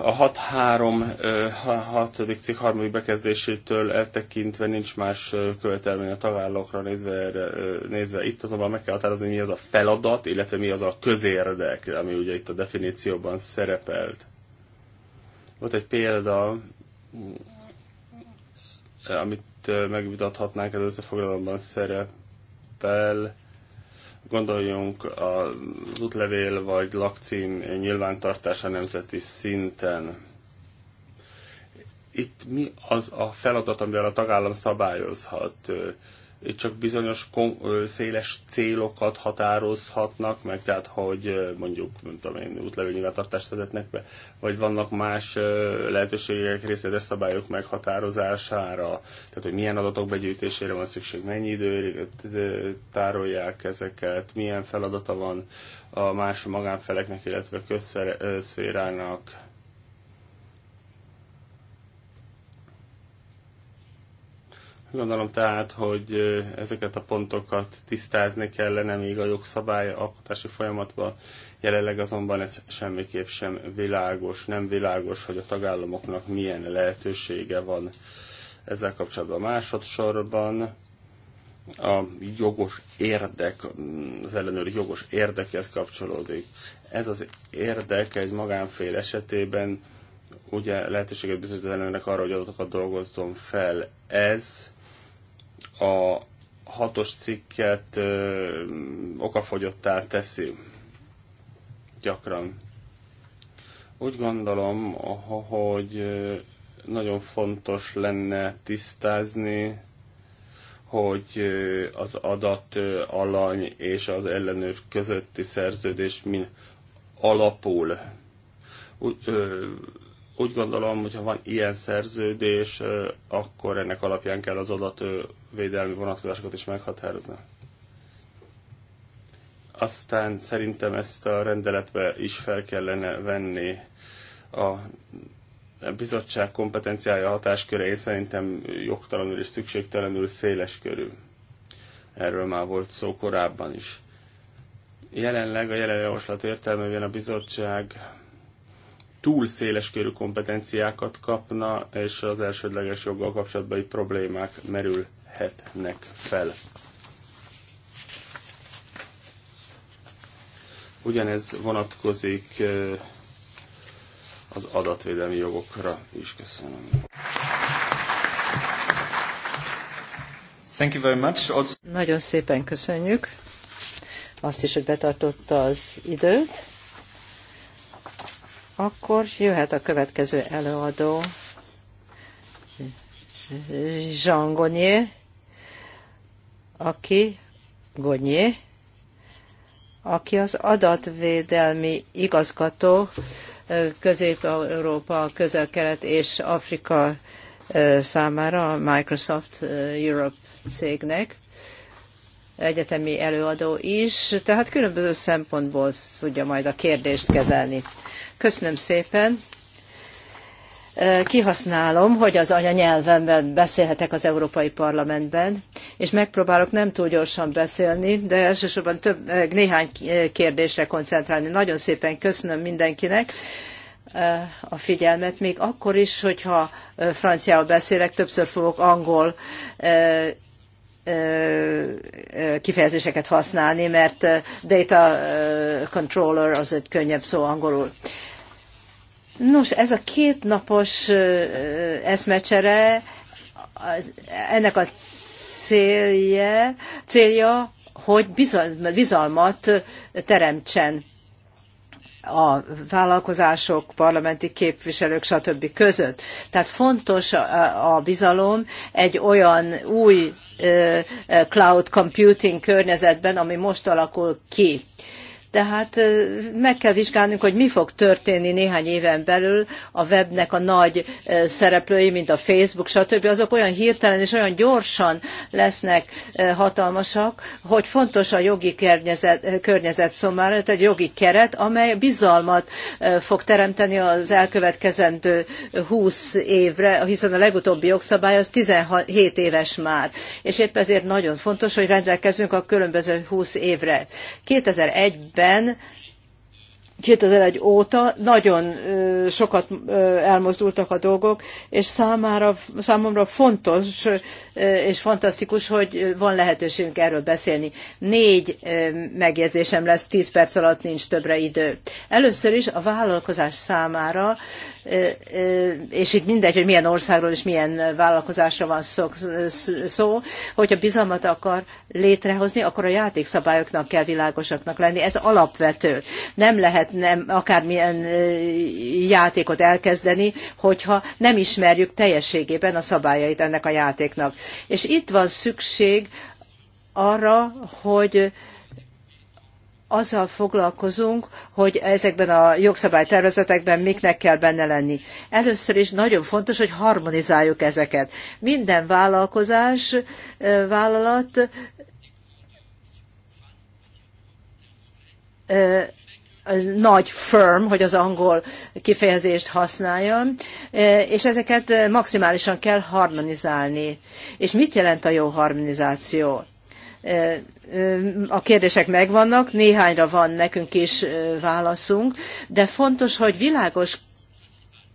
A 6.3. 6. cikk 3. bekezdésétől eltekintve nincs más követelmény a tagállamokra nézve, nézve. Itt azonban meg kell határozni, mi az a feladat, illetve mi az a közérdek, ami ugye itt a definícióban szerepelt. Volt egy példa, amit megvitathatnánk, ez összefoglalomban szerepel. Gondoljunk az útlevél vagy lakcím nyilvántartása nemzeti szinten. Itt mi az a feladat, amivel a tagállam szabályozhat? csak bizonyos széles célokat határozhatnak meg, tehát hogy mondjuk, útlevő nyilvántartást vezetnek be, vagy vannak más lehetőségek részletes szabályok meghatározására, tehát hogy milyen adatok begyűjtésére van szükség, mennyi időre tárolják ezeket, milyen feladata van a más magánfeleknek, illetve közszférának, Gondolom tehát, hogy ezeket a pontokat tisztázni kellene még a jogszabály alkotási folyamatban. Jelenleg azonban ez semmiképp sem világos, nem világos, hogy a tagállamoknak milyen lehetősége van ezzel kapcsolatban másodszorban a jogos érdek, az ellenőri jogos érdekhez kapcsolódik. Ez az érdek egy magánfél esetében ugye lehetőséget biztosít az ellenőrnek arra, hogy adatokat dolgozzon fel. Ez a hatos cikket ö, okafogyottá teszi gyakran. Úgy gondolom, hogy nagyon fontos lenne tisztázni, hogy az adat alany és az ellenőr közötti szerződés min alapul. Úgy, ö, úgy gondolom, hogy ha van ilyen szerződés, akkor ennek alapján kell az adatvédelmi vonatkozásokat is meghatározni. Aztán szerintem ezt a rendeletbe is fel kellene venni a bizottság kompetenciája hatásköre, én szerintem jogtalanul és szükségtelenül széles körül. Erről már volt szó korábban is. Jelenleg a jelen javaslat értelmében a bizottság túl körű kompetenciákat kapna, és az elsődleges joggal kapcsolatbeli problémák merülhetnek fel. Ugyanez vonatkozik az adatvédelmi jogokra is. Köszönöm. Thank you very much. Also... Nagyon szépen köszönjük azt is, hogy betartotta az időt. Akkor jöhet a következő előadó, Jean Gonyé, aki Gonyé, aki az adatvédelmi igazgató Közép-Európa, Közel-Kelet és Afrika számára a Microsoft Europe cégnek egyetemi előadó is, tehát különböző szempontból tudja majd a kérdést kezelni. Köszönöm szépen! kihasználom, hogy az anyanyelvemben beszélhetek az Európai Parlamentben, és megpróbálok nem túl gyorsan beszélni, de elsősorban több, néhány kérdésre koncentrálni. Nagyon szépen köszönöm mindenkinek a figyelmet, még akkor is, hogyha franciául beszélek, többször fogok angol kifejezéseket használni, mert data controller az egy könnyebb szó angolul. Nos, ez a két napos eszmecsere, ennek a célja, célja hogy bizalmat teremtsen a vállalkozások, parlamenti képviselők, stb. között. Tehát fontos a bizalom egy olyan új cloud computing környezetben, ami most alakul ki. Tehát meg kell vizsgálnunk, hogy mi fog történni néhány éven belül a webnek a nagy szereplői, mint a Facebook, stb. Azok olyan hirtelen és olyan gyorsan lesznek hatalmasak, hogy fontos a jogi környezet, környezet szomára, tehát jogi keret, amely bizalmat fog teremteni az elkövetkezendő 20 évre, hiszen a legutóbbi jogszabály az 17 éves már. És épp ezért nagyon fontos, hogy rendelkezünk a különböző 20 évre. 2001 évben 2001 óta nagyon sokat elmozdultak a dolgok, és számára, számomra fontos és fantasztikus, hogy van lehetőségünk erről beszélni. Négy megjegyzésem lesz, tíz perc alatt nincs többre idő. Először is a vállalkozás számára és itt mindegy, hogy milyen országról és milyen vállalkozásra van szó, szó hogyha bizalmat akar létrehozni, akkor a játékszabályoknak kell világosaknak lenni. Ez alapvető. Nem lehet nem, akármilyen játékot elkezdeni, hogyha nem ismerjük teljességében a szabályait ennek a játéknak. És itt van szükség arra, hogy azzal foglalkozunk, hogy ezekben a jogszabálytervezetekben miknek kell benne lenni. Először is nagyon fontos, hogy harmonizáljuk ezeket. Minden vállalkozás, vállalat nagy firm, hogy az angol kifejezést használjam, és ezeket maximálisan kell harmonizálni. És mit jelent a jó harmonizáció? a kérdések megvannak, néhányra van nekünk is válaszunk, de fontos, hogy világos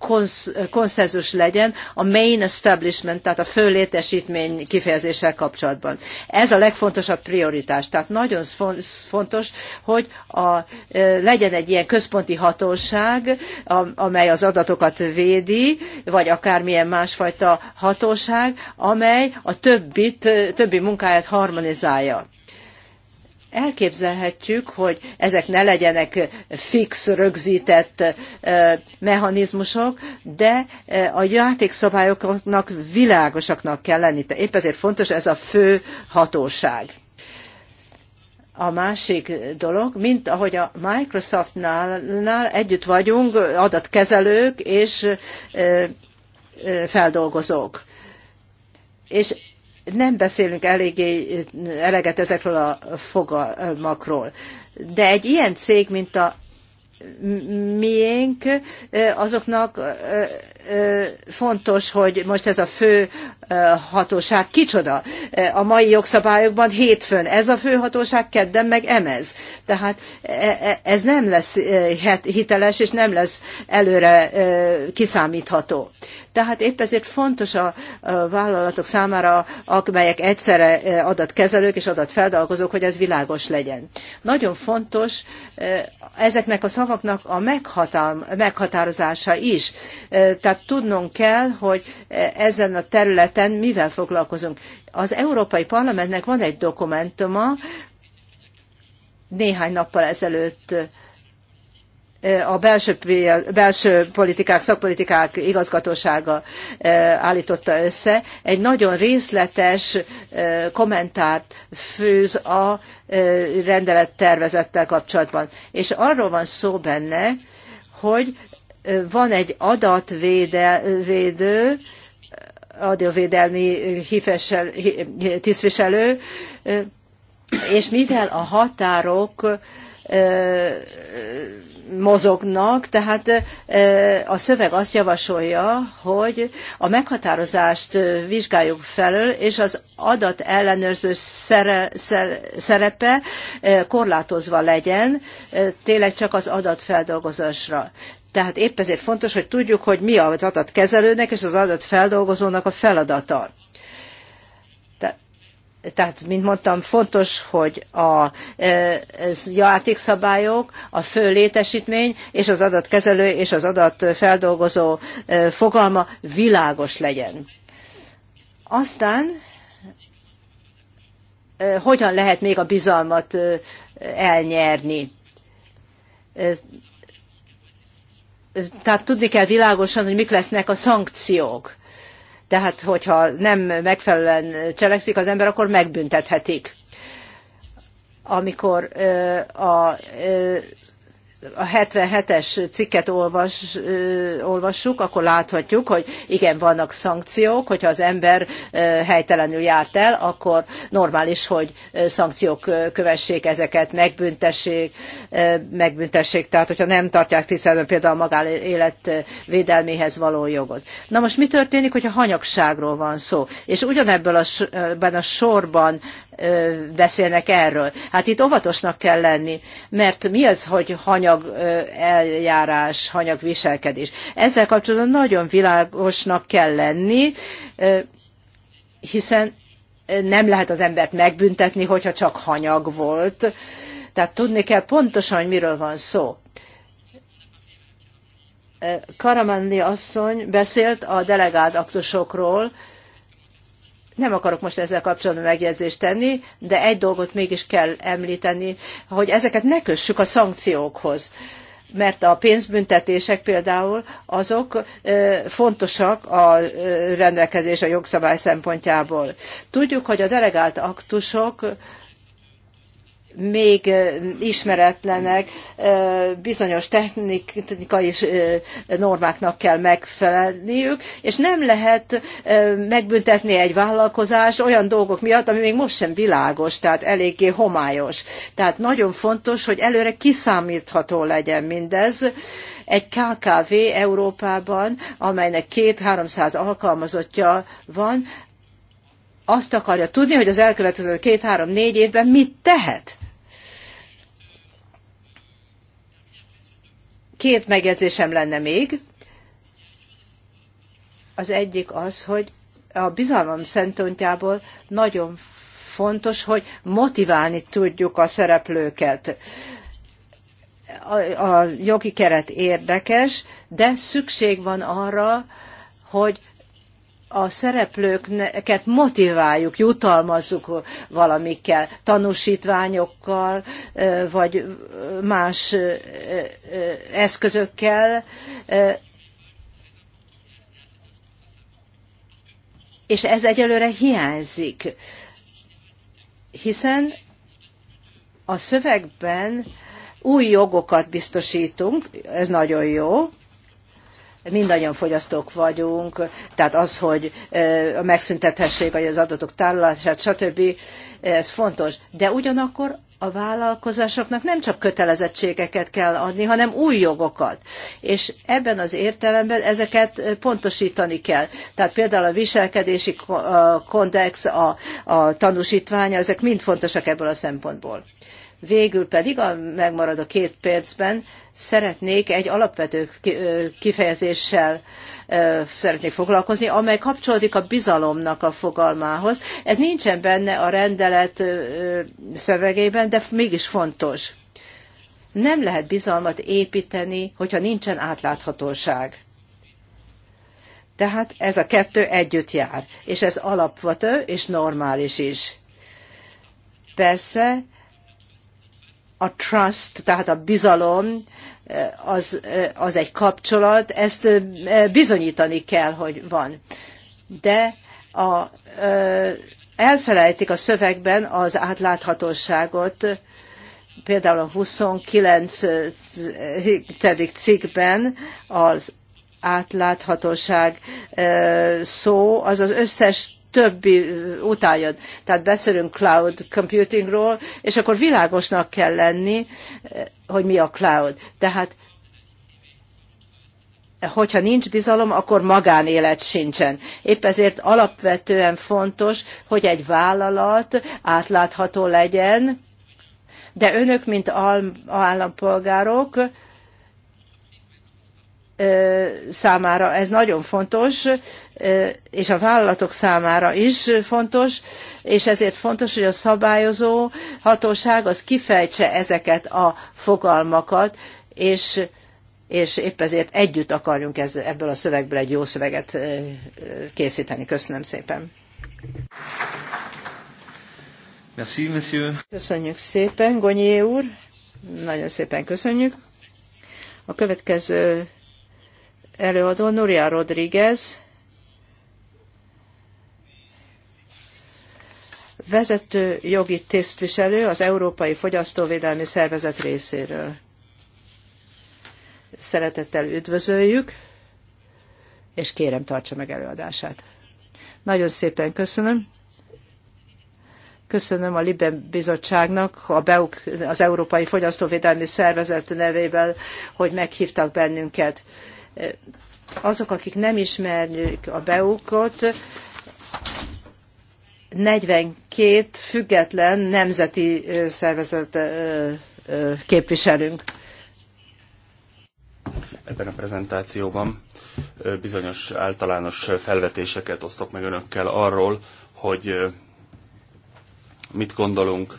konsz, konszenzus legyen a main establishment, tehát a fő létesítmény kifejezéssel kapcsolatban. Ez a legfontosabb prioritás. Tehát nagyon fontos, hogy a, legyen egy ilyen központi hatóság, amely az adatokat védi, vagy akármilyen másfajta hatóság, amely a többit, többi munkáját harmonizálja elképzelhetjük, hogy ezek ne legyenek fix, rögzített mechanizmusok, de a játékszabályoknak világosaknak kell lenni. Épp ezért fontos ez a fő hatóság. A másik dolog, mint ahogy a Microsoftnál együtt vagyunk, adatkezelők és feldolgozók. És nem beszélünk eléggé, eleget ezekről a fogalmakról. De egy ilyen cég, mint a miénk, azoknak fontos, hogy most ez a fő főhatóság kicsoda. A mai jogszabályokban hétfőn ez a főhatóság, kedden meg emez. Tehát e, e, ez nem lesz hiteles, és nem lesz előre kiszámítható. Tehát épp ezért fontos a vállalatok számára, amelyek egyszerre adatkezelők és adatfeldolgozók, hogy ez világos legyen. Nagyon fontos ezeknek a szavaknak a meghatározása is. Tehát tudnunk kell, hogy ezen a területen területen mivel foglalkozunk. Az Európai Parlamentnek van egy dokumentuma, néhány nappal ezelőtt a belső, belső politikák, szakpolitikák igazgatósága állította össze, egy nagyon részletes kommentárt főz a rendelet tervezettel kapcsolatban. És arról van szó benne, hogy van egy adatvédő, adóvédelmi tisztviselő, és mivel a határok mozognak, tehát a szöveg azt javasolja, hogy a meghatározást vizsgáljuk felől, és az adat ellenőrző szerepe korlátozva legyen, tényleg csak az adatfeldolgozásra. Tehát épp ezért fontos, hogy tudjuk, hogy mi az adatkezelőnek és az adatfeldolgozónak a feladata. Tehát, mint mondtam, fontos, hogy a e, játékszabályok, a fő létesítmény és az adatkezelő és az adatfeldolgozó e, fogalma világos legyen. Aztán e, hogyan lehet még a bizalmat elnyerni? tehát tudni kell világosan, hogy mik lesznek a szankciók. Tehát, hogyha nem megfelelően cselekszik az ember, akkor megbüntethetik. Amikor a a 77-es cikket olvas, olvassuk, akkor láthatjuk, hogy igen, vannak szankciók, hogyha az ember helytelenül járt el, akkor normális, hogy szankciók kövessék ezeket, megbüntessék, megbüntessék, tehát hogyha nem tartják tiszteletben például a magánélet védelméhez való jogot. Na most mi történik, hogyha hanyagságról van szó? És ugyanebből a, a sorban beszélnek erről. Hát itt óvatosnak kell lenni, mert mi az, hogy hanyag eljárás, hanyag viselkedés. Ezzel kapcsolatban nagyon világosnak kell lenni, hiszen nem lehet az embert megbüntetni, hogyha csak hanyag volt. Tehát tudni kell pontosan, hogy miről van szó. Karamanni asszony beszélt a delegált aktusokról, nem akarok most ezzel kapcsolatban megjegyzést tenni, de egy dolgot mégis kell említeni, hogy ezeket ne kössük a szankciókhoz. Mert a pénzbüntetések például azok fontosak a rendelkezés a jogszabály szempontjából. Tudjuk, hogy a delegált aktusok még ismeretlenek, bizonyos technikai normáknak kell megfelelniük, és nem lehet megbüntetni egy vállalkozás olyan dolgok miatt, ami még most sem világos, tehát eléggé homályos. Tehát nagyon fontos, hogy előre kiszámítható legyen mindez. Egy KKV Európában, amelynek két-háromszáz alkalmazottja van, azt akarja tudni, hogy az elkövetkező két-három-négy évben mit tehet. Két megjegyzésem lenne még. Az egyik az, hogy a bizalmam szempontjából nagyon fontos, hogy motiválni tudjuk a szereplőket. A, a jogi keret érdekes, de szükség van arra, hogy a szereplőket motiváljuk, jutalmazzuk valamikkel, tanúsítványokkal, vagy más eszközökkel, és ez egyelőre hiányzik, hiszen a szövegben új jogokat biztosítunk, ez nagyon jó, mindannyian fogyasztók vagyunk, tehát az, hogy eh, megszüntethessék az adatok tárolását, stb. Ez fontos. De ugyanakkor a vállalkozásoknak nem csak kötelezettségeket kell adni, hanem új jogokat. És ebben az értelemben ezeket pontosítani kell. Tehát például a viselkedési kondex, a, a tanúsítványa, ezek mind fontosak ebből a szempontból. Végül pedig a megmaradó két percben szeretnék egy alapvető kifejezéssel szeretnék foglalkozni, amely kapcsolódik a bizalomnak a fogalmához. Ez nincsen benne a rendelet szövegében, de mégis fontos. Nem lehet bizalmat építeni, hogyha nincsen átláthatóság. Tehát ez a kettő együtt jár, és ez alapvető és normális is. Persze a trust, tehát a bizalom, eh, az, eh, az egy kapcsolat, ezt eh, bizonyítani kell, hogy van. De a, elfelejtik a szövegben az átláthatóságot, például a 29. cikkben az átláthatóság szó, az az összes többi után jön. Tehát beszélünk cloud computingról, és akkor világosnak kell lenni, hogy mi a cloud. Tehát hogyha nincs bizalom, akkor magánélet sincsen. Épp ezért alapvetően fontos, hogy egy vállalat átlátható legyen, de önök, mint állampolgárok, számára ez nagyon fontos, és a vállalatok számára is fontos, és ezért fontos, hogy a szabályozó hatóság az kifejtse ezeket a fogalmakat, és, és épp ezért együtt akarjunk ez, ebből a szövegből egy jó szöveget készíteni. Köszönöm szépen. Merci, monsieur. Köszönjük szépen, Gonyé úr. Nagyon szépen köszönjük. A következő előadó Nuria Rodriguez, vezető jogi tisztviselő az Európai Fogyasztóvédelmi Szervezet részéről. Szeretettel üdvözöljük, és kérem tartsa meg előadását. Nagyon szépen köszönöm. Köszönöm a libe Bizottságnak, a BEUK, az Európai Fogyasztóvédelmi Szervezet nevében, hogy meghívtak bennünket azok, akik nem ismerjük a beukot, 42 független nemzeti szervezet képviselünk. Ebben a prezentációban bizonyos általános felvetéseket osztok meg önökkel arról, hogy mit gondolunk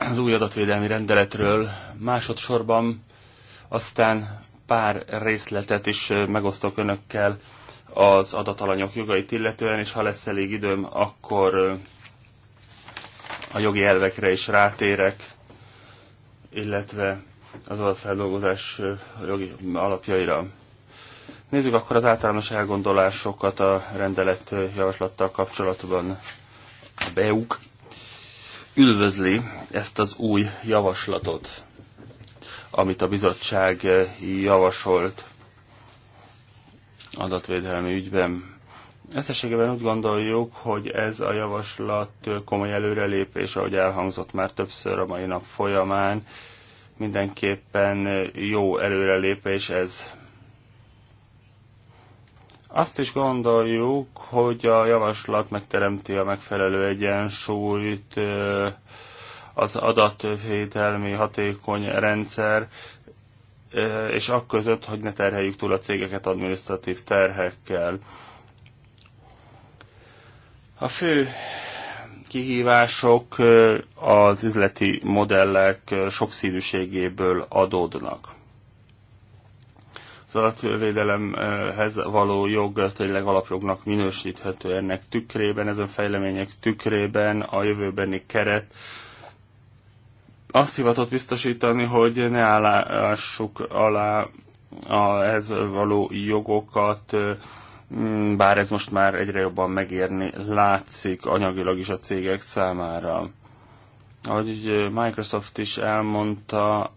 az új adatvédelmi rendeletről, másodszorban aztán pár részletet is megosztok önökkel az adatalanyok jogait illetően, és ha lesz elég időm, akkor a jogi elvekre is rátérek, illetve az adatfeldolgozás jogi alapjaira. Nézzük akkor az általános elgondolásokat a rendelet javaslattal kapcsolatban. A BEUK üdvözli ezt az új javaslatot amit a bizottság eh, javasolt adatvédelmi ügyben. Összességében úgy gondoljuk, hogy ez a javaslat komoly előrelépés, ahogy elhangzott már többször a mai nap folyamán, mindenképpen eh, jó előrelépés ez. Azt is gondoljuk, hogy a javaslat megteremti a megfelelő egyensúlyt, eh, az adatvédelmi hatékony rendszer, és akközött, hogy ne terheljük túl a cégeket administratív terhekkel. A fő kihívások az üzleti modellek sokszínűségéből adódnak. Az adatvédelemhez való jog tényleg alapjognak minősíthető ennek tükrében, ezen fejlemények tükrében a jövőbeni keret azt hivatott biztosítani, hogy ne állássuk alá a ez való jogokat, bár ez most már egyre jobban megérni látszik anyagilag is a cégek számára. Ahogy Microsoft is elmondta,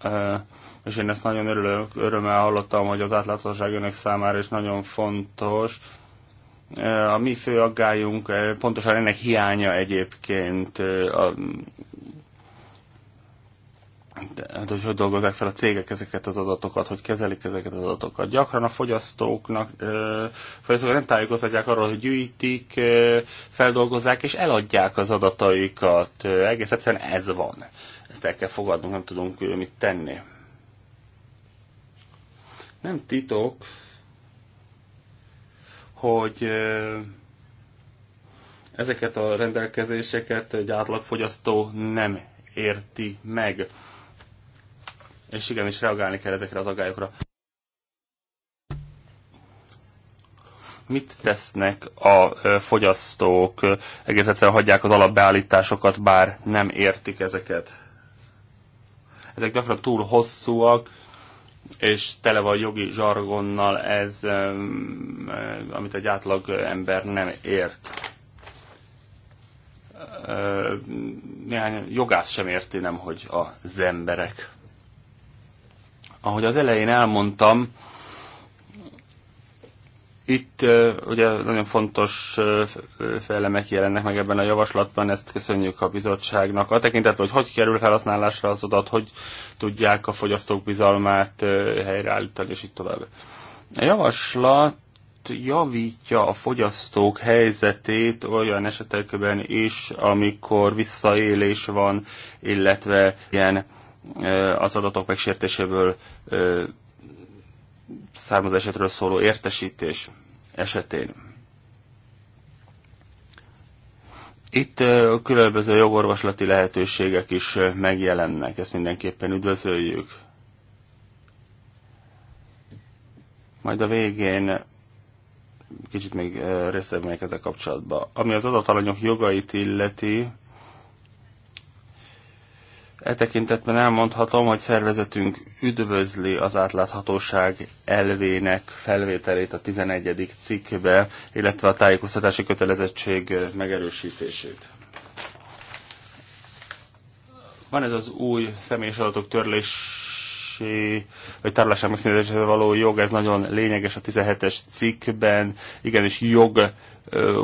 és én ezt nagyon örülök, örömmel hallottam, hogy az átláthatóság önök számára is nagyon fontos. A mi fő aggályunk pontosan ennek hiánya egyébként de, hát, hogy hogy dolgozzák fel a cégek ezeket az adatokat, hogy kezelik ezeket az adatokat. Gyakran a fogyasztóknak fogyasztóknak nem tájékozhatják arról, hogy gyűjtik, feldolgozzák és eladják az adataikat. Egész egyszerűen ez van. Ezt el kell fogadnunk, nem tudunk mit tenni. Nem titok, hogy ezeket a rendelkezéseket egy átlagfogyasztó nem érti meg és igenis reagálni kell ezekre az agályokra. Mit tesznek a fogyasztók? Egész egyszerűen hagyják az alapbeállításokat, bár nem értik ezeket. Ezek gyakran túl hosszúak, és tele van jogi zsargonnal, ez, amit egy átlag ember nem ért néhány jogász sem érti nem, hogy az emberek. Ahogy az elején elmondtam, itt ugye nagyon fontos felemek jelennek meg ebben a javaslatban, ezt köszönjük a bizottságnak. A tekintetben, hogy hogy kerül felhasználásra az adat, hogy tudják a fogyasztók bizalmát helyreállítani, és így tovább. A javaslat javítja a fogyasztók helyzetét olyan esetekben is, amikor visszaélés van, illetve ilyen az adatok megsértéséből származó esetről szóló értesítés esetén. Itt különböző jogorvoslati lehetőségek is megjelennek, ezt mindenképpen üdvözöljük. Majd a végén kicsit még részletben ezzel kapcsolatban. Ami az adatalanyok jogait illeti, E tekintetben elmondhatom, hogy szervezetünk üdvözli az átláthatóság elvének felvételét a 11. cikkbe, illetve a tájékoztatási kötelezettség megerősítését. Van ez az új személyes adatok törlési vagy tárlásának való jog, ez nagyon lényeges a 17-es cikkben, igenis jog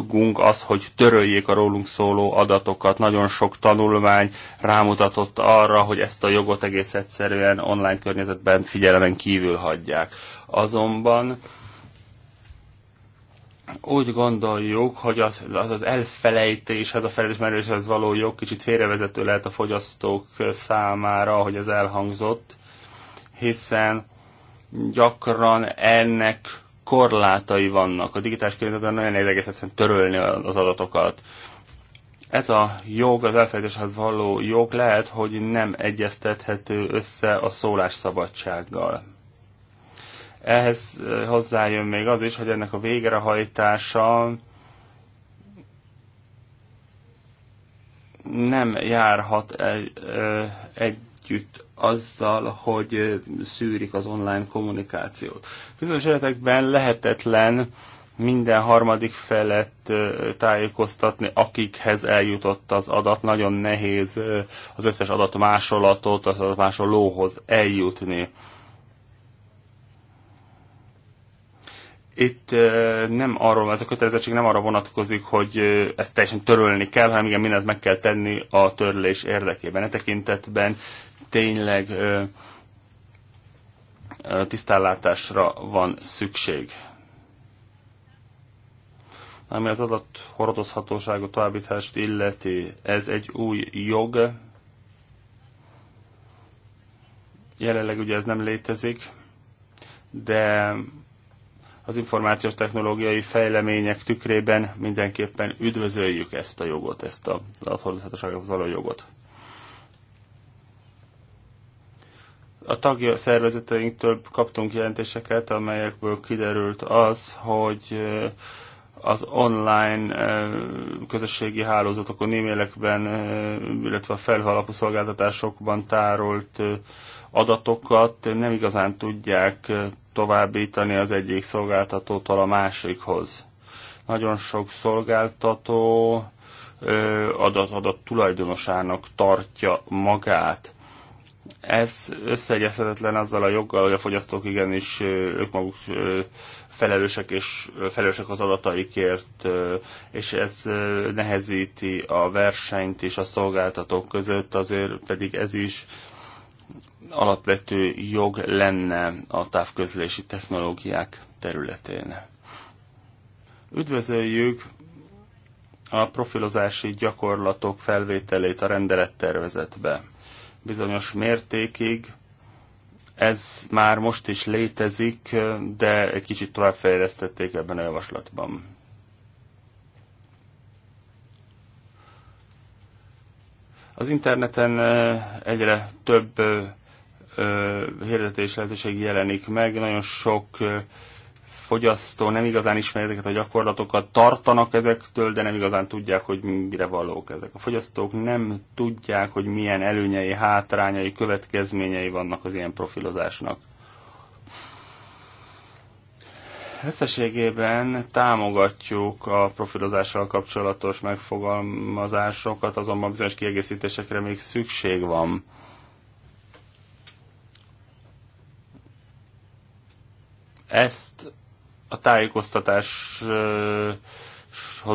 gung az, hogy töröljék a rólunk szóló adatokat. Nagyon sok tanulmány rámutatott arra, hogy ezt a jogot egész egyszerűen online környezetben figyelemen kívül hagyják. Azonban úgy gondoljuk, hogy az az, az elfelejtés, ez a felismeréshez való jog kicsit félrevezető lehet a fogyasztók számára, ahogy ez elhangzott, hiszen gyakran ennek korlátai vannak. A digitális környezetben nagyon egész egyszerűen törölni az adatokat. Ez a jog, az elfelejtéshez való jog lehet, hogy nem egyeztethető össze a szólásszabadsággal. Ehhez hozzájön még az is, hogy ennek a végrehajtása nem járhat e- együtt azzal, hogy szűrik az online kommunikációt. Bizonyos esetekben lehetetlen minden harmadik felett tájékoztatni, akikhez eljutott az adat. Nagyon nehéz az összes adat másolatot, az adat másolóhoz eljutni. Itt nem arról, ez a kötelezettség nem arra vonatkozik, hogy ezt teljesen törölni kell, hanem igen, mindent meg kell tenni a törlés érdekében. E tekintetben tényleg ö, ö, tisztállátásra van szükség. Ami az adat hordozhatóságú továbbítást illeti, ez egy új jog. Jelenleg ugye ez nem létezik, de az információs technológiai fejlemények tükrében mindenképpen üdvözöljük ezt a jogot, ezt a adathordozhatóságot való jogot. A tagja szervezeteinktől kaptunk jelentéseket, amelyekből kiderült az, hogy az online közösségi hálózatokon, e-mailekben, illetve a felhalapú szolgáltatásokban tárolt adatokat nem igazán tudják továbbítani az egyik szolgáltatótól a másikhoz. Nagyon sok szolgáltató adat-adat tulajdonosának tartja magát. Ez összeegyezhetetlen azzal a joggal, hogy a fogyasztók igenis ők maguk felelősek és felelősek az adataikért, és ez nehezíti a versenyt és a szolgáltatók között, azért pedig ez is alapvető jog lenne a távközlési technológiák területén. Üdvözöljük a profilozási gyakorlatok felvételét a rendelettervezetbe bizonyos mértékig. Ez már most is létezik, de egy kicsit továbbfejlesztették ebben a javaslatban. Az interneten egyre több hirdetés lehetőség jelenik meg, nagyon sok fogyasztó nem igazán ismeri ezeket a gyakorlatokat, tartanak ezektől, de nem igazán tudják, hogy mire valók ezek. A fogyasztók nem tudják, hogy milyen előnyei, hátrányai, következményei vannak az ilyen profilozásnak. Összességében támogatjuk a profilozással kapcsolatos megfogalmazásokat, azonban bizonyos kiegészítésekre még szükség van. ezt a tájékoztatáshoz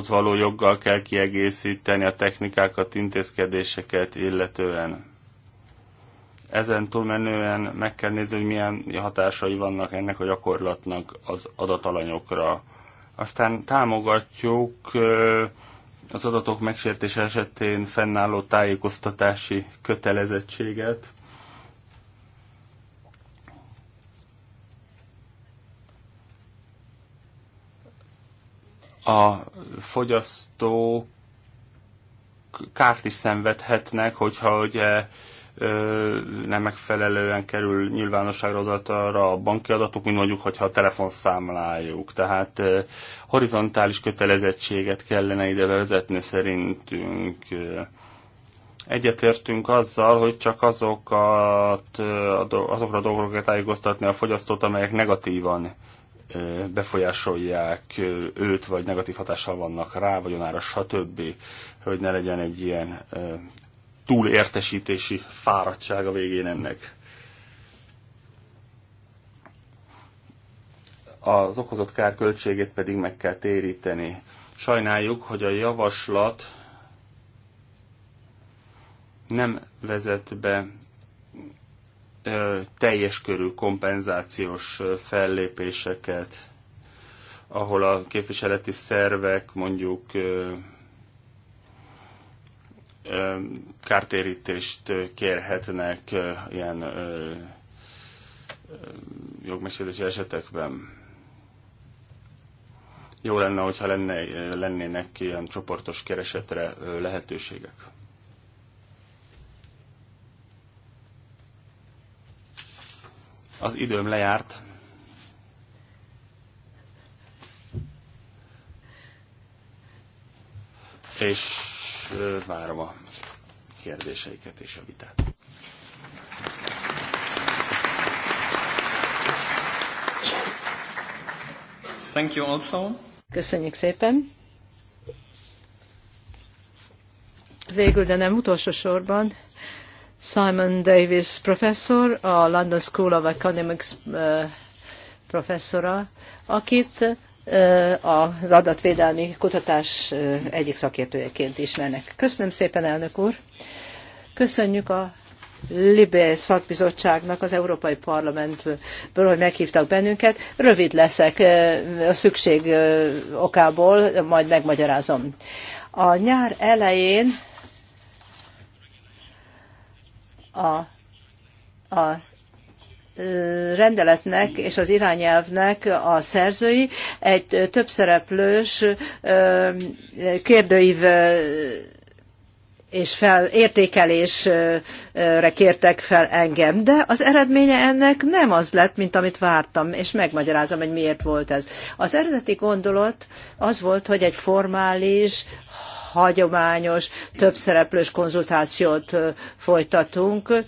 való joggal kell kiegészíteni a technikákat, intézkedéseket illetően. Ezen túlmenően meg kell nézni, hogy milyen hatásai vannak ennek a gyakorlatnak az adatalanyokra. Aztán támogatjuk az adatok megsértése esetén fennálló tájékoztatási kötelezettséget, a fogyasztók kárt is szenvedhetnek, hogyha ugye ö, nem megfelelően kerül nyilvánosságra az arra a banki adatok, mint mondjuk, hogyha a telefonszámlájuk. Tehát ö, horizontális kötelezettséget kellene ide vezetni szerintünk. Egyetértünk azzal, hogy csak azokat, azokra a dolgokat tájékoztatni a fogyasztót, amelyek negatívan befolyásolják őt, vagy negatív hatással vannak rá, vagyonára, stb., hogy ne legyen egy ilyen túlértesítési fáradtság a végén ennek. Az okozott kár költségét pedig meg kell téríteni. Sajnáljuk, hogy a javaslat nem vezet be teljes körű kompenzációs fellépéseket, ahol a képviseleti szervek mondjuk kártérítést kérhetnek ilyen jogmesélési esetekben. Jó lenne, hogyha lenne, lennének ilyen csoportos keresetre lehetőségek. Az időm lejárt. És várom a kérdéseiket és a vitát. Thank you also. Köszönjük szépen. Végül, de nem utolsó sorban, Simon Davis professzor, a London School of Economics professzora, akit az adatvédelmi kutatás egyik szakértőjeként ismernek. Köszönöm szépen, elnök úr! Köszönjük a Libé szakbizottságnak az Európai Parlamentből, hogy meghívtak bennünket. Rövid leszek a szükség okából, majd megmagyarázom. A nyár elején a, a rendeletnek és az irányelvnek a szerzői egy többszereplős kérdőív és fel, értékelésre kértek fel engem, de az eredménye ennek nem az lett, mint amit vártam, és megmagyarázom, hogy miért volt ez. Az eredeti gondolat az volt, hogy egy formális, hagyományos, többszereplős konzultációt folytatunk,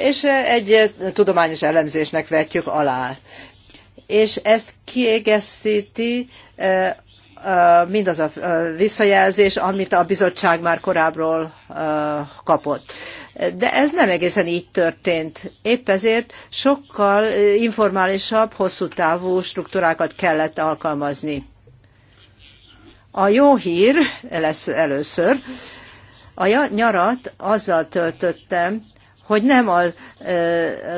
és egy tudományos elemzésnek vetjük alá. És ezt kiegészíti mindaz a visszajelzés, amit a bizottság már korábbról kapott. De ez nem egészen így történt. Épp ezért sokkal informálisabb, hosszú távú struktúrákat kellett alkalmazni. A jó hír lesz először. A nyarat azzal töltöttem, hogy nem a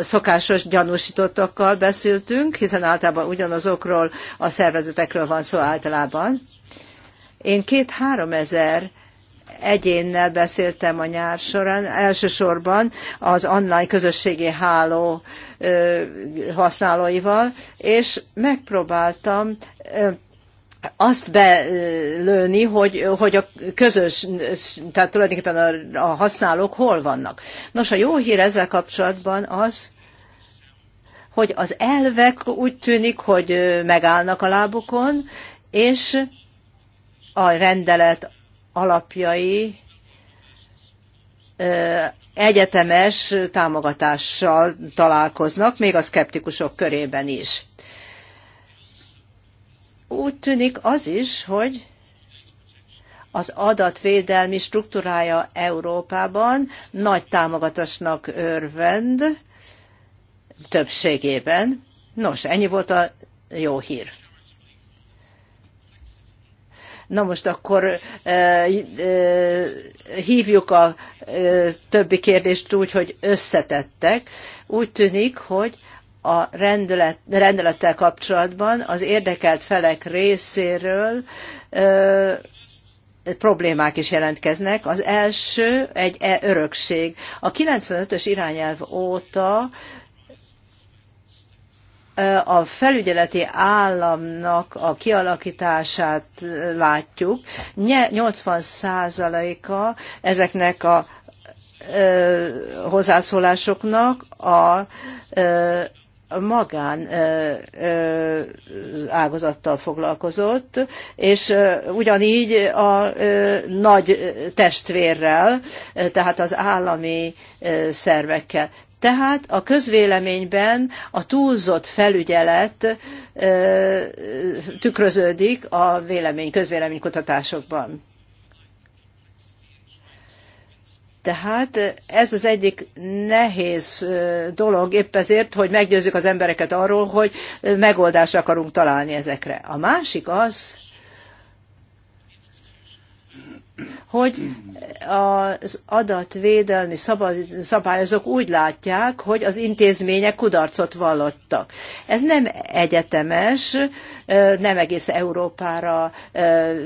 szokásos gyanúsítottakkal beszéltünk, hiszen általában ugyanazokról a szervezetekről van szó általában. Én két-három ezer egyénnel beszéltem a nyár során, elsősorban az online közösségi háló használóival, és megpróbáltam azt belőni, hogy, hogy a közös, tehát tulajdonképpen a, a használók hol vannak. Nos, a jó hír ezzel kapcsolatban az, hogy az elvek úgy tűnik, hogy megállnak a lábukon, és a rendelet alapjai egyetemes támogatással találkoznak, még a szkeptikusok körében is úgy tűnik az is, hogy az adatvédelmi struktúrája Európában nagy támogatásnak örvend többségében. Nos, ennyi volt a jó hír. Na most akkor hívjuk a többi kérdést úgy, hogy összetettek. Úgy tűnik, hogy a rendelet, rendelettel kapcsolatban az érdekelt felek részéről ö, problémák is jelentkeznek. Az első egy e örökség. A 95-ös irányelv óta a felügyeleti államnak a kialakítását látjuk. 80%-a ezeknek a hozzászólásoknak a magán ágazattal foglalkozott, és ugyanígy a nagy testvérrel, tehát az állami szervekkel. Tehát a közvéleményben a túlzott felügyelet tükröződik a vélemény, közvéleménykutatásokban. Tehát ez az egyik nehéz dolog épp ezért, hogy meggyőzzük az embereket arról, hogy megoldást akarunk találni ezekre. A másik az, hogy az adatvédelmi szabályozók úgy látják, hogy az intézmények kudarcot vallottak. Ez nem egyetemes, nem egész Európára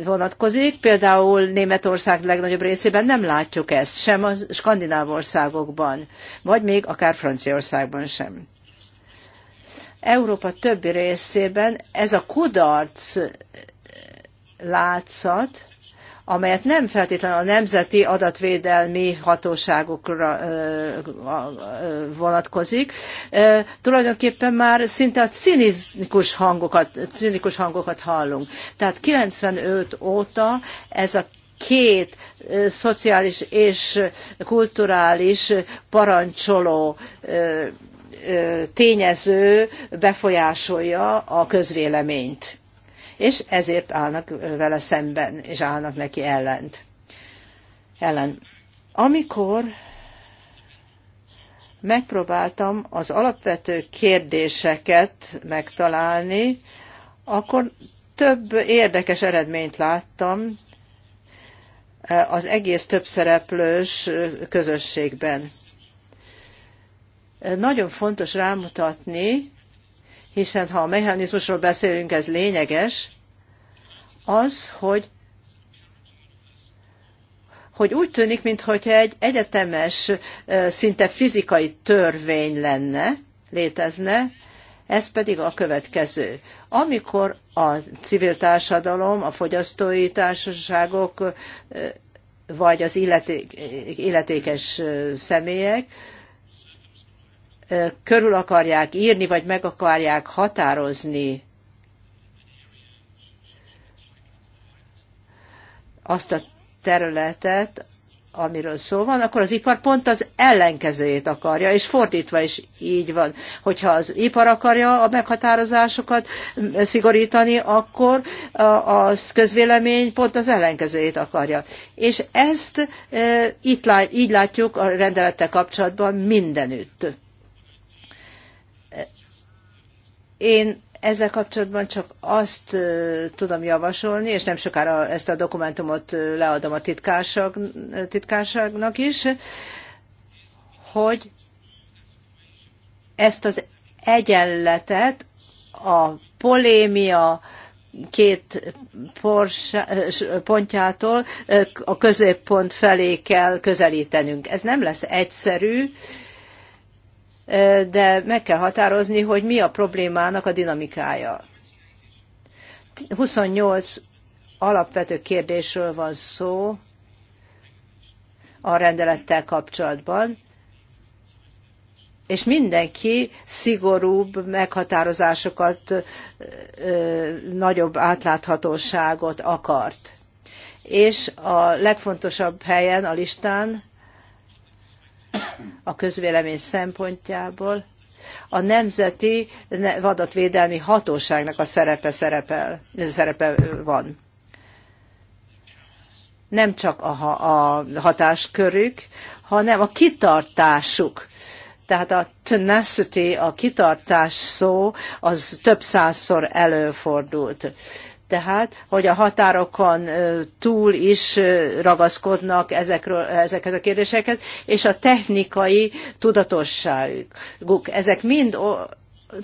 vonatkozik. Például Németország legnagyobb részében nem látjuk ezt, sem a skandináv országokban, vagy még akár Franciaországban sem. Európa többi részében ez a kudarc látszat, amelyet nem feltétlenül a nemzeti adatvédelmi hatóságokra vonatkozik, tulajdonképpen már szinte a cinikus hangokat, cinikus hangokat hallunk. Tehát 95 óta ez a két szociális és kulturális parancsoló tényező befolyásolja a közvéleményt és ezért állnak vele szemben, és állnak neki ellent. ellen. Amikor megpróbáltam az alapvető kérdéseket megtalálni, akkor több érdekes eredményt láttam az egész többszereplős közösségben. Nagyon fontos rámutatni, hiszen ha a mechanizmusról beszélünk, ez lényeges, az, hogy hogy úgy tűnik, mintha egy egyetemes, szinte fizikai törvény lenne, létezne, ez pedig a következő. Amikor a civil társadalom, a fogyasztói társaságok, vagy az illeték, illetékes személyek körül akarják írni, vagy meg akarják határozni azt a területet, amiről szó van, akkor az ipar pont az ellenkezőjét akarja, és fordítva is így van. Hogyha az ipar akarja a meghatározásokat szigorítani, akkor a közvélemény pont az ellenkezőjét akarja. És ezt itt, így látjuk a rendelettel kapcsolatban mindenütt. Én ezzel kapcsolatban csak azt tudom javasolni, és nem sokára ezt a dokumentumot leadom a titkárság, titkárságnak is, hogy ezt az egyenletet a polémia két pontjától a középpont felé kell közelítenünk. Ez nem lesz egyszerű, de meg kell határozni, hogy mi a problémának a dinamikája. 28 alapvető kérdésről van szó a rendelettel kapcsolatban, és mindenki szigorúbb meghatározásokat, nagyobb átláthatóságot akart. És a legfontosabb helyen a listán a közvélemény szempontjából a Nemzeti Vadatvédelmi Hatóságnak a szerepe, szerepel, szerepe van. Nem csak a, a hatáskörük, hanem a kitartásuk. Tehát a tenacity, a kitartás szó, az több százszor előfordult tehát, hogy a határokon túl is ragaszkodnak ezekről, ezekhez a kérdésekhez, és a technikai tudatosságuk. Ezek mind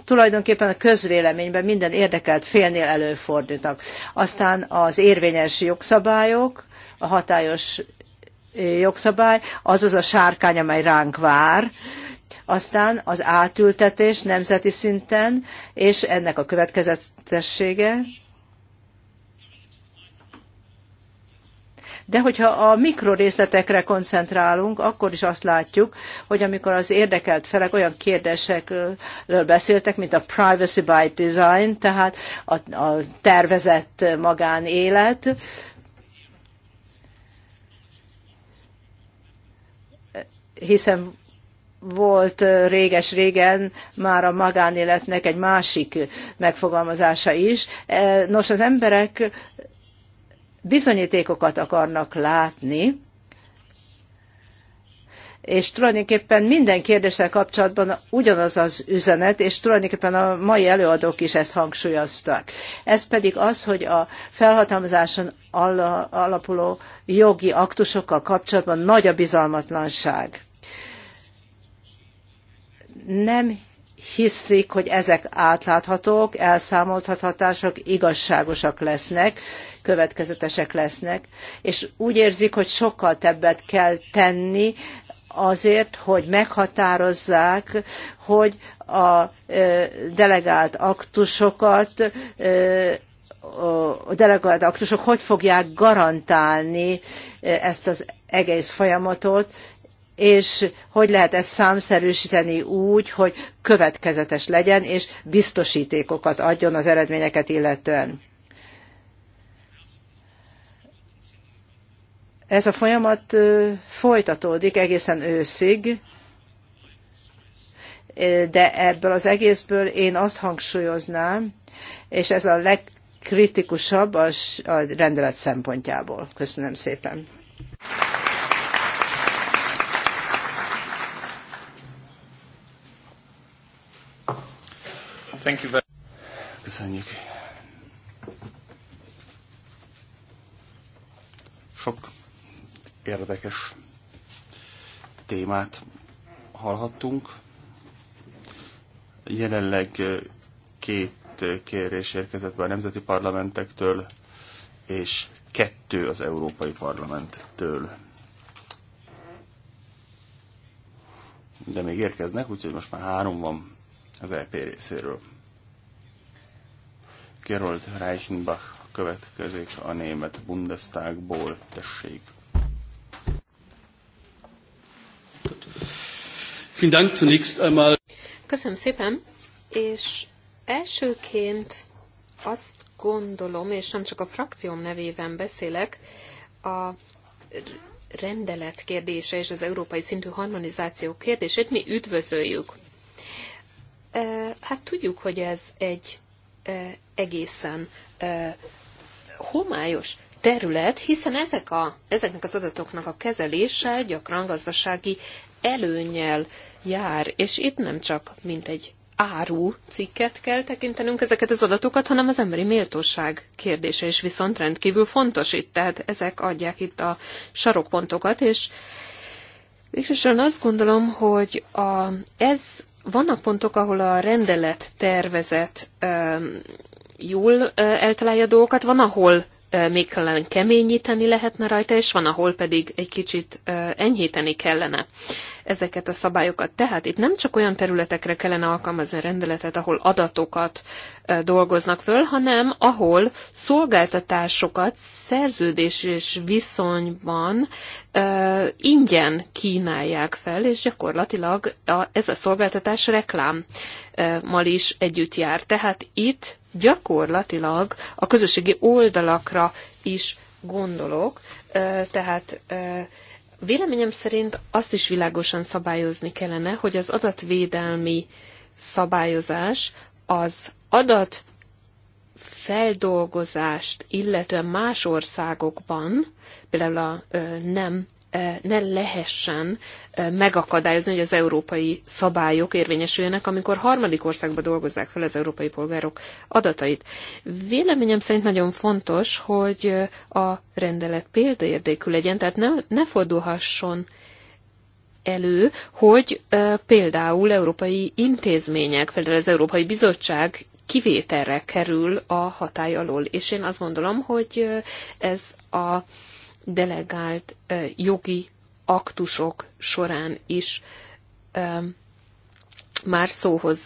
tulajdonképpen a közvéleményben minden érdekelt félnél előfordultak, Aztán az érvényes jogszabályok, a hatályos jogszabály, azaz a sárkány, amely ránk vár, aztán az átültetés nemzeti szinten, és ennek a következetessége, De hogyha a mikrorészletekre koncentrálunk, akkor is azt látjuk, hogy amikor az érdekelt felek olyan kérdésekről beszéltek, mint a privacy by design, tehát a, a tervezett magánélet, hiszen volt réges-régen már a magánéletnek egy másik megfogalmazása is. E, nos, az emberek bizonyítékokat akarnak látni, és tulajdonképpen minden kérdéssel kapcsolatban ugyanaz az üzenet, és tulajdonképpen a mai előadók is ezt hangsúlyozták. Ez pedig az, hogy a felhatalmazáson alapuló jogi aktusokkal kapcsolatban nagy a bizalmatlanság. Nem hiszik, hogy ezek átláthatók, elszámoltathatások, igazságosak lesznek, következetesek lesznek, és úgy érzik, hogy sokkal többet kell tenni azért, hogy meghatározzák, hogy a delegált aktusokat a delegált aktusok hogy fogják garantálni ezt az egész folyamatot, és hogy lehet ezt számszerűsíteni úgy, hogy következetes legyen, és biztosítékokat adjon az eredményeket illetően. Ez a folyamat folytatódik egészen őszig, de ebből az egészből én azt hangsúlyoznám, és ez a legkritikusabb a rendelet szempontjából. Köszönöm szépen. Thank you very... Köszönjük. Sok érdekes témát hallhattunk. Jelenleg két kérés érkezett be a nemzeti parlamentektől, és kettő az Európai Parlamenttől. De még érkeznek, úgyhogy most már három van az LP e részéről. Gerold Reichenbach következik a német Bundestagból. Tessék. Köszönöm szépen, és elsőként azt gondolom, és nem csak a frakcióm nevében beszélek, a rendelet kérdése és az európai szintű harmonizáció kérdését mi üdvözöljük. Hát tudjuk, hogy ez egy egészen homályos terület, hiszen ezek a, ezeknek az adatoknak a kezelése gyakran gazdasági előnyel jár, és itt nem csak mint egy áru cikket kell tekintenünk ezeket az adatokat, hanem az emberi méltóság kérdése is viszont rendkívül fontos itt, tehát ezek adják itt a sarokpontokat, és végsősorban azt gondolom, hogy a, ez vannak pontok, ahol a rendelet tervezett jól eltalálja dolgokat, van, ahol még kellene keményíteni lehetne rajta, és van, ahol pedig egy kicsit enyhíteni kellene ezeket a szabályokat. Tehát itt nem csak olyan területekre kellene alkalmazni a rendeletet, ahol adatokat dolgoznak föl, hanem ahol szolgáltatásokat szerződés és viszonyban ingyen kínálják fel, és gyakorlatilag ez a szolgáltatás reklámmal is együtt jár. Tehát itt gyakorlatilag a közösségi oldalakra is gondolok, tehát Véleményem szerint azt is világosan szabályozni kellene, hogy az adatvédelmi szabályozás az adat feldolgozást, illetően más országokban, például a nem ne lehessen megakadályozni, hogy az európai szabályok érvényesüljenek, amikor harmadik országba dolgozzák fel az európai polgárok adatait. Véleményem szerint nagyon fontos, hogy a rendelet példaértékű legyen, tehát ne, ne fordulhasson elő, hogy például európai intézmények, például az Európai Bizottság kivételre kerül a hatály alól. És én azt gondolom, hogy ez a delegált jogi aktusok során is már szóhoz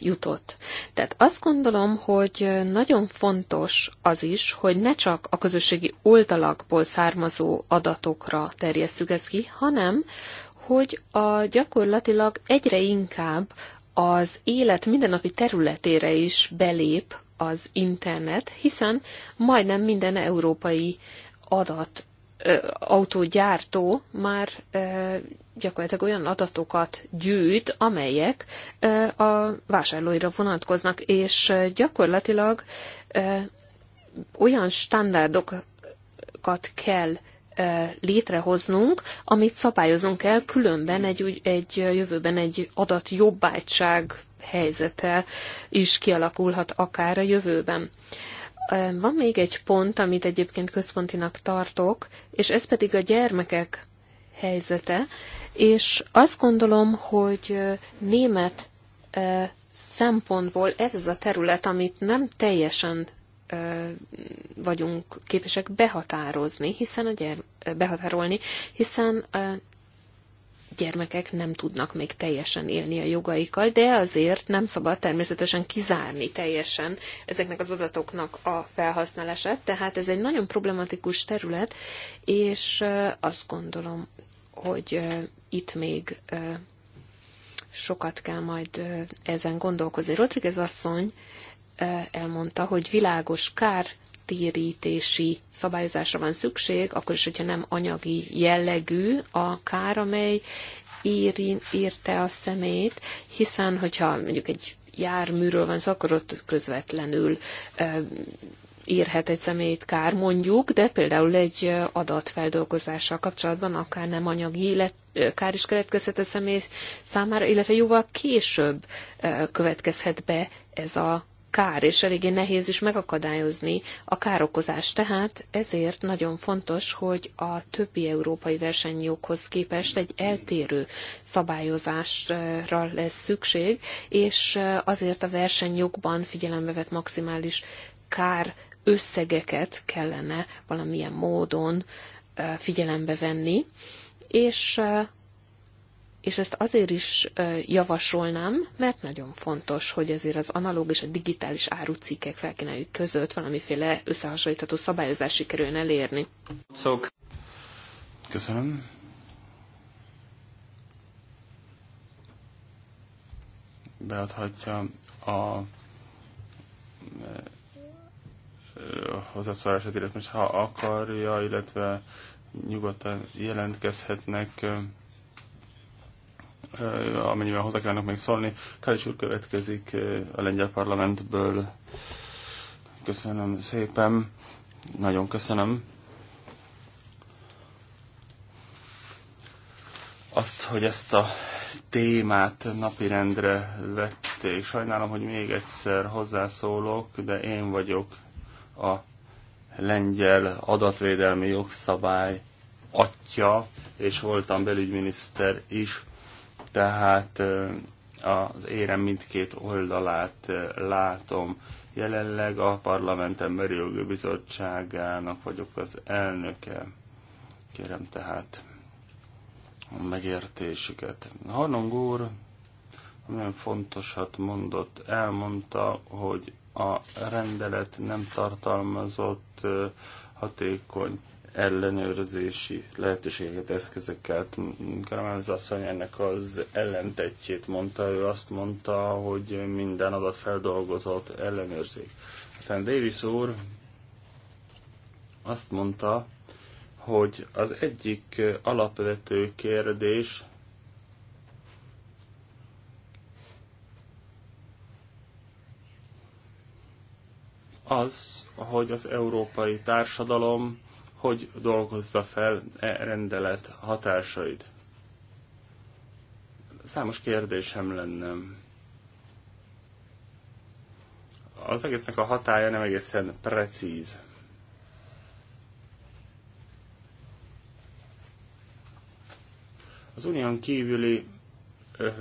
jutott. Tehát azt gondolom, hogy nagyon fontos az is, hogy ne csak a közösségi oldalakból származó adatokra terjesszük ezt ki, hanem hogy a gyakorlatilag egyre inkább az élet mindennapi területére is belép az internet, hiszen majdnem minden európai adat autógyártó már gyakorlatilag olyan adatokat gyűjt, amelyek a vásárlóira vonatkoznak, és gyakorlatilag olyan standardokat kell létrehoznunk, amit szabályoznunk kell, különben egy, egy jövőben egy adat jobbágyság helyzete is kialakulhat akár a jövőben. Van még egy pont, amit egyébként központinak tartok, és ez pedig a gyermekek helyzete, és azt gondolom, hogy német szempontból ez az a terület, amit nem teljesen vagyunk képesek behatározni, hiszen a gyerm- behatárolni, hiszen gyermekek nem tudnak még teljesen élni a jogaikkal, de azért nem szabad természetesen kizárni teljesen ezeknek az adatoknak a felhasználását. Tehát ez egy nagyon problematikus terület, és azt gondolom, hogy itt még sokat kell majd ezen gondolkozni. Rodriguez asszony elmondta, hogy világos kár kártérítési szabályozásra van szükség, akkor is, hogyha nem anyagi jellegű a kár, amely érin, érte a szemét, hiszen hogyha mondjuk egy járműről van szó, akkor ott közvetlenül érhet egy szemét kár mondjuk, de például egy adatfeldolgozással kapcsolatban akár nem anyagi élet, kár is keletkezhet a személy számára, illetve jóval később következhet be ez a kár, és eléggé nehéz is megakadályozni a károkozást. Tehát ezért nagyon fontos, hogy a többi európai versenyjoghoz képest egy eltérő szabályozásra lesz szükség, és azért a versenyjogban figyelembe vett maximális kár összegeket kellene valamilyen módon figyelembe venni, és és ezt azért is javasolnám, mert nagyon fontos, hogy ezért az analóg és a digitális árucikkek felkínáljuk között valamiféle összehasonlítható szabályozás sikerüljön elérni. Szok. Köszönöm. Beadhatja a hozzászólását, illetve ha akarja, illetve nyugodtan jelentkezhetnek amennyiben hozzá kellene még szólni. Kális úr következik a lengyel parlamentből. Köszönöm szépen. Nagyon köszönöm. Azt, hogy ezt a témát napirendre vették. Sajnálom, hogy még egyszer hozzászólok, de én vagyok a lengyel adatvédelmi jogszabály atya, és voltam belügyminiszter is tehát az érem mindkét oldalát látom. Jelenleg a parlamenten merülgő bizottságának vagyok az elnöke. Kérem tehát a megértésüket. Harnong úr nagyon fontosat mondott, elmondta, hogy a rendelet nem tartalmazott hatékony ellenőrzési lehetőségeket, eszközökkel. Karamán az asszony ennek az ellentetjét mondta, ő azt mondta, hogy minden adat feldolgozott ellenőrzik. Aztán Davis úr azt mondta, hogy az egyik alapvető kérdés az, hogy az európai társadalom hogy dolgozza fel e rendelet hatásait. Számos kérdésem lenne. Az egésznek a hatája nem egészen precíz. Az unión kívüli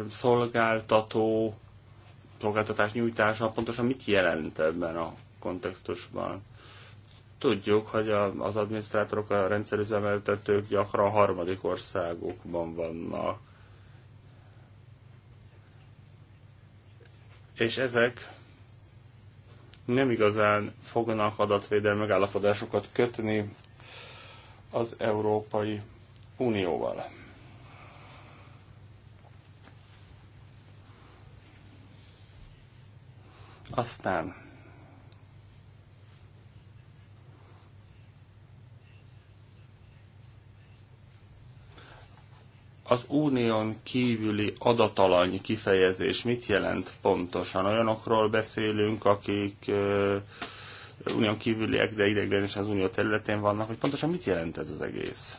szolgáltató, szolgáltatás nyújtása pontosan mit jelent ebben a kontextusban? Tudjuk, hogy a az adminisztrátorok, a rendszerüzemeltetők gyakran a harmadik országokban vannak. És ezek nem igazán fognak adatvédelmi megállapodásokat kötni az Európai Unióval. Aztán az unión kívüli adatalany kifejezés mit jelent pontosan? Olyanokról beszélünk, akik uh, unión kívüliek, de ideiglenesen az unió területén vannak, hogy pontosan mit jelent ez az egész?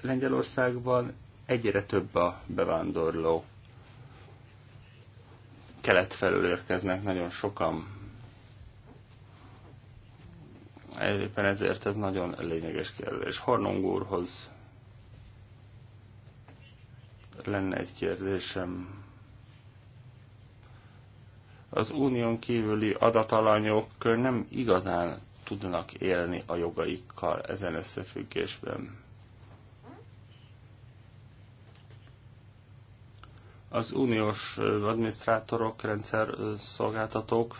Lengyelországban egyre több a bevándorló. Kelet felől érkeznek nagyon sokan. Éppen ezért ez nagyon lényeges kérdés. Hornung úrhoz lenne egy kérdésem. Az unión kívüli adatalanyok nem igazán tudnak élni a jogaikkal ezen összefüggésben. Az uniós adminisztrátorok, rendszer szolgáltatók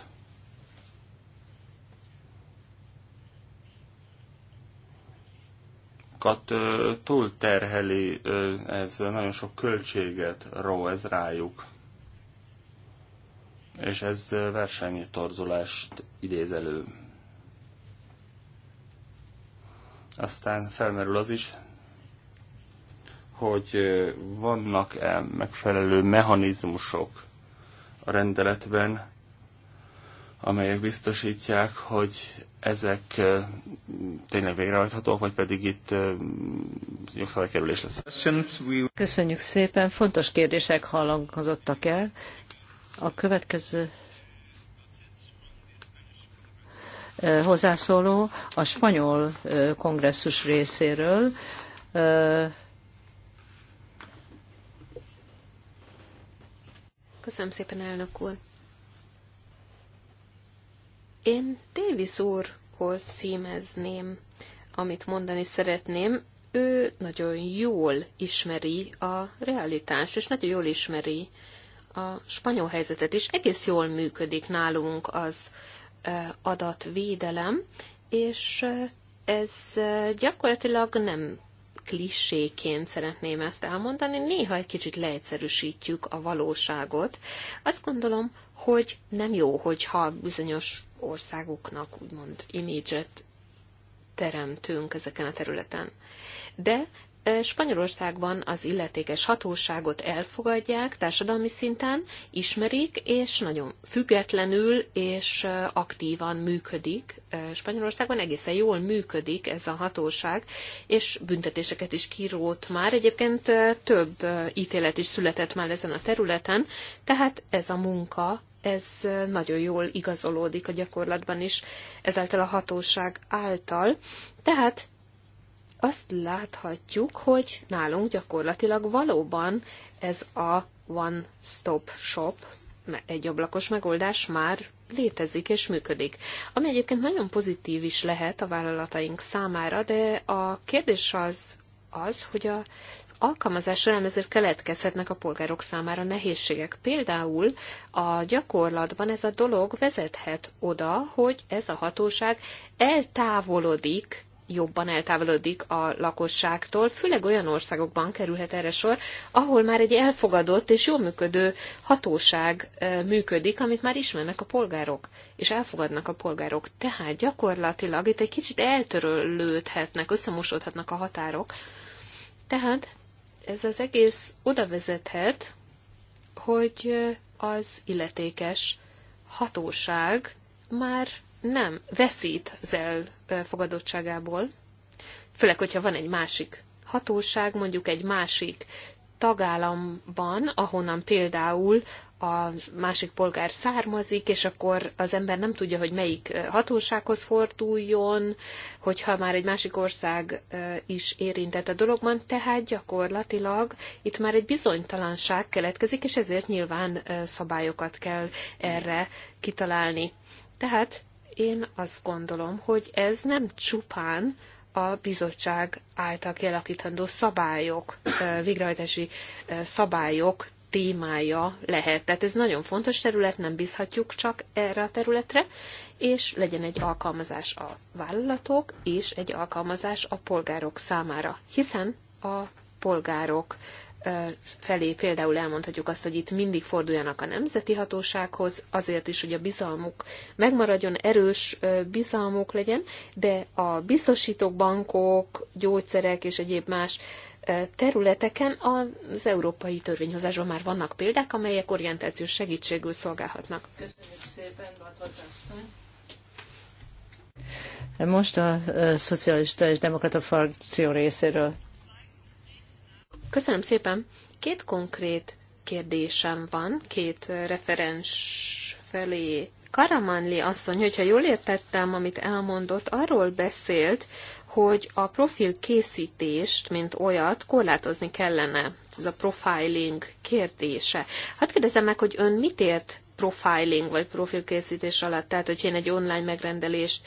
sokakat túlterheli, ez nagyon sok költséget ró ez rájuk. És ez versenyi torzulást idéz elő. Aztán felmerül az is, hogy vannak-e megfelelő mechanizmusok a rendeletben, amelyek biztosítják, hogy ezek tényleg végrehajthatók, vagy pedig itt jogszabálykerülés lesz. Köszönjük szépen, fontos kérdések hallangozottak el. A következő hozzászóló a spanyol kongresszus részéről. Köszönöm szépen, elnök úr. Én Davis úrhoz címezném, amit mondani szeretném. Ő nagyon jól ismeri a realitást, és nagyon jól ismeri a spanyol helyzetet is. Egész jól működik nálunk az adatvédelem, és ez gyakorlatilag nem kliséként szeretném ezt elmondani, néha egy kicsit leegyszerűsítjük a valóságot. Azt gondolom, hogy nem jó, hogyha bizonyos országoknak úgymond imidzset teremtünk ezeken a területen. De Spanyolországban az illetékes hatóságot elfogadják társadalmi szinten, ismerik, és nagyon függetlenül és aktívan működik. Spanyolországban egészen jól működik ez a hatóság, és büntetéseket is kirót már. Egyébként több ítélet is született már ezen a területen, tehát ez a munka ez nagyon jól igazolódik a gyakorlatban is, ezáltal a hatóság által. Tehát azt láthatjuk, hogy nálunk gyakorlatilag valóban ez a one-stop shop, egy ablakos megoldás már létezik és működik. Ami egyébként nagyon pozitív is lehet a vállalataink számára, de a kérdés az, az, hogy a alkalmazás során ezért keletkezhetnek a polgárok számára nehézségek. Például a gyakorlatban ez a dolog vezethet oda, hogy ez a hatóság eltávolodik jobban eltávolodik a lakosságtól, főleg olyan országokban kerülhet erre sor, ahol már egy elfogadott és jól működő hatóság működik, amit már ismernek a polgárok, és elfogadnak a polgárok. Tehát gyakorlatilag itt egy kicsit eltörölődhetnek, összemosódhatnak a határok. Tehát ez az egész oda vezethet, hogy az illetékes hatóság már nem veszít az elfogadottságából, főleg, hogyha van egy másik hatóság, mondjuk egy másik tagállamban, ahonnan például a másik polgár származik, és akkor az ember nem tudja, hogy melyik hatósághoz forduljon, hogyha már egy másik ország is érintett a dologban, tehát gyakorlatilag itt már egy bizonytalanság keletkezik, és ezért nyilván szabályokat kell erre kitalálni. Tehát én azt gondolom, hogy ez nem csupán a bizottság által kialakítandó szabályok, végrehajtási szabályok témája lehet. Tehát ez nagyon fontos terület, nem bízhatjuk csak erre a területre, és legyen egy alkalmazás a vállalatok, és egy alkalmazás a polgárok számára, hiszen a polgárok felé például elmondhatjuk azt, hogy itt mindig forduljanak a nemzeti hatósághoz, azért is, hogy a bizalmuk megmaradjon, erős bizalmuk legyen, de a biztosítók, bankok, gyógyszerek és egyéb más területeken az európai törvényhozásban már vannak példák, amelyek orientációs segítségül szolgálhatnak. Köszönjük szépen, Most a szocialista és demokrata frakció részéről Köszönöm szépen. Két konkrét kérdésem van, két referens felé. Karamanli asszony, hogyha jól értettem, amit elmondott, arról beszélt, hogy a profil készítést, mint olyat korlátozni kellene. Ez a profiling kérdése. Hát kérdezem meg, hogy ön mit ért profiling vagy profilkészítés alatt, tehát hogy én egy online megrendelést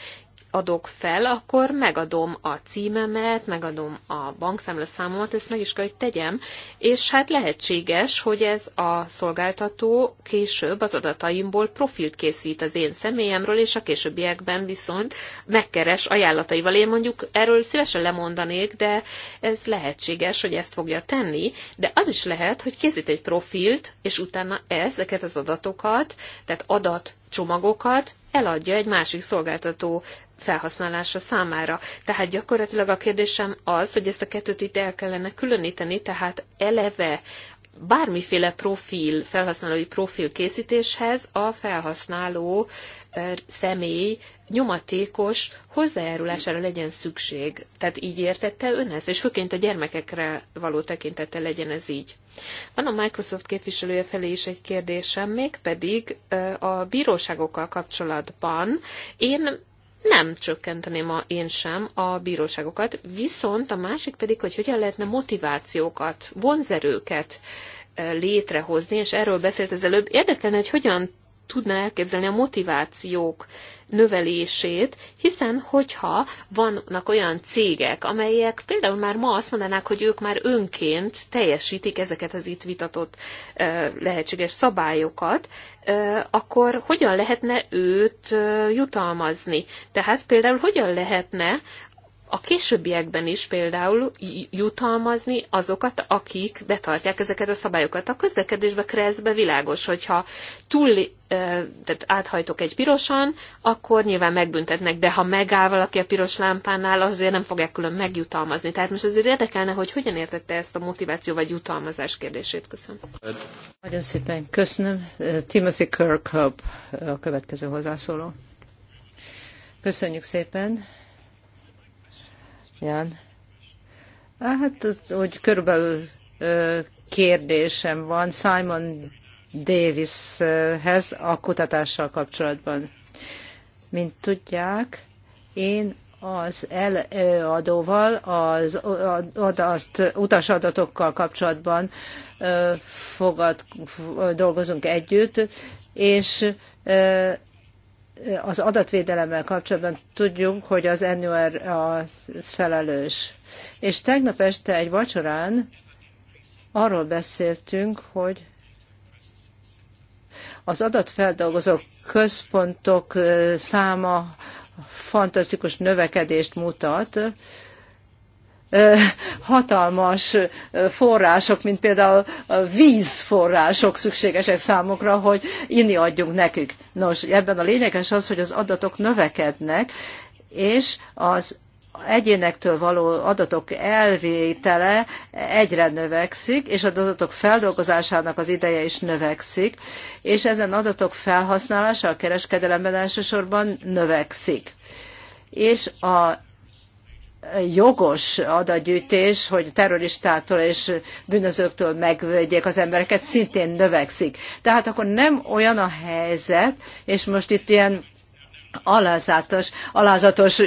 adok fel, akkor megadom a címemet, megadom a bankszámlaszámomat, ezt meg is kell, hogy tegyem, és hát lehetséges, hogy ez a szolgáltató később az adataimból profilt készít az én személyemről, és a későbbiekben viszont megkeres ajánlataival. Én mondjuk erről szívesen lemondanék, de ez lehetséges, hogy ezt fogja tenni, de az is lehet, hogy készít egy profilt, és utána ezeket az adatokat, tehát adat csomagokat eladja egy másik szolgáltató felhasználása számára. Tehát gyakorlatilag a kérdésem az, hogy ezt a kettőt itt el kellene különíteni, tehát eleve bármiféle profil, felhasználói profil készítéshez a felhasználó személy nyomatékos hozzájárulására legyen szükség. Tehát így értette ön ezt, és főként a gyermekekre való tekintettel legyen ez így. Van a Microsoft képviselője felé is egy kérdésem, pedig a bíróságokkal kapcsolatban én nem csökkenteném a, én sem a bíróságokat, viszont a másik pedig, hogy hogyan lehetne motivációkat, vonzerőket létrehozni, és erről beszélt az előbb. Érdekelne, hogy hogyan tudná elképzelni a motivációk növelését, hiszen hogyha vannak olyan cégek, amelyek például már ma azt mondanák, hogy ők már önként teljesítik ezeket az itt vitatott lehetséges szabályokat, akkor hogyan lehetne őt jutalmazni? Tehát például hogyan lehetne a későbbiekben is például jutalmazni azokat, akik betartják ezeket a szabályokat. A közlekedésbe kreszbe világos, hogyha túl tehát áthajtok egy pirosan, akkor nyilván megbüntetnek, de ha megáll valaki a piros lámpánál, azért nem fogják külön megjutalmazni. Tehát most azért érdekelne, hogy hogyan értette ezt a motiváció vagy jutalmazás kérdését. Köszönöm. Nagyon szépen köszönöm. Timothy Kirkhope a következő hozzászóló. Köszönjük szépen Jan? Hát úgy körülbelül kérdésem van Simon Davishez a kutatással kapcsolatban. Mint tudják, én az előadóval, az adat, utasadatokkal kapcsolatban fogad, dolgozunk együtt, és az adatvédelemmel kapcsolatban tudjuk, hogy az NUR a felelős. És tegnap este egy vacsorán arról beszéltünk, hogy az adatfeldolgozó központok száma fantasztikus növekedést mutat, hatalmas források, mint például vízforrások szükségesek számukra, hogy inni adjunk nekük. Nos, ebben a lényeges az, hogy az adatok növekednek, és az egyénektől való adatok elvétele egyre növekszik, és az adatok feldolgozásának az ideje is növekszik, és ezen adatok felhasználása a kereskedelemben elsősorban növekszik. És a jogos adagyűjtés, hogy terroristáktól és bűnözőktől megvédjék az embereket, szintén növekszik. Tehát akkor nem olyan a helyzet, és most itt ilyen alázatos, alázatos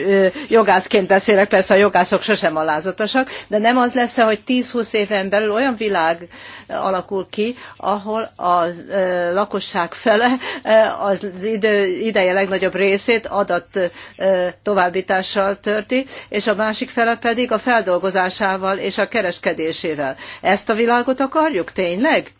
jogászként beszélek, persze a jogászok sosem alázatosak, de nem az lesz, hogy 10-20 éven belül olyan világ alakul ki, ahol a lakosság fele az idő, ideje legnagyobb részét adat továbbítással törti, és a másik fele pedig a feldolgozásával és a kereskedésével. Ezt a világot akarjuk tényleg?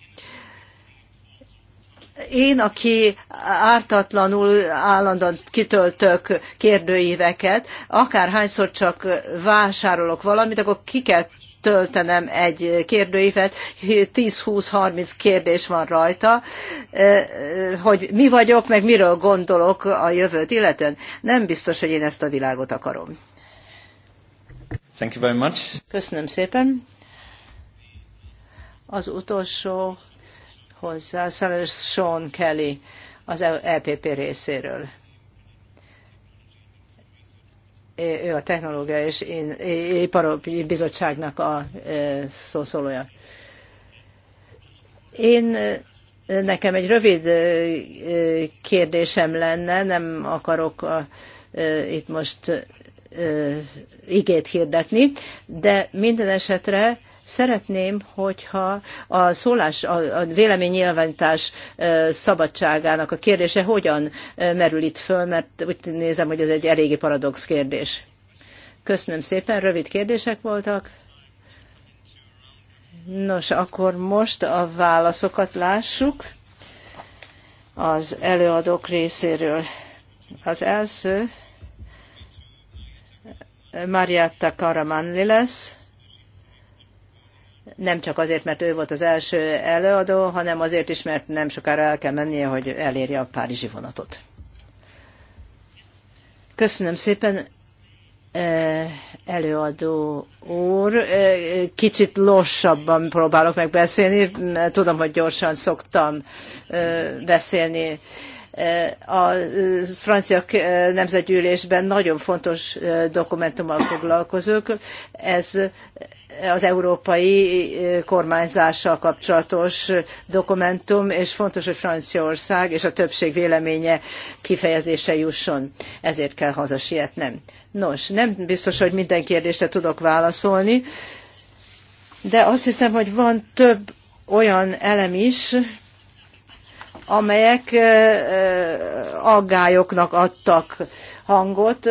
Én, aki ártatlanul állandóan kitöltök kérdőíveket, akárhányszor csak vásárolok valamit, akkor ki kell töltenem egy kérdőívet, 10-20-30 kérdés van rajta, e, hogy mi vagyok, meg miről gondolok a jövőt illetően. Nem biztos, hogy én ezt a világot akarom. Thank you very much. Köszönöm szépen. Az utolsó hozzá, Sean Kelly az EPP részéről. Ő a Technológia és Iparopi Bizottságnak a szószólója. Én nekem egy rövid kérdésem lenne, nem akarok a, itt most igét hirdetni, de minden esetre Szeretném, hogyha a szólás, a véleménynyilvánítás szabadságának a kérdése hogyan merül itt föl, mert úgy nézem, hogy ez egy eléggé paradox kérdés. Köszönöm szépen, rövid kérdések voltak. Nos, akkor most a válaszokat lássuk az előadók részéről. Az első Marietta Karamanli lesz, nem csak azért, mert ő volt az első előadó, hanem azért is, mert nem sokára el kell mennie, hogy elérje a párizsi vonatot. Köszönöm szépen, eh, előadó úr. Eh, kicsit lassabban próbálok megbeszélni. tudom, hogy gyorsan szoktam eh, beszélni. A francia nemzetgyűlésben nagyon fontos dokumentummal foglalkozok. Ez az európai kormányzással kapcsolatos dokumentum, és fontos, hogy Franciaország és a többség véleménye kifejezésre jusson. Ezért kell hazasietnem. Nos, nem biztos, hogy minden kérdésre tudok válaszolni, de azt hiszem, hogy van több olyan elem is, amelyek aggályoknak adtak hangot,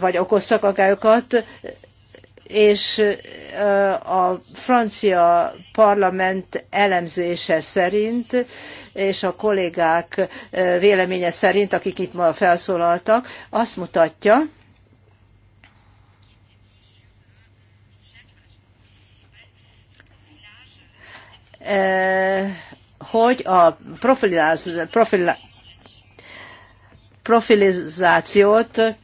vagy okoztak aggályokat, és a francia parlament elemzése szerint, és a kollégák véleménye szerint, akik itt ma felszólaltak, azt mutatja, hogy a profiliz, profil, profilizációt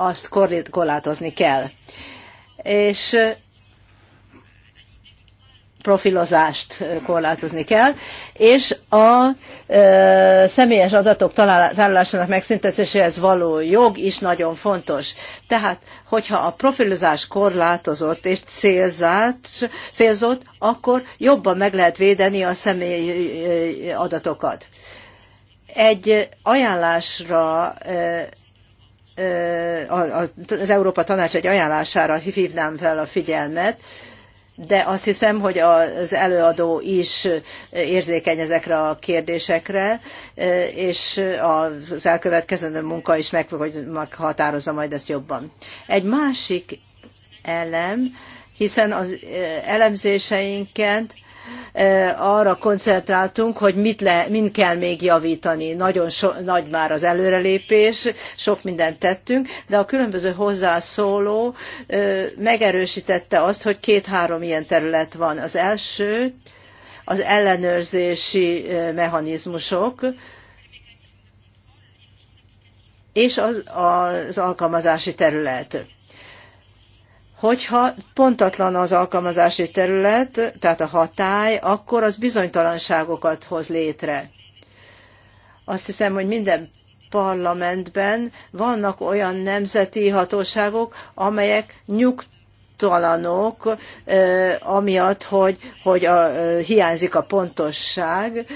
azt korlátozni kell. És profilozást korlátozni kell, és a e, személyes adatok tárolásának megszüntetéséhez való jog is nagyon fontos. Tehát, hogyha a profilozás korlátozott és célzát, célzott, akkor jobban meg lehet védeni a személyi adatokat. Egy ajánlásra e, az Európa Tanács egy ajánlására hívnám fel a figyelmet, de azt hiszem, hogy az előadó is érzékeny ezekre a kérdésekre, és az elkövetkezendő munka is meg, hogy meghatározza majd ezt jobban. Egy másik elem, hiszen az elemzéseinket arra koncentráltunk, hogy mit le, min kell még javítani. Nagyon so, nagy már az előrelépés, sok mindent tettünk, de a különböző hozzászóló megerősítette azt, hogy két-három ilyen terület van. Az első az ellenőrzési mechanizmusok, és az, az alkalmazási terület Hogyha pontatlan az alkalmazási terület, tehát a hatály, akkor az bizonytalanságokat hoz létre. Azt hiszem, hogy minden parlamentben vannak olyan nemzeti hatóságok, amelyek nyugtalanok, amiatt, hogy, hogy a, hiányzik a pontosság,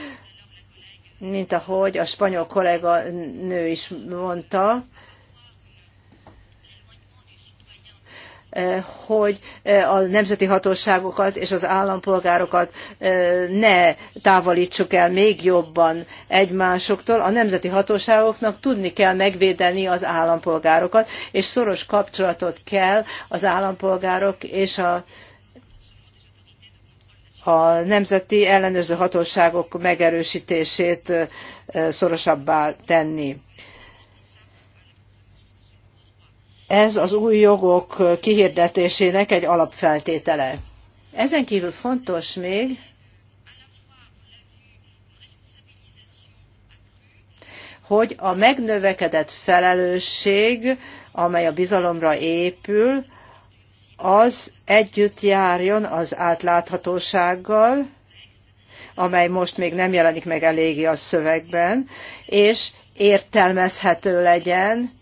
mint ahogy a spanyol kollega nő is mondta, hogy eh, a nemzeti hatóságokat és az állampolgárokat eh, ne távolítsuk el még jobban egymásoktól. A nemzeti hatóságoknak tudni kell megvédeni az állampolgárokat, és szoros kapcsolatot kell az állampolgárok és a a nemzeti ellenőrző hatóságok megerősítését eh, szorosabbá tenni. Ez az új jogok kihirdetésének egy alapfeltétele. Ezen kívül fontos még, hogy a megnövekedett felelősség, amely a bizalomra épül, az együtt járjon az átláthatósággal, amely most még nem jelenik meg eléggé a szövegben, és értelmezhető legyen,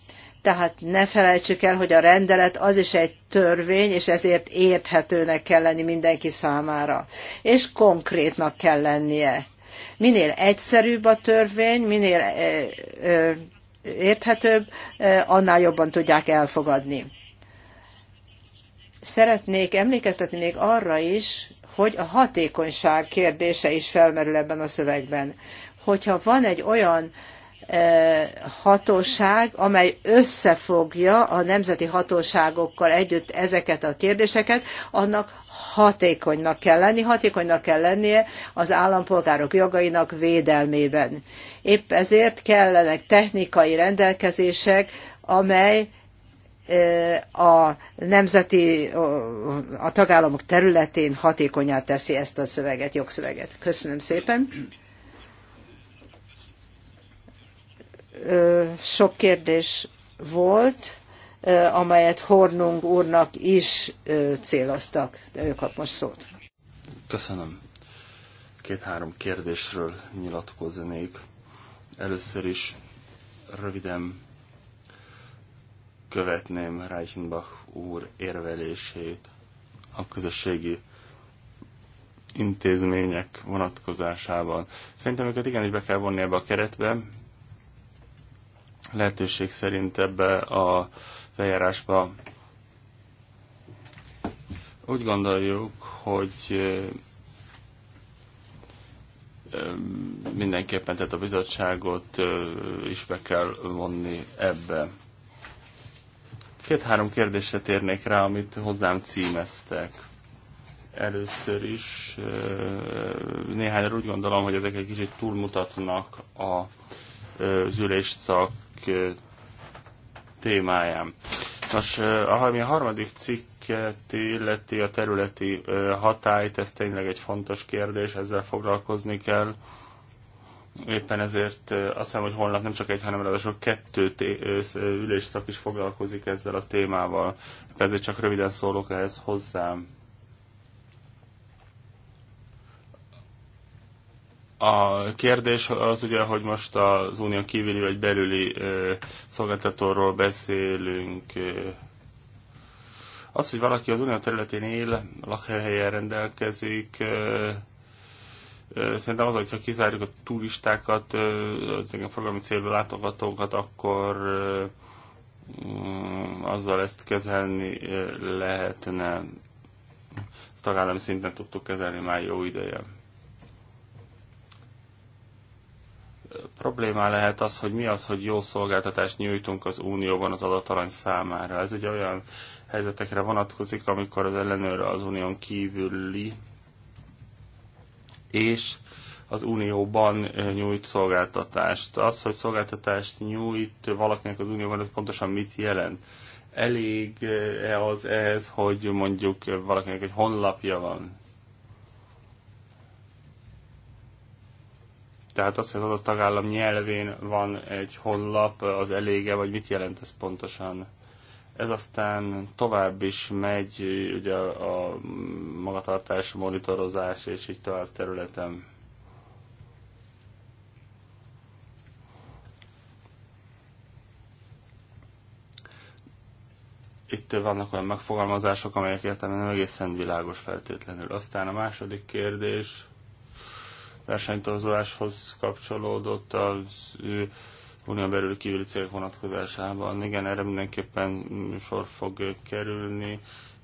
tehát ne felejtsük el, hogy a rendelet az is egy törvény, és ezért érthetőnek kell lenni mindenki számára. És konkrétnak kell lennie. Minél egyszerűbb a törvény, minél eh, eh, érthetőbb, eh, annál jobban tudják elfogadni. Szeretnék emlékeztetni még arra is, hogy a hatékonyság kérdése is felmerül ebben a szövegben. Hogyha van egy olyan hatóság, amely összefogja a nemzeti hatóságokkal együtt ezeket a kérdéseket, annak hatékonynak kell lenni, hatékonynak kell lennie az állampolgárok jogainak védelmében. Épp ezért kellenek technikai rendelkezések, amely a nemzeti, a tagállamok területén hatékonyá teszi ezt a szöveget, jogszöveget. Köszönöm szépen. sok kérdés volt, amelyet Hornung úrnak is céloztak. De ő kap most szót. Köszönöm. Két-három kérdésről nyilatkoznék. Először is röviden követném Reichenbach úr érvelését a közösségi intézmények vonatkozásában. Szerintem őket igenis be kell vonni ebbe a keretbe, lehetőség szerint ebbe a eljárásba. Úgy gondoljuk, hogy mindenképpen tehát a bizottságot is be kell vonni ebbe. Két-három kérdésre térnék rá, amit hozzám címeztek. Először is néhányra úgy gondolom, hogy ezek egy kicsit túlmutatnak a az ülésszak témáján. Nos, ami a harmadik cikket illeti a területi hatályt, ez tényleg egy fontos kérdés, ezzel foglalkozni kell. Éppen ezért azt hiszem, hogy holnap nem csak egy, hanem ráadásul kettő ülésszak is foglalkozik ezzel a témával. Ezért csak röviden szólok ehhez hozzám. A kérdés az ugye, hogy most az unión kívüli vagy belüli szolgáltatóról beszélünk. Az, hogy valaki az unió területén él, lakhelyen rendelkezik, szerintem az, hogyha kizárjuk a turistákat, az igen programi célú látogatókat, akkor mm, azzal ezt kezelni lehetne. Ezt tagállami szinten tudtuk kezelni már jó ideje. problémá lehet az, hogy mi az, hogy jó szolgáltatást nyújtunk az Unióban az adatarany számára. Ez egy olyan helyzetekre vonatkozik, amikor az ellenőr az Unión kívüli és az Unióban eh, nyújt szolgáltatást. Az, hogy szolgáltatást nyújt valakinek az Unióban, ez pontosan mit jelent? Elég-e eh, az ehhez, hogy mondjuk eh, valakinek egy honlapja van? Tehát az, hogy az adott tagállam nyelvén van egy honlap, az elége, vagy mit jelent ez pontosan? Ez aztán tovább is megy, ugye a, a magatartás, monitorozás és így tovább területen. Itt vannak olyan megfogalmazások, amelyek értelme nem egészen világos feltétlenül. Aztán a második kérdés versenytorzuláshoz kapcsolódott az ő unión belül kívüli cégek vonatkozásában. Igen, erre mindenképpen sor fog kerülni,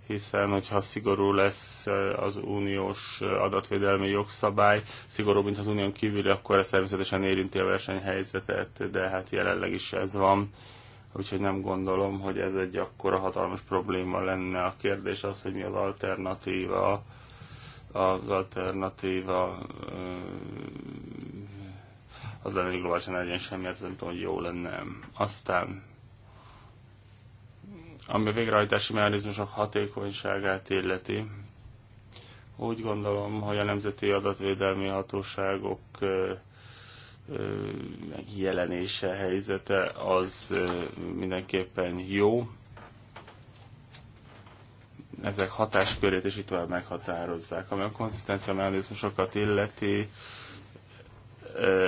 hiszen hogyha szigorú lesz az uniós adatvédelmi jogszabály, szigorúbb, mint az unión kívüli, akkor ez természetesen érinti a versenyhelyzetet, de hát jelenleg is ez van. Úgyhogy nem gondolom, hogy ez egy akkora hatalmas probléma lenne. A kérdés az, hogy mi az alternatíva az alternatíva az lenne, hogy globálisan legyen semmi, ez hát nem tudom, hogy jó lenne. Aztán ami a végrehajtási mechanizmusok hatékonyságát illeti, úgy gondolom, hogy a Nemzeti Adatvédelmi Hatóságok megjelenése, helyzete az mindenképpen jó ezek hatáskörét is itt tovább meghatározzák. Ami a konzisztencia mechanizmusokat illeti,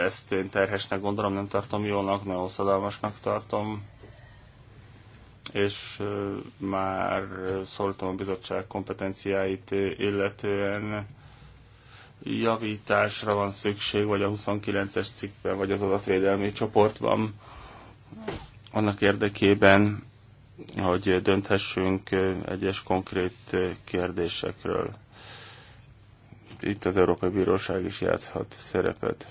ezt én terhesnek gondolom, nem tartom jónak, nagyon szadalmasnak tartom, és már szóltam a bizottság kompetenciáit illetően, javításra van szükség, vagy a 29-es cikkben, vagy az adatvédelmi csoportban, annak érdekében, hogy dönthessünk eh, egyes konkrét eh, kérdésekről. Itt az Európai Bíróság is játszhat szerepet.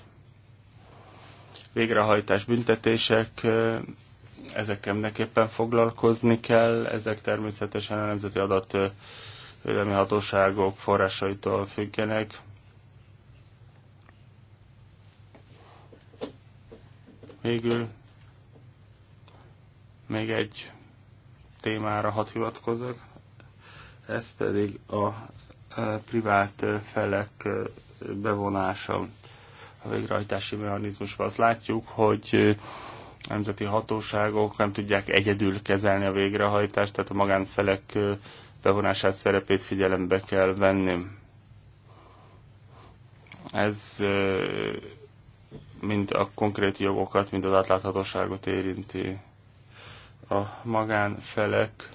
Végrehajtás büntetések, eh, ezekkel mindenképpen foglalkozni kell, ezek természetesen a nemzeti védelmi hatóságok forrásaitól függenek. Végül még egy témára hat hivatkozzak, ez pedig a e, privát e, felek e, bevonása a végrehajtási mechanizmusban. Azt látjuk, hogy nemzeti hatóságok nem tudják egyedül kezelni a végrehajtást, tehát a magánfelek bevonását, szerepét figyelembe kell venni. Ez mind a konkrét jogokat, mind az átláthatóságot érinti a magánfelek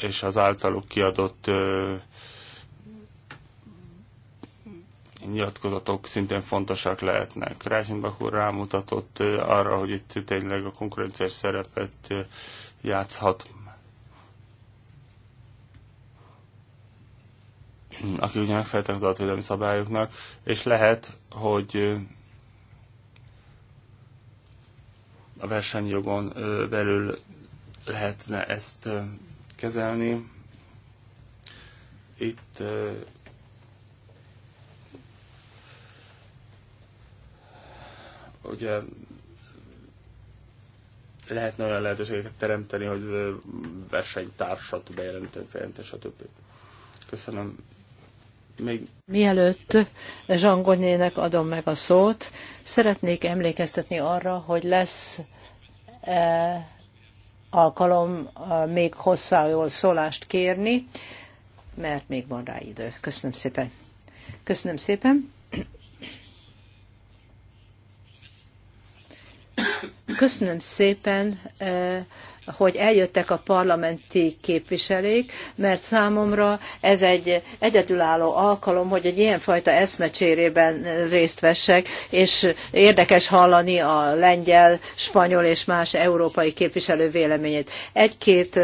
és az általuk kiadott nyilatkozatok szintén fontosak lehetnek. Rásimbach úr rámutatott arra, hogy itt tényleg a konkurenciás szerepet játszhat akik ugye megfelelte az adatvédelmi szabályoknak, és lehet, hogy a versenyjogon belül lehetne ezt kezelni. Itt ugye lehetne olyan lehetőségeket teremteni, hogy versenytársat bejelentett, bejelentett, stb. Köszönöm még... Mielőtt Zsangonyének adom meg a szót, szeretnék emlékeztetni arra, hogy lesz e, alkalom e, még hosszájól szólást kérni, mert még van rá idő. Köszönöm szépen. Köszönöm szépen. Köszönöm szépen e, hogy eljöttek a parlamenti képviselők, mert számomra ez egy egyedülálló alkalom, hogy egy ilyenfajta eszmecsérében részt vessek, és érdekes hallani a lengyel, spanyol és más európai képviselő véleményét. Egy-két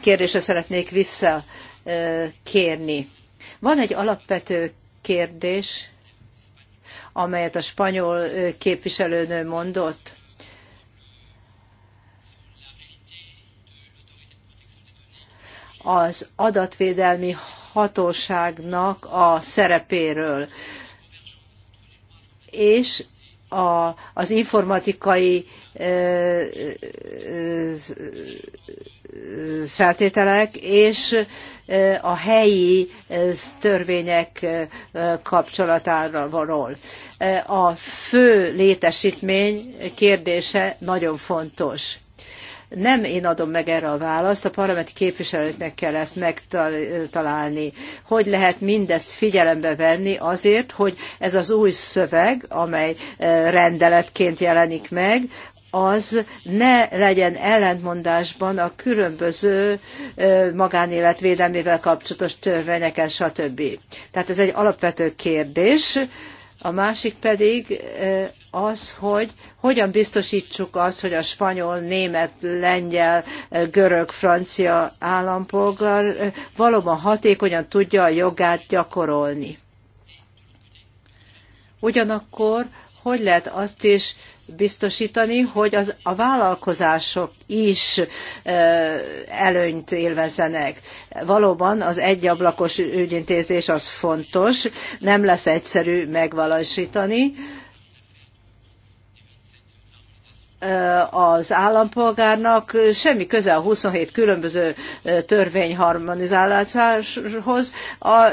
kérdésre szeretnék visszakérni. Van egy alapvető kérdés, amelyet a spanyol képviselőnő mondott az adatvédelmi hatóságnak a szerepéről, és a, az informatikai ö, ö, feltételek és a helyi törvények kapcsolatáról. A fő létesítmény kérdése nagyon fontos nem én adom meg erre a választ, a parlamenti képviselőknek kell ezt megtalálni. Hogy lehet mindezt figyelembe venni azért, hogy ez az új szöveg, amely eh, rendeletként jelenik meg, az ne legyen ellentmondásban a különböző eh, magánéletvédelmével kapcsolatos törvényekkel, stb. Tehát ez egy alapvető kérdés. A másik pedig eh, az, hogy hogyan biztosítsuk azt, hogy a spanyol, német, lengyel, eh, görög, francia állampolgár eh, valóban hatékonyan tudja a jogát gyakorolni. Ugyanakkor hogy lehet azt is biztosítani, hogy az, a vállalkozások is e, előnyt élvezenek. Valóban az egyablakos ügyintézés az fontos, nem lesz egyszerű megvalósítani, e, az állampolgárnak semmi köze a 27 különböző törvény A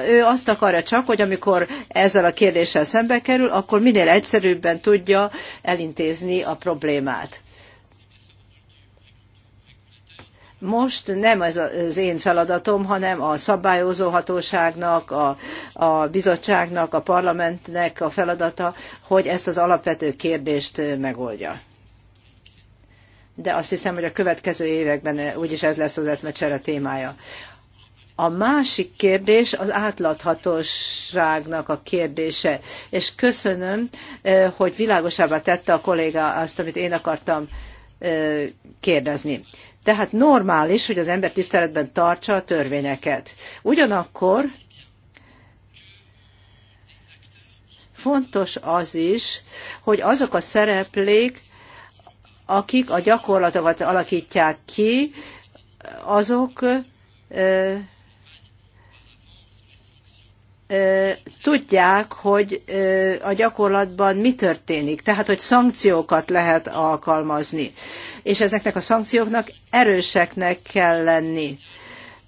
ő azt akarja csak, hogy amikor ezzel a kérdéssel szembe kerül, akkor minél egyszerűbben tudja elintézni a problémát. Most nem ez az én feladatom, hanem a szabályozó hatóságnak, a, a bizottságnak, a parlamentnek a feladata, hogy ezt az alapvető kérdést megoldja de azt hiszem, hogy a következő években eh, úgyis ez lesz az eszmecsere témája. A másik kérdés az átláthatóságnak a kérdése, és köszönöm, eh, hogy világosabbá tette a kolléga azt, amit én akartam eh, kérdezni. Tehát normális, hogy az ember tiszteletben tartsa a törvényeket. Ugyanakkor fontos az is, hogy azok a szereplék akik a gyakorlatokat alakítják ki, azok tudják, hogy a gyakorlatban mi történik, tehát hogy szankciókat lehet alkalmazni, és ezeknek a szankcióknak erőseknek kell lenni.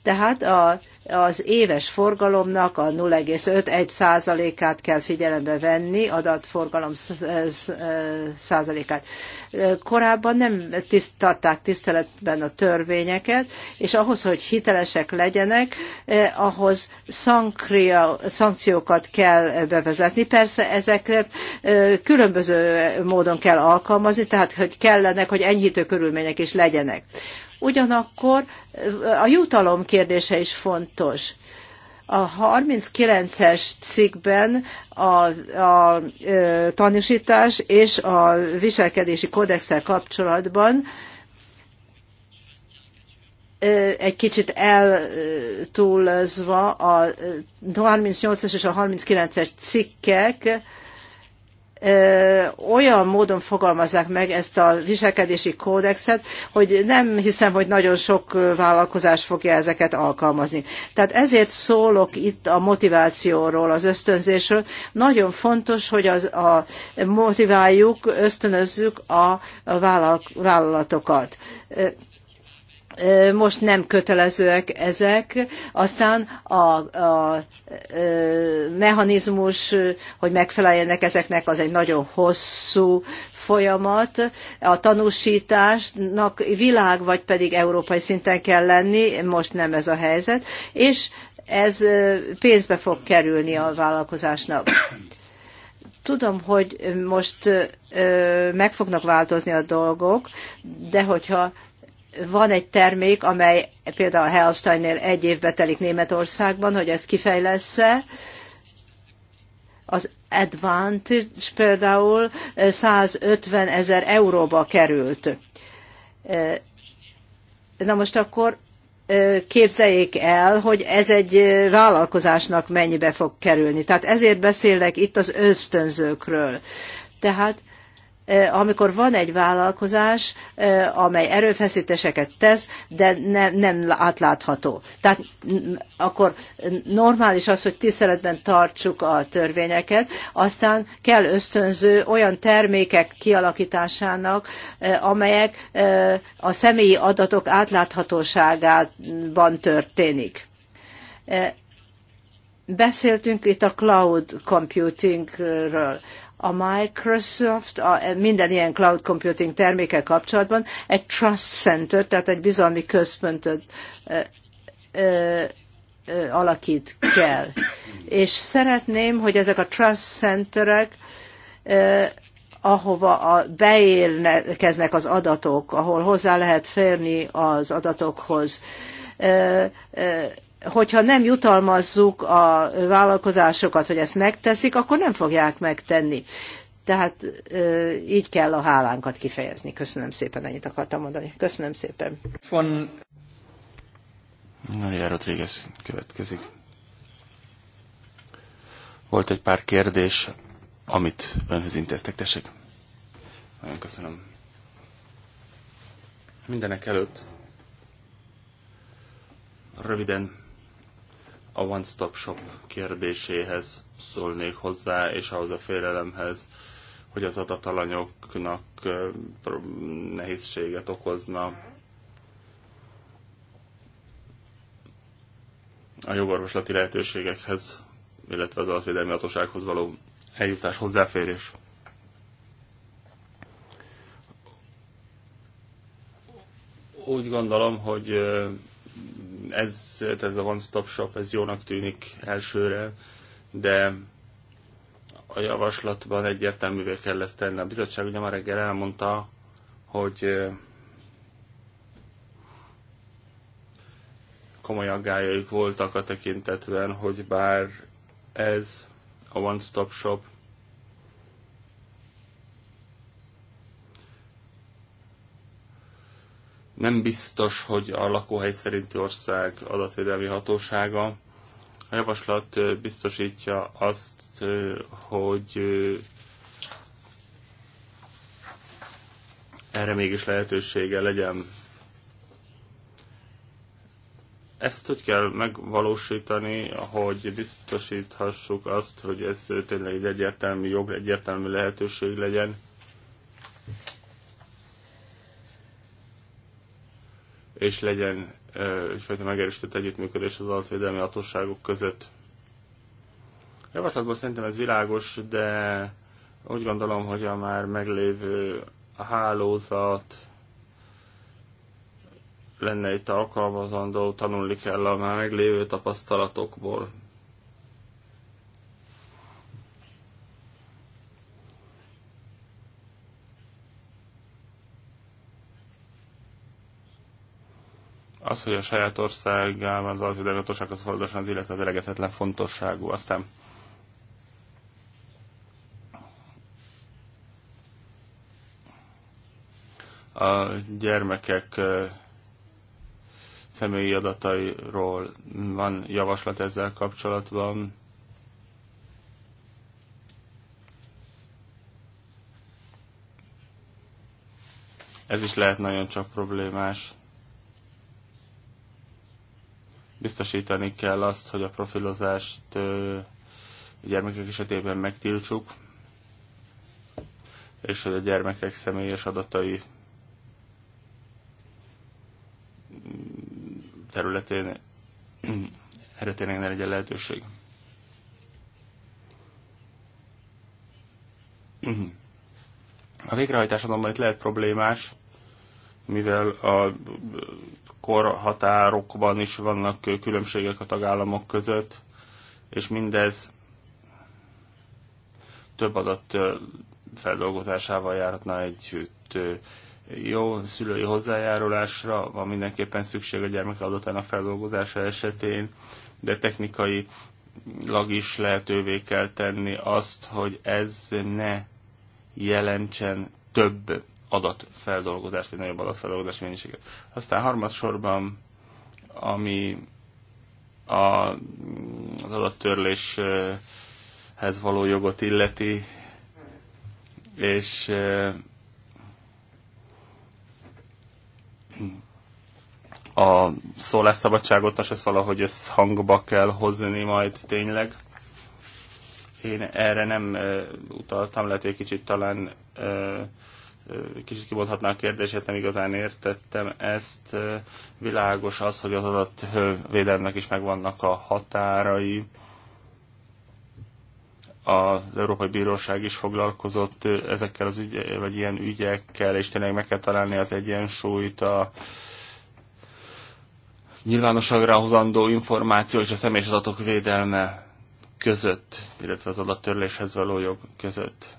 Tehát a, az éves forgalomnak a 0,5-1 százalékát kell figyelembe venni, adatforgalom százalékát. Korábban nem tiszt, tarták tiszteletben a törvényeket, és ahhoz, hogy hitelesek legyenek, eh, ahhoz szankria, szankciókat kell bevezetni. Persze ezeket eh, különböző módon kell alkalmazni, tehát hogy kellenek, hogy enyhítő körülmények is legyenek. Ugyanakkor a jutalom kérdése is fontos. A 39-es cikkben a, a tanúsítás és a viselkedési kódexel kapcsolatban egy kicsit eltúlzva a 38-as és a 39-es cikkek olyan módon fogalmazzák meg ezt a viselkedési kódexet, hogy nem hiszem, hogy nagyon sok vállalkozás fogja ezeket alkalmazni. Tehát ezért szólok itt a motivációról, az ösztönzésről. Nagyon fontos, hogy az, a, motiváljuk, ösztönözzük a vállalatokat most nem kötelezőek ezek, aztán a, a, mechanizmus, hogy megfeleljenek ezeknek, az egy nagyon hosszú folyamat. A tanúsításnak világ, vagy pedig európai szinten kell lenni, most nem ez a helyzet, és ez pénzbe fog kerülni a vállalkozásnak tudom, hogy most meg fognak változni a dolgok, de hogyha van egy termék, amely például a Hellsteinnél egy évbe telik Németországban, hogy ezt kifejlesz-e. Az Advantage például 150 ezer euróba került. Na most akkor képzeljék el, hogy ez egy vállalkozásnak mennyibe fog kerülni. Tehát ezért beszélek itt az ösztönzőkről. Tehát amikor van egy vállalkozás, amely erőfeszítéseket tesz, de nem, nem átlátható. Tehát akkor normális az, hogy tiszteletben tartsuk a törvényeket, aztán kell ösztönző olyan termékek kialakításának, amelyek a személyi adatok átláthatóságában történik. Beszéltünk itt a cloud computingről a Microsoft a, minden ilyen cloud computing terméke kapcsolatban egy trust center, tehát egy bizalmi központot ö, ö, ö, alakít kell. És szeretném, hogy ezek a trust centerek ö, ahova a, beérkeznek az adatok, ahol hozzá lehet férni az adatokhoz, ö, ö, hogyha nem jutalmazzuk a vállalkozásokat, hogy ezt megteszik, akkor nem fogják megtenni. Tehát így kell a hálánkat kifejezni. Köszönöm szépen, ennyit akartam mondani. Köszönöm szépen. Von... Maria Rodriguez következik. Volt egy pár kérdés, amit önhöz intéztek, tessék. Nagyon köszönöm. Mindenek előtt röviden a One Stop Shop kérdéséhez szólnék hozzá, és ahhoz a félelemhez, hogy az adatalanyoknak nehézséget okozna. A jogorvoslati lehetőségekhez, illetve az alapvédelmi hatósághoz való eljutás hozzáférés. Úgy gondolom, hogy ez, tehát ez a One Stop Shop, ez jónak tűnik elsőre, de a javaslatban egyértelművé kell ezt tenni. A bizottság ugye már reggel elmondta, hogy komoly aggájaik voltak a tekintetben, hogy bár ez a One Stop Shop Nem biztos, hogy a lakóhely szerinti ország adatvédelmi hatósága. A javaslat biztosítja azt, hogy erre mégis lehetősége legyen. Ezt hogy kell megvalósítani, hogy biztosíthassuk azt, hogy ez tényleg egy egyértelmű jog, egyértelmű lehetőség legyen, és legyen egyfajta megerősített együttműködés az adatvédelmi hatóságok között. Javaslatban szerintem ez világos, de úgy gondolom, hogy a már meglévő hálózat lenne itt alkalmazandó, tanulni kell a már meglévő tapasztalatokból. Az, hogy a saját országában az alapjogodatossághoz fordulson az illetve az elegetetlen fontosságú. Aztán a gyermekek személyi adatairól van javaslat ezzel kapcsolatban. Ez is lehet nagyon csak problémás. Biztosítani kell azt, hogy a profilozást a gyermekek esetében megtiltsuk, és hogy a gyermekek személyes adatai mm, területén erre tényleg ne legyen lehetőség. A végrehajtás azonban itt lehet problémás, mivel a korhatárokban is vannak különbségek a tagállamok között, és mindez több adat feldolgozásával járhatna együtt. Jó szülői hozzájárulásra van mindenképpen szükség a gyermek adatának feldolgozása esetén, de technikai lag is lehetővé kell tenni azt, hogy ez ne jelentsen több adatfeldolgozást, vagy nagyobb adatfeldolgozási mennyiséget. Aztán harmadsorban, ami a, az adattörléshez való jogot illeti, és a szólásszabadságot, és ezt valahogy ezt hangba kell hozni majd tényleg. Én erre nem utaltam, lehet, hogy kicsit talán kicsit kibonthatná a kérdését, hát nem igazán értettem ezt. Világos az, hogy az adatvédelemnek is megvannak a határai. Az Európai Bíróság is foglalkozott ezekkel az ügye, vagy ilyen ügyekkel, és tényleg meg kell találni az egyensúlyt a nyilvánosságra hozandó információ és a személyes adatok védelme között, illetve az adattörléshez való jog között.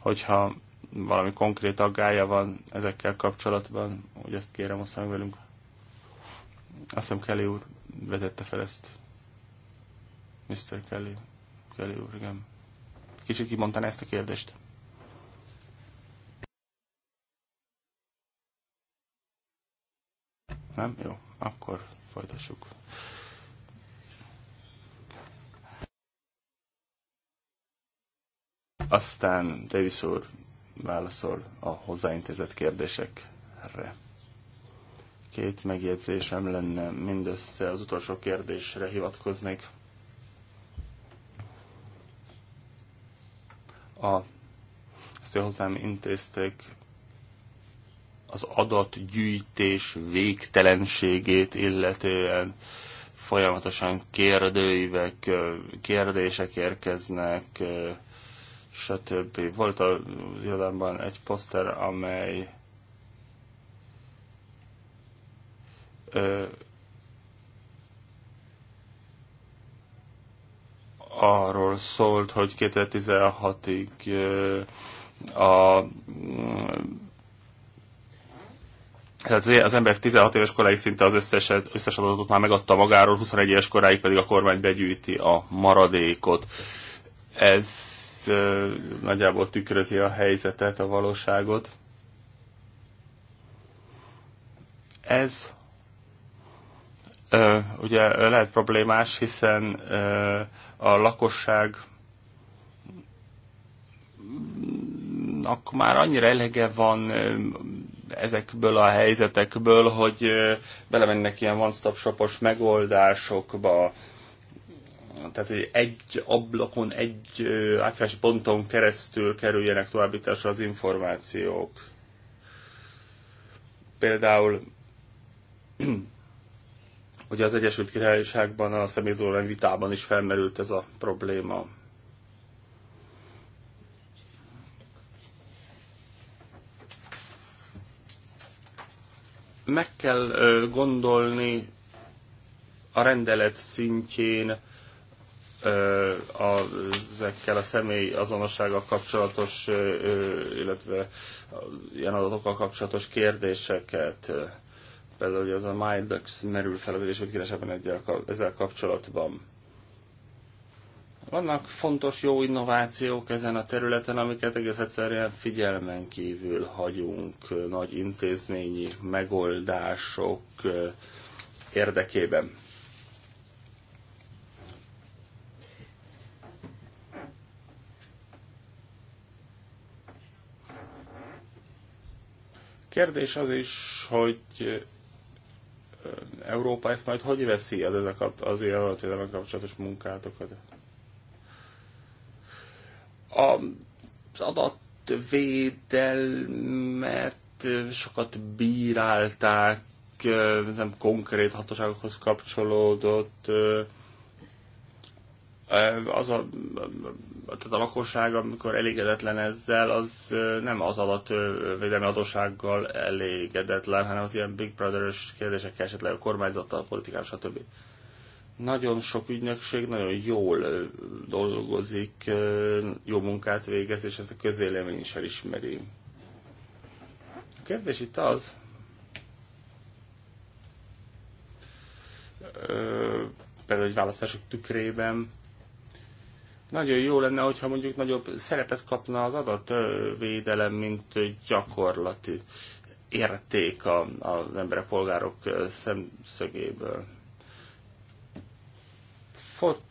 Hogyha valami konkrét aggája van ezekkel kapcsolatban, hogy ezt kérem osszan velünk. Azt hiszem Kelly úr vetette fel ezt. Mr. Kelly. Kelly úr, igen. Kicsit kimondtaná ezt a kérdést. Nem? Jó, akkor folytassuk. Aztán Davis úr válaszol a hozzáintézett kérdésekre. Két megjegyzésem lenne, mindössze az utolsó kérdésre hivatkoznék. A, azt, hogy hozzám intézték, az adatgyűjtés végtelenségét illetően folyamatosan kérdőívek, kérdések érkeznek, stb. Volt a irodámban egy poszter, amely ö, arról szólt, hogy 2016-ig ö, a tehát az emberek 16 éves koráig szinte az összes, összes adatot már megadta magáról, 21 éves koráig pedig a kormány begyűjti a maradékot. Ez ez nagyjából tükrözi a helyzetet, a valóságot. Ez ugye lehet problémás, hiszen a lakosság már annyira elege van ezekből a helyzetekből, hogy belemennek ilyen one-stop shopos megoldásokba, tehát hogy egy ablakon, egy átfási ponton keresztül kerüljenek továbbításra az információk. Például hogy az Egyesült Királyságban a személyzóra vitában is felmerült ez a probléma. Meg kell gondolni a rendelet szintjén a, ezekkel a személy azonossággal kapcsolatos, illetve ilyen adatokkal kapcsolatos kérdéseket, például hogy az a MyDux merül fel az Egyesült Királyságban ezzel kapcsolatban. Vannak fontos jó innovációk ezen a területen, amiket egész egyszerűen figyelmen kívül hagyunk nagy intézményi megoldások érdekében. Kérdés az is, hogy eh, Európa ezt majd hogy veszi el ezeket az ő adatvédelemmel kapcsolatos munkátokat? Az adatvédelmet eh, sokat bírálták, eh, nem konkrét hatóságokhoz kapcsolódott, az a tehát a lakosság, amikor elégedetlen ezzel, az nem az védelmi adósággal elégedetlen, hanem az ilyen Big Brother-ös kérdésekkel, esetleg a kormányzattal, a politikával, stb. Nagyon sok ügynökség nagyon jól dolgozik, jó munkát végez, és ezt a közélemény is elismeri. A kérdés itt az, például egy választások tükrében, nagyon jó lenne, hogyha mondjuk nagyobb szerepet kapna az adatvédelem, mint gyakorlati érték a, az emberek, polgárok szemszögéből.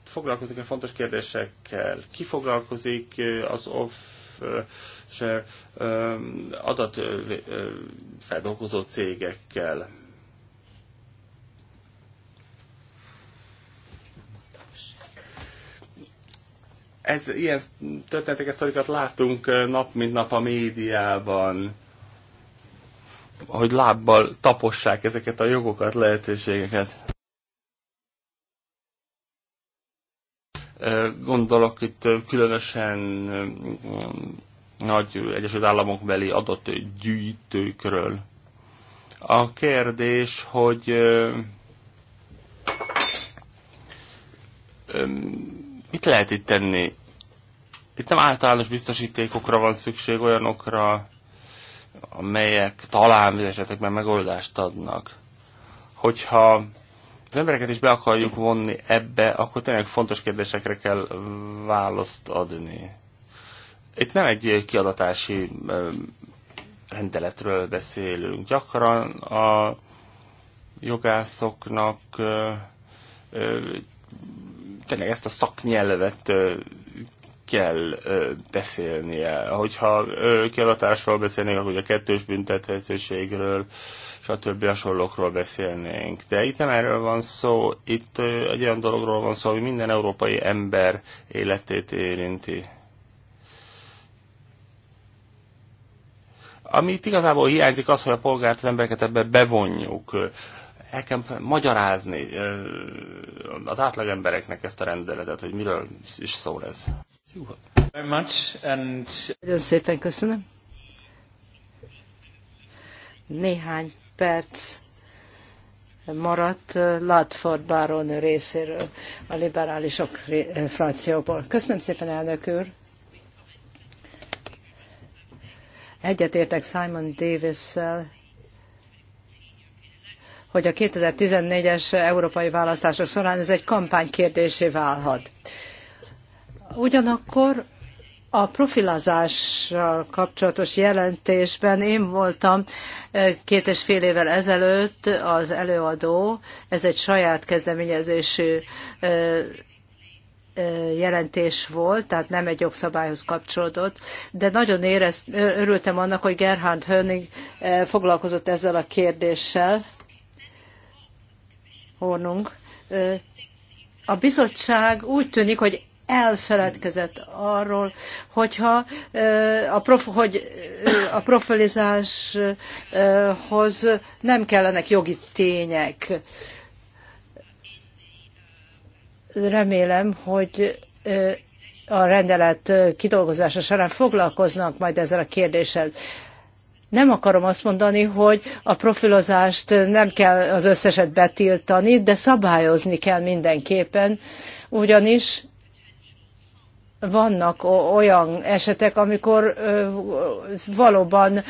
Foglalkozik a fontos kérdésekkel? Ki foglalkozik az off adatfeldolgozó cégekkel? Ez, ilyen történeteket, szorikat látunk nap mint nap a médiában, hogy lábbal tapossák ezeket a jogokat, lehetőségeket. Gondolok itt különösen nagy Egyesült Államok beli adott gyűjtőkről. A kérdés, hogy Mit lehet itt tenni? Itt nem általános biztosítékokra van szükség, olyanokra, amelyek talán az esetekben megoldást adnak. Hogyha az embereket is be akarjuk vonni ebbe, akkor tényleg fontos kérdésekre kell választ adni. Itt nem egy kiadatási rendeletről beszélünk. Gyakran a jogászoknak tényleg ezt a szaknyelvet kell beszélnie. Hogyha kiadatásról beszélnénk, akkor a kettős büntethetőségről, stb. hasonlókról beszélnénk. De itt nem erről van szó, itt egy olyan dologról van szó, hogy minden európai ember életét érinti. Amit igazából hiányzik az, hogy a polgárt, az embereket ebbe bevonjuk el kell magyarázni az átlagembereknek ezt a rendeletet, hogy miről is szól ez. and. Nagyon szépen köszönöm. Néhány perc maradt Ladford Baron részéről, a liberálisok frakcióból. Köszönöm szépen, elnök úr! Egyetértek Simon Davis-szel, hogy a 2014-es európai választások során ez egy kampány kérdésé válhat. Ugyanakkor a profilazással kapcsolatos jelentésben én voltam eh, két és fél évvel ezelőtt az előadó, ez egy saját kezdeményezésű eh, eh, jelentés volt, tehát nem egy jogszabályhoz kapcsolódott, de nagyon érezt, örültem annak, hogy Gerhard Hönig foglalkozott ezzel a kérdéssel, Hornung. A bizottság úgy tűnik, hogy elfeledkezett arról, hogyha a, prof, hogy a profilizáshoz nem kellenek jogi tények. Remélem, hogy a rendelet kidolgozása során foglalkoznak majd ezzel a kérdéssel. Nem akarom azt mondani, hogy a profilozást nem kell az összeset betiltani, de szabályozni kell mindenképpen, ugyanis vannak olyan esetek, amikor valóban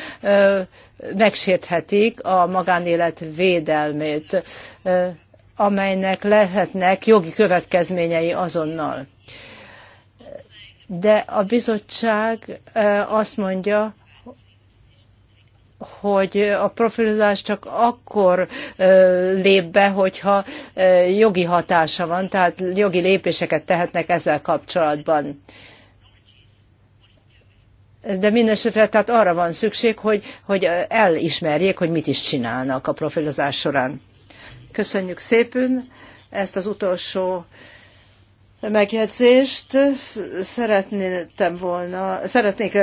megsérthetik a magánélet védelmét, amelynek lehetnek jogi következményei azonnal. De a bizottság azt mondja, hogy a profilozás csak akkor lép be, hogyha jogi hatása van, tehát jogi lépéseket tehetnek ezzel kapcsolatban. De mindesetre tehát arra van szükség, hogy, hogy elismerjék, hogy mit is csinálnak a profilozás során. Köszönjük szépen ezt az utolsó megjegyzést. Szeretném volna, szeretnék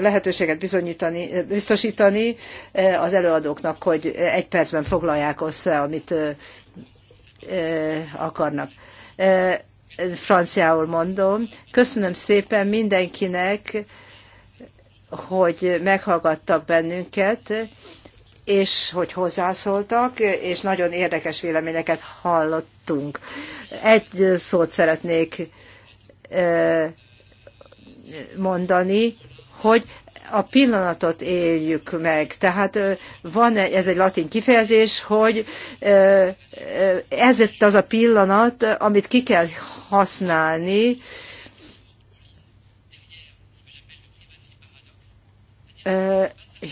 lehetőséget bizonyítani, biztosítani az előadóknak, hogy egy percben foglalják össze, amit akarnak. Franciául mondom. Köszönöm szépen mindenkinek, hogy meghallgattak bennünket és hogy hozzászóltak, és nagyon érdekes véleményeket hallottunk. Egy szót szeretnék mondani, hogy a pillanatot éljük meg. Tehát van, ez egy latin kifejezés, hogy ez itt az a pillanat, amit ki kell használni,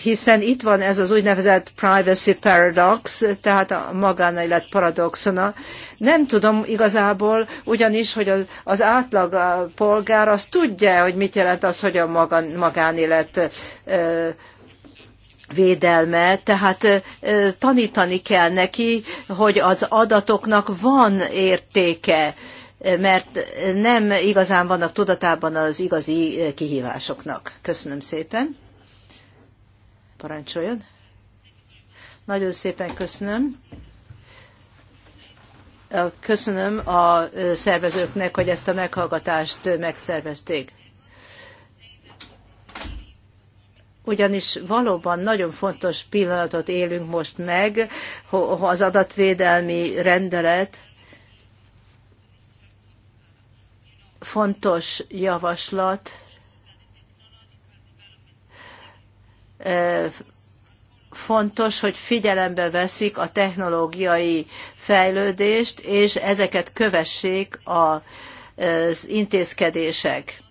hiszen itt van ez az úgynevezett privacy paradox, tehát a magánélet paradoxona. Nem tudom igazából, ugyanis, hogy az, az átlag polgár az tudja, hogy mit jelent az, hogy a magán, magánélet védelme, tehát tanítani kell neki, hogy az adatoknak van értéke, mert nem igazán vannak tudatában az igazi kihívásoknak. Köszönöm szépen parancsoljon. Nagyon szépen köszönöm. Köszönöm a szervezőknek, hogy ezt a meghallgatást megszervezték. Ugyanis valóban nagyon fontos pillanatot élünk most meg, az adatvédelmi rendelet fontos javaslat, fontos, hogy figyelembe veszik a technológiai fejlődést, és ezeket kövessék az intézkedések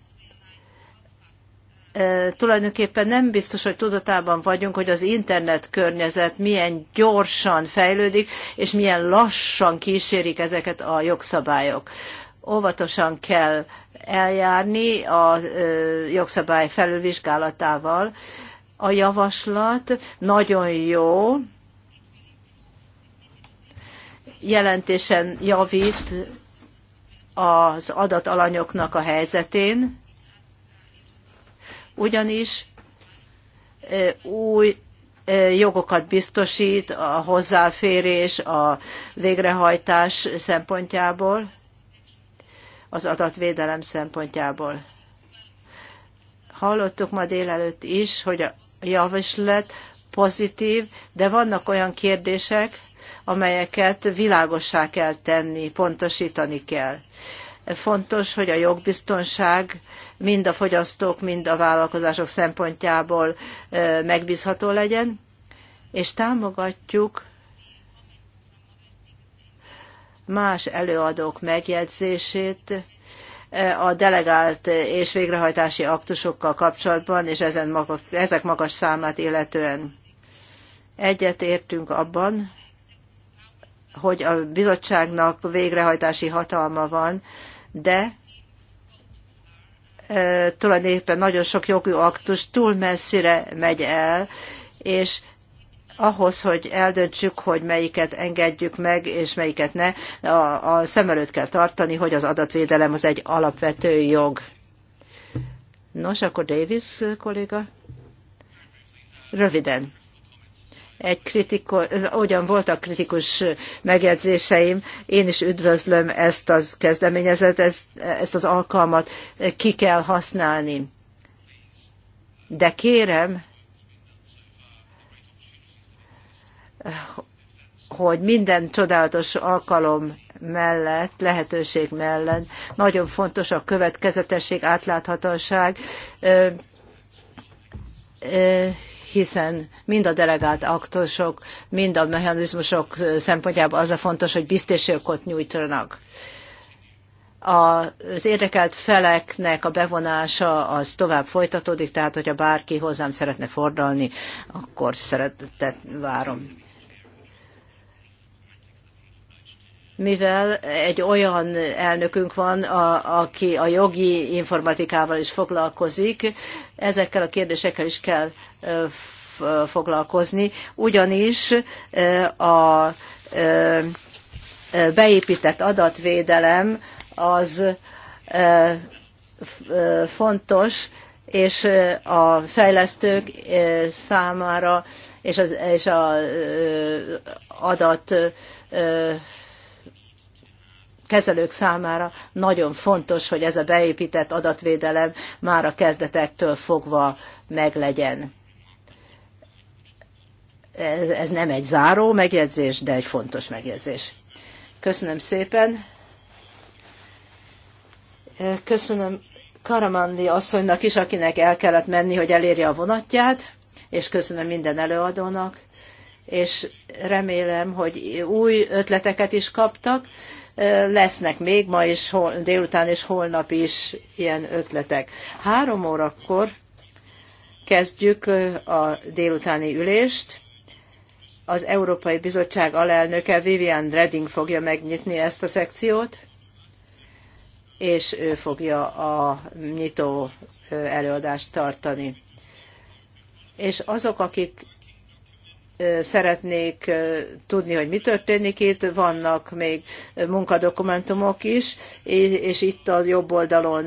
tulajdonképpen nem biztos, hogy tudatában vagyunk, hogy az internet környezet milyen gyorsan fejlődik, és milyen lassan kísérik ezeket a jogszabályok. Óvatosan kell eljárni a jogszabály felülvizsgálatával, a javaslat nagyon jó, jelentésen javít az adatalanyoknak a helyzetén, ugyanis új jogokat biztosít a hozzáférés, a végrehajtás szempontjából, az adatvédelem szempontjából. Hallottuk ma délelőtt is, hogy javaslat pozitív, de vannak olyan kérdések, amelyeket világossá kell tenni, pontosítani kell. Fontos, hogy a jogbiztonság mind a fogyasztók, mind a vállalkozások szempontjából megbízható legyen, és támogatjuk más előadók megjegyzését, a delegált és végrehajtási aktusokkal kapcsolatban, és ezen maga, ezek magas számát illetően. Egyet értünk abban, hogy a bizottságnak végrehajtási hatalma van, de tulajdonképpen nagyon sok jogi aktus túl messzire megy el, és ahhoz, hogy eldöntsük, hogy melyiket engedjük meg, és melyiket ne, a, a szem előtt kell tartani, hogy az adatvédelem az egy alapvető jog. Nos, akkor Davis kolléga. Röviden. Egy kritiko, ugyan voltak kritikus megjegyzéseim, én is üdvözlöm ezt a kezdeményezet, ezt, ezt az alkalmat ki kell használni. De kérem, hogy minden csodálatos alkalom mellett, lehetőség mellett nagyon fontos a következetesség, átláthatóság, hiszen mind a delegált aktusok, mind a mechanizmusok szempontjából az a fontos, hogy biztosítékot nyújtanak. Az érdekelt feleknek a bevonása az tovább folytatódik, tehát hogyha bárki hozzám szeretne fordulni, akkor szeretettel várom. mivel egy olyan elnökünk van, a, aki a jogi informatikával is foglalkozik, ezekkel a kérdésekkel is kell foglalkozni, ugyanis a beépített adatvédelem az fontos, és a fejlesztők számára és az és a adat kezelők számára nagyon fontos, hogy ez a beépített adatvédelem már a kezdetektől fogva meglegyen. Ez nem egy záró megjegyzés, de egy fontos megjegyzés. Köszönöm szépen. Köszönöm Karamandi asszonynak is, akinek el kellett menni, hogy elérje a vonatját, és köszönöm minden előadónak, és remélem, hogy új ötleteket is kaptak, lesznek még ma is, hol, délután és holnap is ilyen ötletek. Három órakor kezdjük a délutáni ülést. Az Európai Bizottság alelnöke Vivian Redding fogja megnyitni ezt a szekciót, és ő fogja a nyitó előadást tartani. És azok, akik szeretnék tudni, hogy mi történik itt, vannak még munkadokumentumok is, és itt a jobb oldalon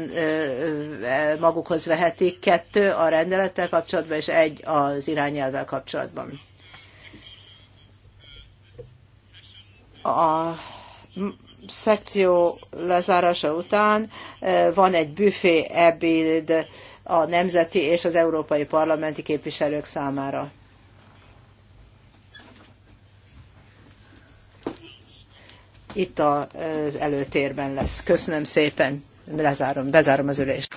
e, magukhoz vehetik kettő a rendelettel kapcsolatban, és egy az irányelvvel kapcsolatban. A szekció lezárása után van egy büfé ebéd a nemzeti és az európai parlamenti képviselők számára itt az előtérben lesz. Köszönöm szépen, lezárom, bezárom az ülést.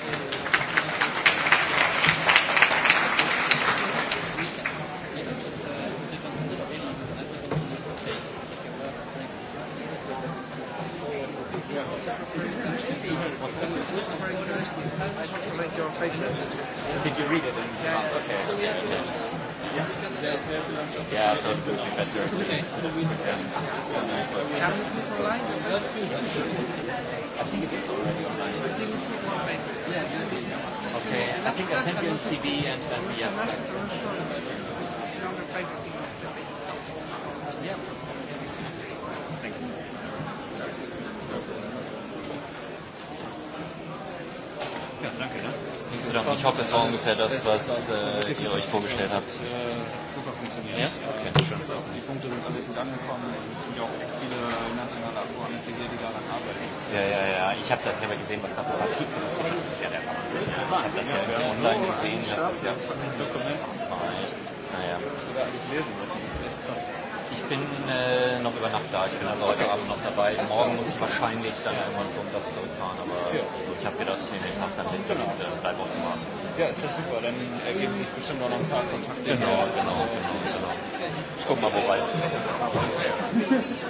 äh, ihr euch vorgestellt habt. Äh, super funktioniert. Ja? Okay. Das die Punkte sind alle gut angekommen. Es sind ja auch echt viele nationale Abgeordnete hier, die daran arbeiten. Ja, ja, ja. Ich habe das ja mal gesehen, was da vor Ort gibt. Das ist ja der Wahnsinn. Ich habe das ja, ja online gesehen. Das ist ja ein Dokument. Naja. Ah, Oder alles lesen muss ich bin äh, noch über Nacht da. Ich bin also heute okay. Abend noch dabei. Das Morgen muss ich wahrscheinlich dann irgendwann vom das zurückfahren, aber ja. also ich habe gedacht, ich nehme den Tag dann mit genau. und äh, bleibe auch zu Abend. Ja, ist ja super. Dann ergeben sich bestimmt noch ein paar Kontakte. Genau, genau, genau, genau. Ich guck mal, wobei.